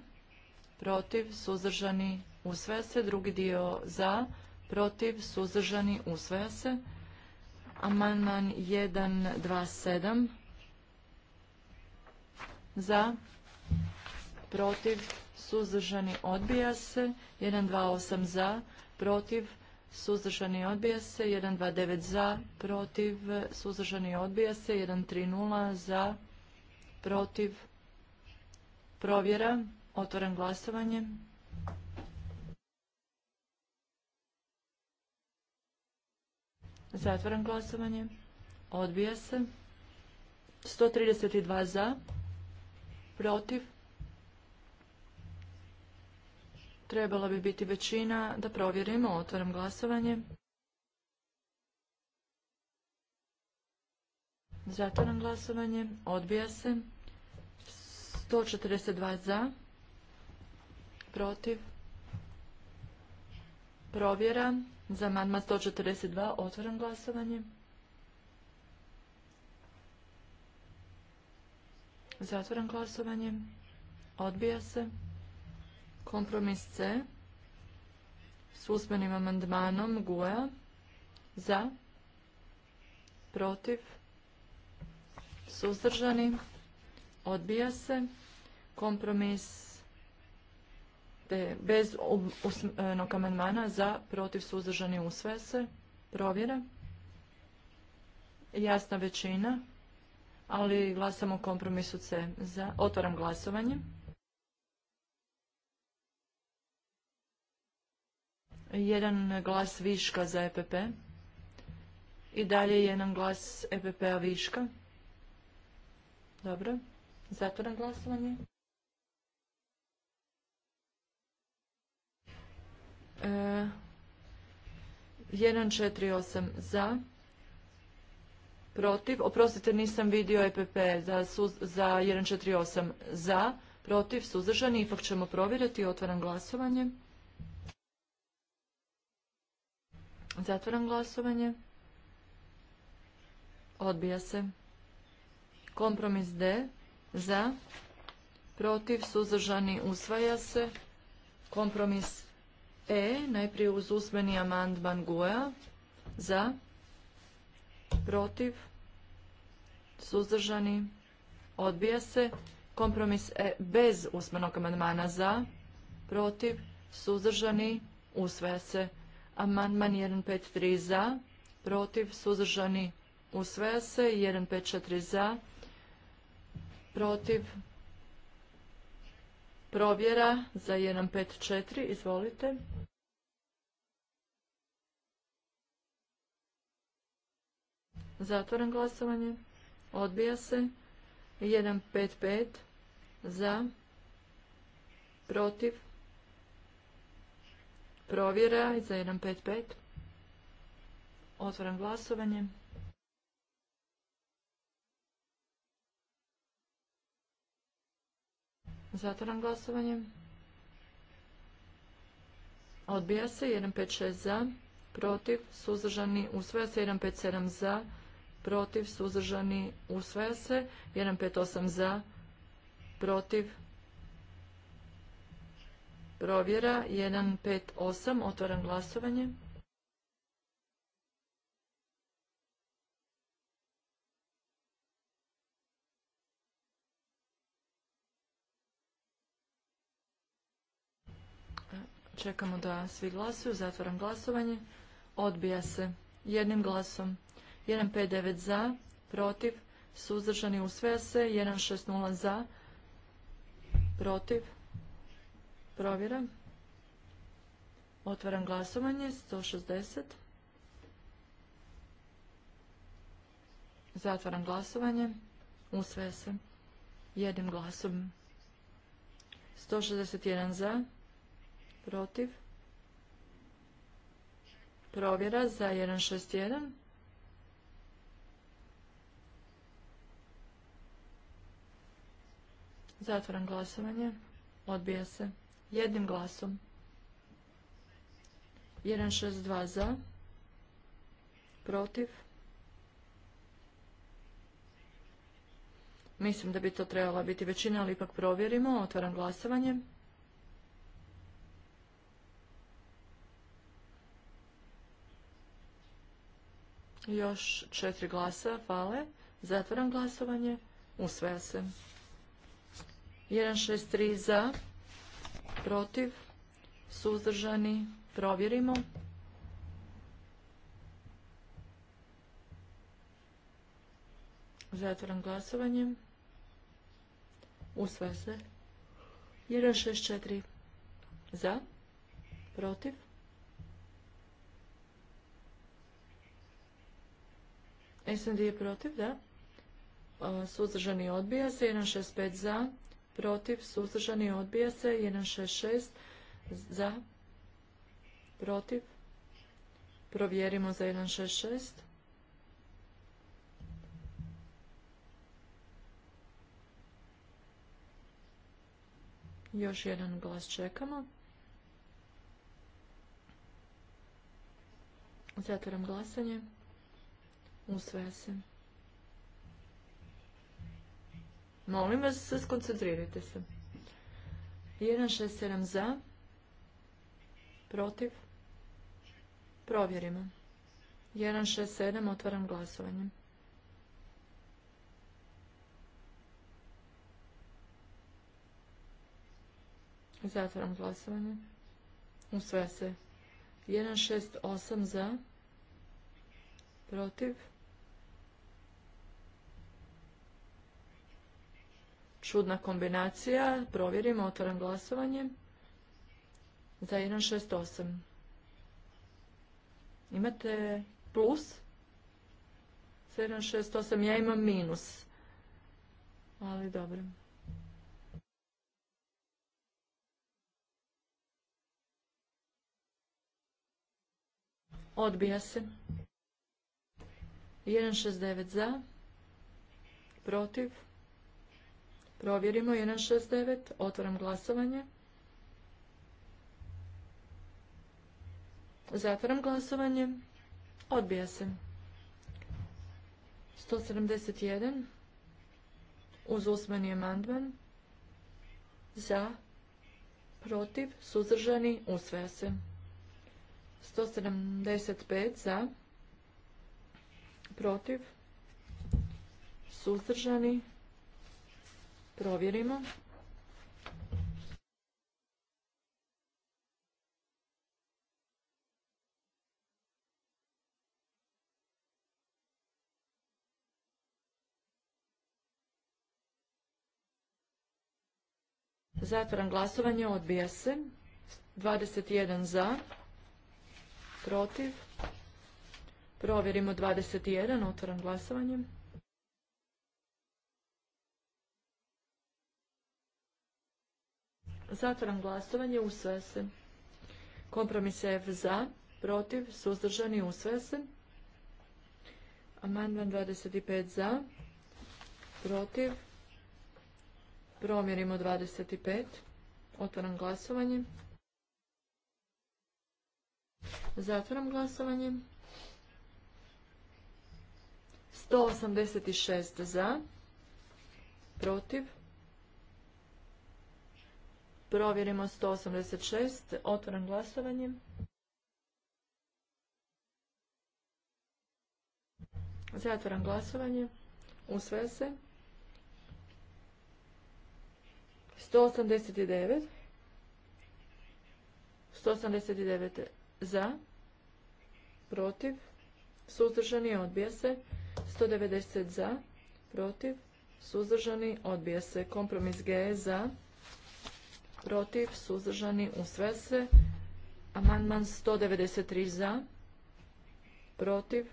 protiv, suzdržani, usvaja se. Drugi dio za, protiv, suzdržani, usvaja se. Amandman 127 za, protiv, suzdržani, odbija se. 128 za, protiv, suzdržani, odbija se. 129 za, protiv, suzdržani, odbija se. 130 za, protiv, provjera. Otvoren glasovanje. Zatvoren glasovanje. Odbija se. 132 za, protiv, Trebala bi biti većina da provjerimo. Otvaram glasovanje. Zatvaram glasovanje. Odbija se. 142 za. Protiv. Provjera. Za amandman 142 otvaram glasovanje. Zatvaram glasovanje. Odbija se. Kompromis C s usmenim amandmanom Guja za, protiv, suzdržani, odbija se. Kompromis bez usmenog amandmana za, protiv, suzdržani, usve se. Provjera. Jasna većina, ali glasamo kompromisu C. Za, otvaram glasovanje. Jedan glas viška za EPP. I dalje jedan glas EPP-a viška. Dobro. zatvoran glasovanje. E, 1.4.8 za. Protiv. Oprostite, nisam vidio EPP za, za 1.4.8 za. Protiv. Suzdržani. Ipak ćemo provjeriti. Otvaram glasovanje. Zatvoram glasovanje. Odbija se. Kompromis D. Za. Protiv. Suzdržani. Usvaja se. Kompromis E. Najprije uz usmeni amandman GUA. Za. Protiv. Suzdržani. Odbija se. Kompromis E. Bez usmenog amandmana. Za. Protiv. Suzdržani. Usvaja se. Amandman 153 za, protiv, suzdržani, usvaja se. 154 za, protiv, provjera za 154, izvolite. Zatvoren glasovanje. Odbija se. 155 za, protiv, Provjera za 155. Otvoram glasovanje. Zatvaram glasovanje. Odbija se 156 za, protiv, suzdržani, usvaja se 157 za, protiv, suzdržani, usvaja se 158 za, protiv, Provjera 158. Otvaram glasovanje. Čekamo da svi glasuju. Zatvaram glasovanje. Odbija se. Jednim glasom. 159 za, protiv, suzdržani usvaja se. 160 za, protiv, Provjera. Otvaram glasovanje. 160. Zatvaram glasovanje. Usve se. Jednim glasom. 161 za. Protiv. Provjera za 161. Zatvaram glasovanje. Odbija se. Jednim glasom. 162 za. Protiv. Mislim da bi to trebala biti većina, ali ipak provjerimo. Otvaram glasovanje. Još četiri glasa fale. Zatvaram glasovanje. Usvaja se. 163 za protiv, suzdržani, provjerimo. Zatvoram glasovanje. Usvaja se. 164 za, protiv. SND je protiv, da. Suzdržani odbija se. 165 za, protiv, suzdržani, odbija se. 166 za, protiv, provjerimo za 166. Još jedan glas čekamo. Zatvaram glasanje. u se. Molim vas, skoncentrirajte se. 167 za. Protiv. Provjerimo. 167, otvaram glasovanje. Zatvaram glasovanje. Usve se. 168 za. Protiv. Čudna kombinacija. Provjerimo. Otvaram glasovanje. Za 168. Imate plus? Za 168. Ja imam minus. Ali dobro. Odbija se. 169 za. Protiv. Provjerimo 169. Otvaram glasovanje. Zatvaram glasovanje. Odbija se. 171. Uz usmeni amandman. Za. Protiv. Suzdržani. Usvaja se. 175. Za. Protiv. Suzdržani. Provjerimo. Zatvaram glasovanje, odbija se. 21 za, protiv. Provjerimo 21, otvaram glasovanje. Zatvaram glasovanje, usvaja se. Kompromis F za, protiv, suzdržani, usvaja se. Amandman 25 za, protiv, promjerimo 25, otvaram glasovanje. Zatvaram glasovanje. 186 za, protiv, Provjerimo 186. Otvoram glasovanje. Zatvoram glasovanje. Usve se. 189. 189 za. Protiv. Suzdržani odbija se. 190 za. Protiv. Suzdržani odbija se. Kompromis G za protiv, suzdržani, usvaja se. Amandman 193 za, protiv,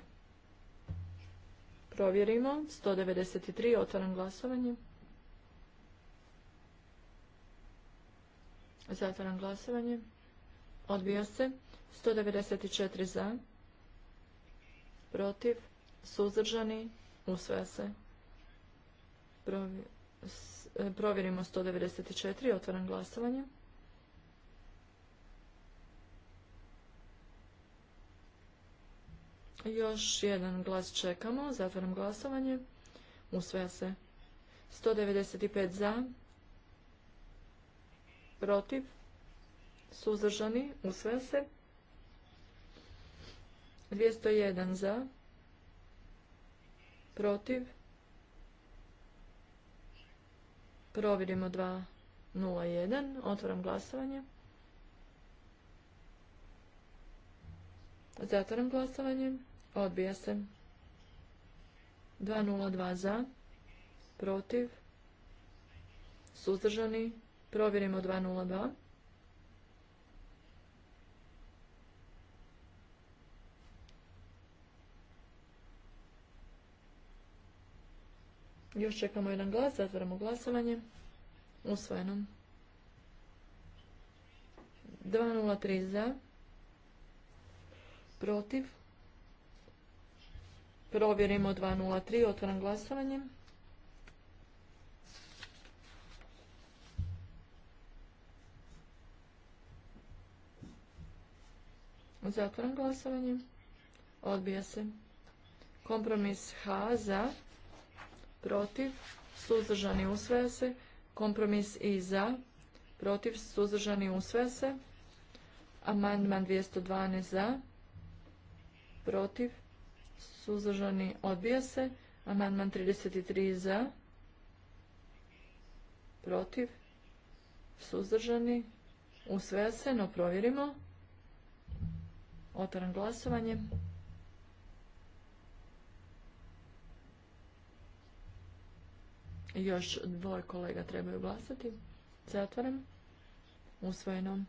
provjerimo, 193, otvaram glasovanje. Zatvaram glasovanje. Odbija se. 194 za. Protiv. Suzdržani. Usvaja se. E, provjerimo 194. Otvaram glasovanje. Još jedan glas čekamo. Zatvaram glasovanje. Usvaja se. 195 za. Protiv. Suzdržani. Usvaja se. 201 za. Protiv. Provjerimo 201. Otvaram glasovanje. Zatvaram glasovanje. Odbija se. 202 za. Protiv. Suzdržani. Provjerimo 202. Još čekamo jedan glas, zatvaramo glasovanje. Usvojeno. 203 za. Protiv. Provjerimo 203, otvaram glasovanje. Zatvaram glasovanje. Odbija se. Kompromis H za protiv, suzdržani usvaja se. Kompromis i za, protiv, suzdržani usvaja se. Amandman 212 za, protiv, suzdržani odbija se. Amandman 33 za, protiv, suzdržani, usvaja se, no provjerimo. Otvaram glasovanje. Još dvoje kolega trebaju glasati. Zatvaram. Usvojeno.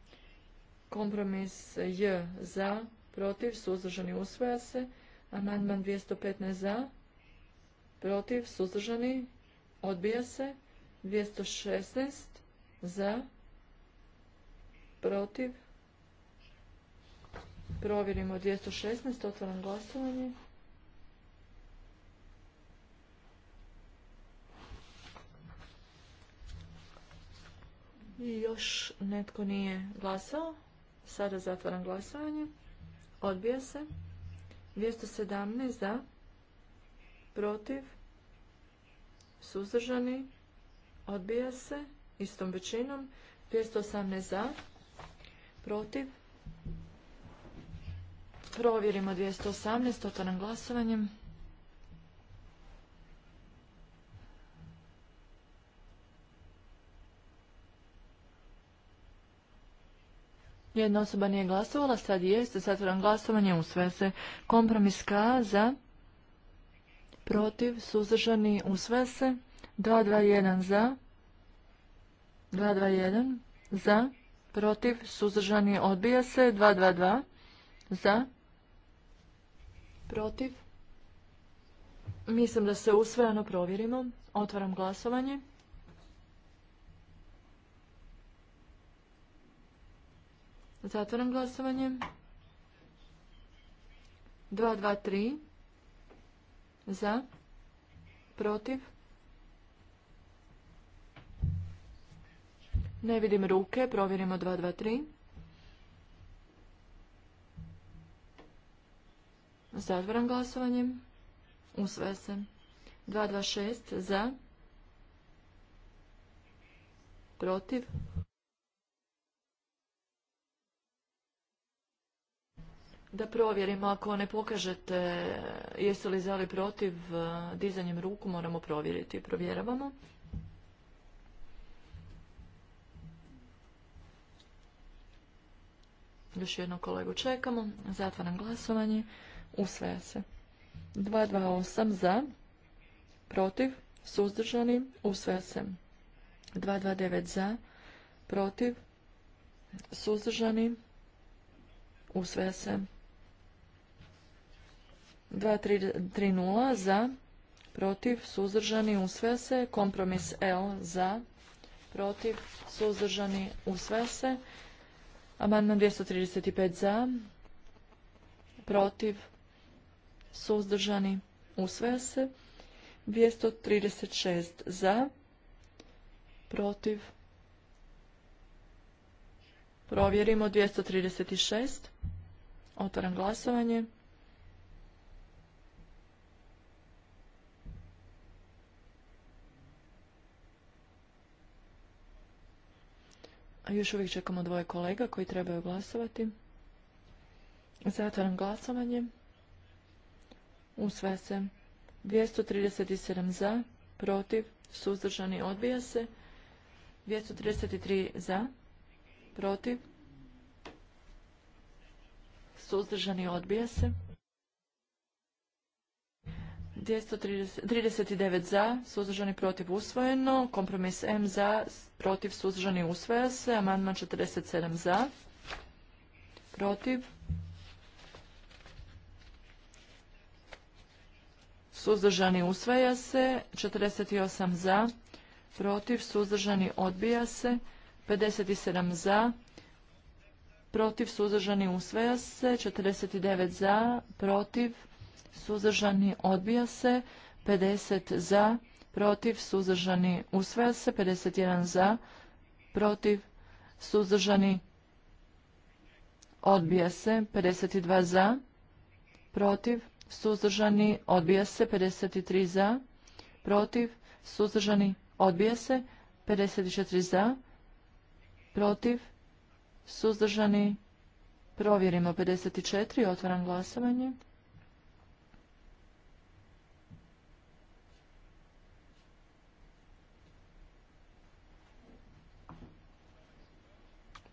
Kompromis J za, protiv, suzdržani usvoja se. Amandman 215 za, protiv, suzdržani, odbija se. 216 za, protiv, provjerimo 216, otvaram glasovanje. Još netko nije glasao. Sada zatvaram glasovanje. Odbija se. 217 za. Protiv. Suzdržani. Odbija se. Istom većinom. 218 za. Protiv. Provjerimo 218. Otvaram glasovanjem. Jedna osoba nije glasovala, sad jeste, zatvoram glasovanje, usvaja se. Kompromis K za, protiv, suzdržani, usvaja se. 221 za, 221 za, protiv, suzdržani, odbija se. 222 za, protiv. Mislim da se usvojeno provjerimo. Otvaram glasovanje. Zatvoram glasovanje. 2-2-3. Za. Protiv. Ne vidim ruke. Provjerimo 2-2-3. Zatvoram glasovanjem. Usve se. 2-2-6. Za. Protiv. Protiv. da provjerimo. Ako ne pokažete jeste li zali protiv e, dizanjem ruku, moramo provjeriti. Provjeravamo. Još jednog kolegu čekamo. Zatvaram glasovanje. Usvaja se. 228 za, protiv, suzdržani, usvaja se. 229 za, protiv, suzdržani, usvaja se. 2330 za, protiv, suzdržani, usvaja se. Kompromis L za, protiv, suzdržani, usvaja se. Amandman 235 za, protiv, suzdržani, usvaja se. 236 za, protiv, provjerimo 236. Otvaram glasovanje. Još uvijek čekamo dvoje kolega koji trebaju glasovati. Zatvaram glasovanje. Usvaja se 237 za, protiv, suzdržani, odbija se. 233 za, protiv, suzdržani, odbija se. 239 za, suzdržani protiv usvojeno, kompromis M za, protiv suzdržani usvaja se, amandman 47 za, protiv, suzdržani usvaja se, 48 za, protiv, suzdržani odbija se, 57 za, protiv, suzdržani usvaja se, 49 za, protiv, suzdržani, odbija se. 50 za, protiv, suzdržani, usvaja se. 51 za, protiv, suzdržani, odbija se. 52 za, protiv, suzdržani, odbija se. 53 za, protiv, suzdržani, odbija se. 54 za, protiv, suzdržani, Provjerimo 54. Otvaram glasovanje.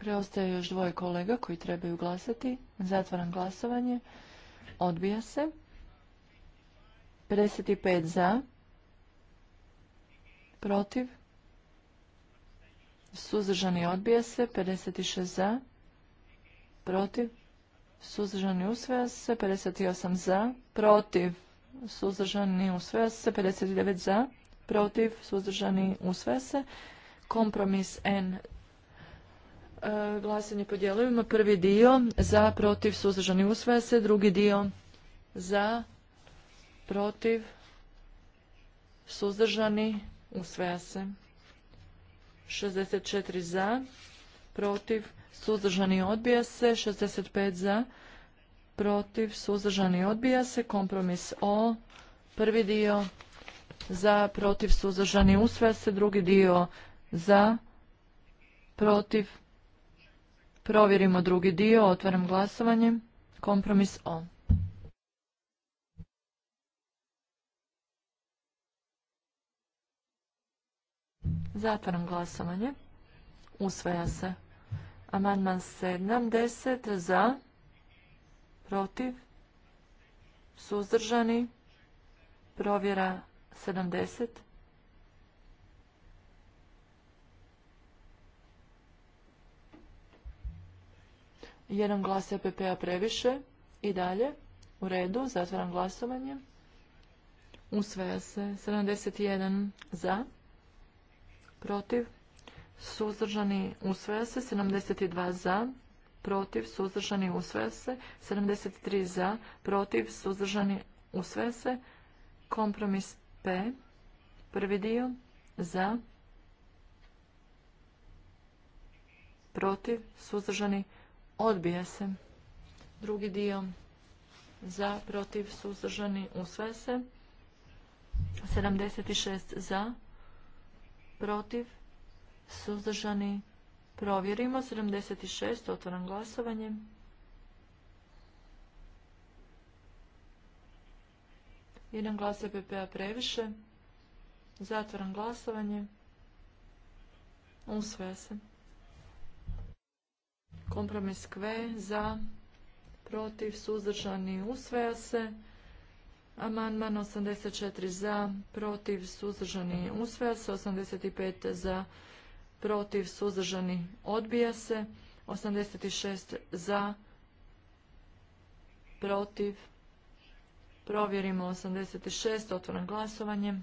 Preostaje još dvoje kolega koji trebaju glasati. Zatvaram glasovanje. Odbija se. 55 za. Protiv. Suzdržani odbija se. 56 za. Protiv. Suzdržani usvaja se. 58 za. Protiv. Suzdržani usvaja se. 59 za. Protiv. Suzdržani usvaja se. Kompromis N E, glasanje po dijelovima. Prvi dio za, protiv, suzdržani, usvaja se. Drugi dio za, protiv, suzdržani, usvaja se. 64 za, protiv, suzdržani, odbija se. 65 za, protiv, suzdržani, odbija se. Kompromis O, prvi dio za, protiv, suzdržani, usvaja se. Drugi dio za, protiv, Provjerimo drugi dio, otvaram glasovanje. Kompromis O. Zatvaram glasovanje. Usvaja se. Amandman 70 za, protiv, suzdržani, provjera 70. Jedan glas EPP-a previše. I dalje. U redu. Zatvaram glasovanje. Usvaja se. 71 za. Protiv. Suzdržani. Usvaja se. 72 za. Protiv. Suzdržani. Usvaja se. 73 za. Protiv. Suzdržani. Usvaja se. Kompromis P. Prvi dio. Za. Protiv. Suzdržani. Usvaja se Odbija se. Drugi dio za, protiv, suzdržani, usvaja se. 76 za, protiv, suzdržani, provjerimo. 76, otvoram glasovanje. Jedan glas epp p-a previše. Zatvoram glasovanje. Usvaja se. Kompromis Kve za, protiv, suzdržani, usvaja se. Amandman 84 za, protiv, suzdržani, usvaja se. 85 za, protiv, suzdržani, odbija se. 86 za, protiv, provjerimo 86, otvoreno glasovanje.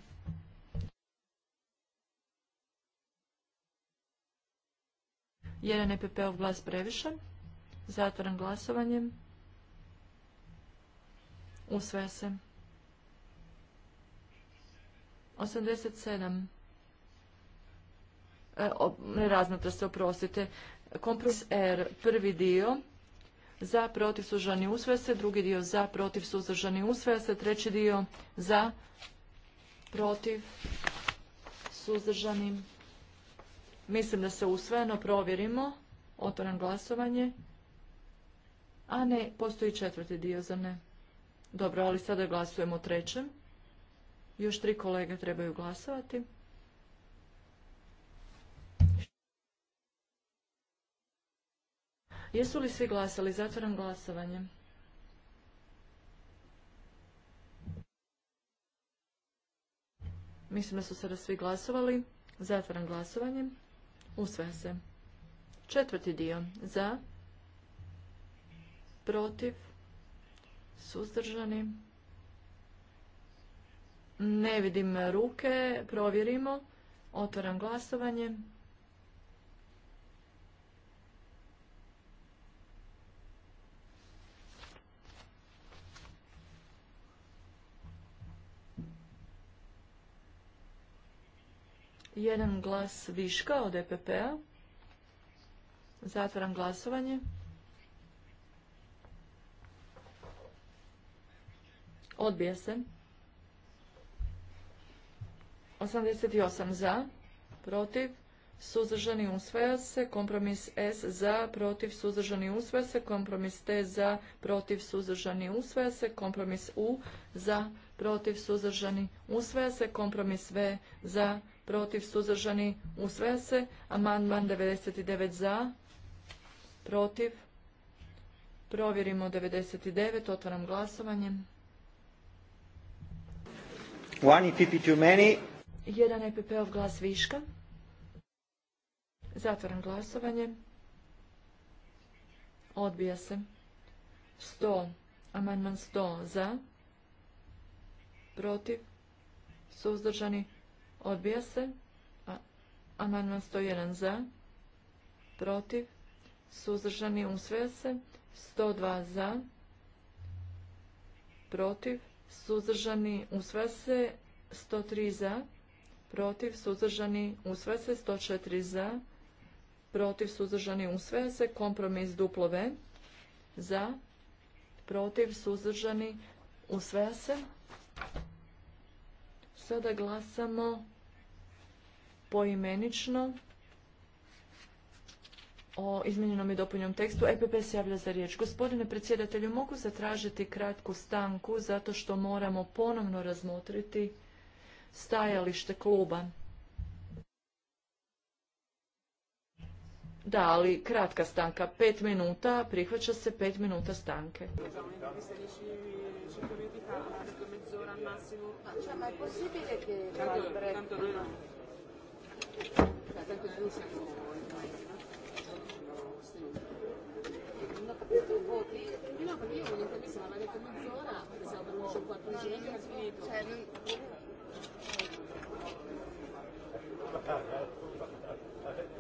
Jedan EPP-ov glas previše. Zatvoram glasovanjem. Usvaja se. 87. E, razmatra se, oprostite. Kompromis R, prvi dio. Za, protiv, suzdržani, usvaja se. Drugi dio za, protiv, suzdržani, usvaja se. Treći dio za, protiv, suzdržani, Mislim da se usvojeno provjerimo. Otvoram glasovanje. A ne, postoji četvrti dio za ne. Dobro, ali sada glasujemo o trećem. Još tri kolege trebaju glasovati. Jesu li svi glasali? Zatvoram glasovanje. Mislim da su sada svi glasovali. Zatvoram glasovanje. Usvaja se. Četvrti dio. Za. Protiv. Suzdržani. Ne vidim ruke. Provjerimo. Otvaram glasovanje. Jedan glas viška od EPP-a. Zatvaram glasovanje. Odbija se. 88 za, protiv, suzdržani usvaja se, kompromis S za, protiv, suzdržani usvaja se, kompromis T za, protiv, suzdržani usvaja se, kompromis U za, protiv, suzdržani usvaja se, kompromis V za, protiv, suzdržani, usvaja se. Amandman 99 za, protiv, provjerimo 99, otvaram glasovanje. 1 EPP Jedan EPP-ov glas viška. Zatvaram glasovanje. Odbija se. 100. Amandman 100 za. Protiv. Suzdržani. Odbija se. Amandman 101 za. Protiv. Suzdržani usve se. 102 za. Protiv. Suzdržani usvaja se. 103 za. Protiv. Suzdržani usve se. 104 za. Protiv. Suzdržani usvaja se. Kompromis duplove. Za. Protiv. Suzdržani usvaja se. Sada glasamo poimenično o izmenjenom i dopunjenom tekstu. EPP se javlja za riječ. Gospodine predsjedatelju, mogu zatražiti kratku stanku zato što moramo ponovno razmotriti stajalište kluba. Da, ali kratka stanka, pet minuta, prihvaća se pet minuta stanke.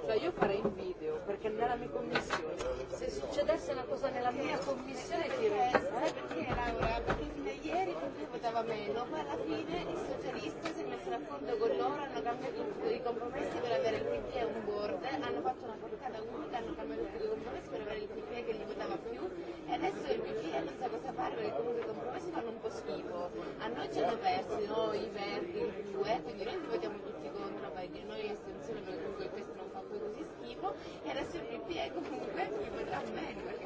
Cioè io farei un video, perché nella mia commissione, se succedesse una cosa nella mia commissione ti resta. Eh, perché incontri votava meno, ma alla fine i socialisti si è messo d'accordo con loro, hanno cambiato tutto i compromessi per avere il PP a e un board, hanno fatto una portata unica, hanno cambiato tutti i compromessi per avere il PP che li votava più e adesso il PP non sa cosa fare perché comunque i compromessi fanno un po' schifo. A noi ci hanno persi no, i verdi, il due, eh, quindi noi li votiamo tutti contro perché noi estensione perché comunque questo non fa poi così schifo e adesso il PP è comunque chi voterà meno perché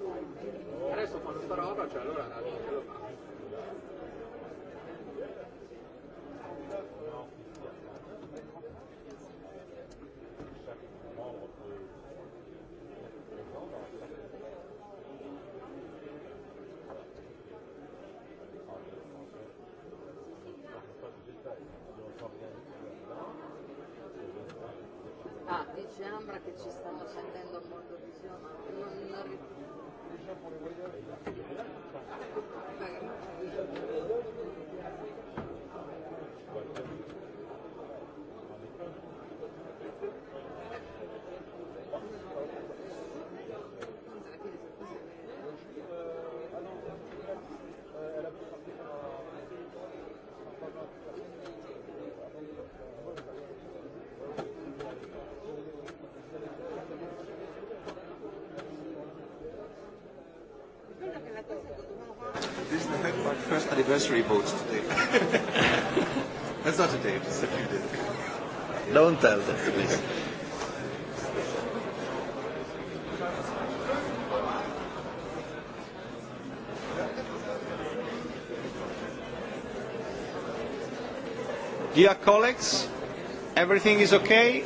adesso fanno sta roba, cioè allora lo fa. This is the first anniversary boat today. <laughs> That's not a day, it's a few days. Don't tell them, please. Dear colleagues, everything is okay?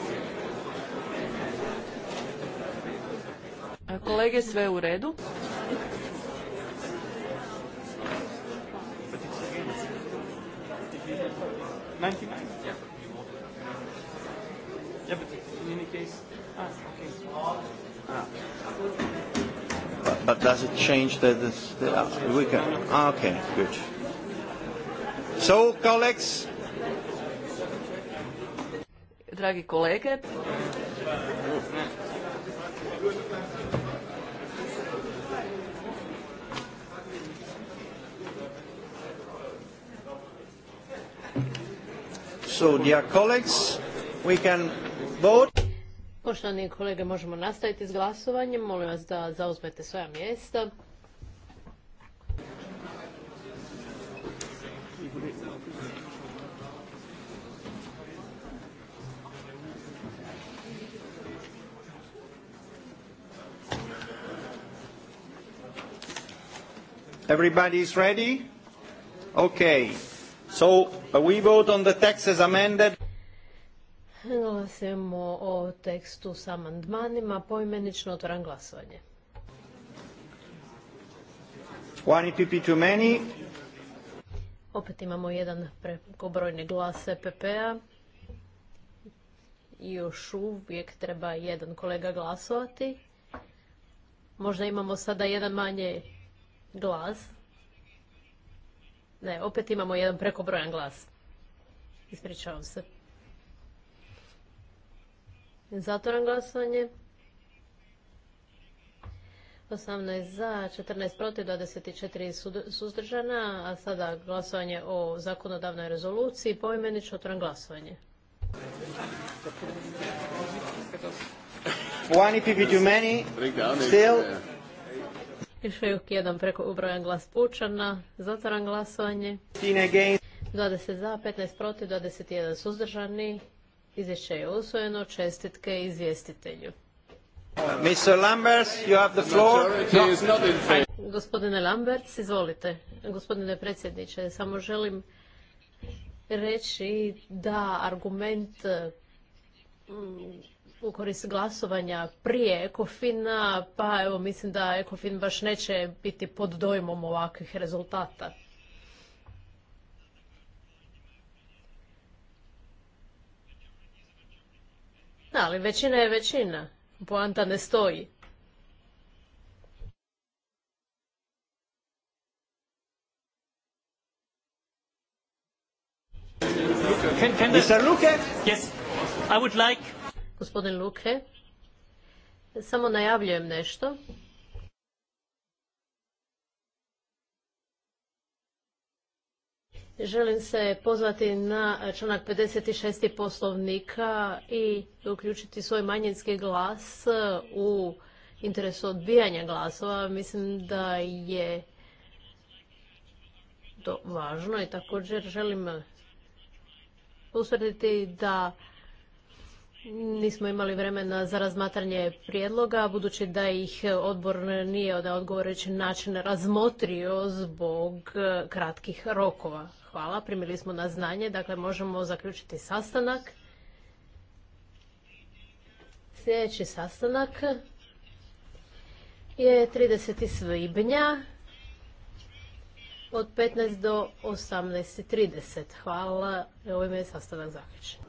Kolege, sve u redu? change the, the, the uh, we can. Ah, okay, good. So, colleagues. Dragi kolege. So, dear colleagues, we can vote. Poštovani kolege, možemo nastaviti s glasovanjem. Molim vas da zauzmete svoja mjesta. Everybody is ready? Okay. So uh, we vote on the text amended. Glasujemo o tekstu sa amandmanima. Poimenično otvaram glasovanje. Opet imamo jedan prekobrojni glas EPP-a. Još uvijek treba jedan kolega glasovati. Možda imamo sada jedan manje glas. Ne, opet imamo jedan prekobrojan glas. Ispričavam se. Zatvoram glasovanje. 18 za, 14 protiv, 24 suzdržana, a sada glasovanje o zakonodavnoj rezoluciji. Poimenično otvoram glasovanje. One you do many, still. je jedan preko ubrojan glas pučana, Zatvoram glasovanje. 20 za, 15 protiv, 21 suzdržani. Izvješće je usvojeno. Čestitke izvjestitelju. Mr. you have the floor. Gospodine Lamberts, izvolite. Gospodine predsjedniče, samo želim reći da argument mm, u korist glasovanja prije Ekofina, pa evo mislim da Ekofin baš neće biti pod dojmom ovakvih rezultata. ali većina je većina. Poanta ne stoji. Yes. I would like... Gospodin Luke, samo najavljujem nešto. Želim se pozvati na članak 56. poslovnika i uključiti svoj manjinski glas u interesu odbijanja glasova. Mislim da je to važno i također želim usvrditi da nismo imali vremena za razmatranje prijedloga, budući da ih odbor nije na odgovoreći način razmotrio zbog kratkih rokova hvala. Primili smo na znanje, dakle možemo zaključiti sastanak. Sljedeći sastanak je 30. svibnja od 15 do 18.30. Hvala, ovime je sastanak zaključen.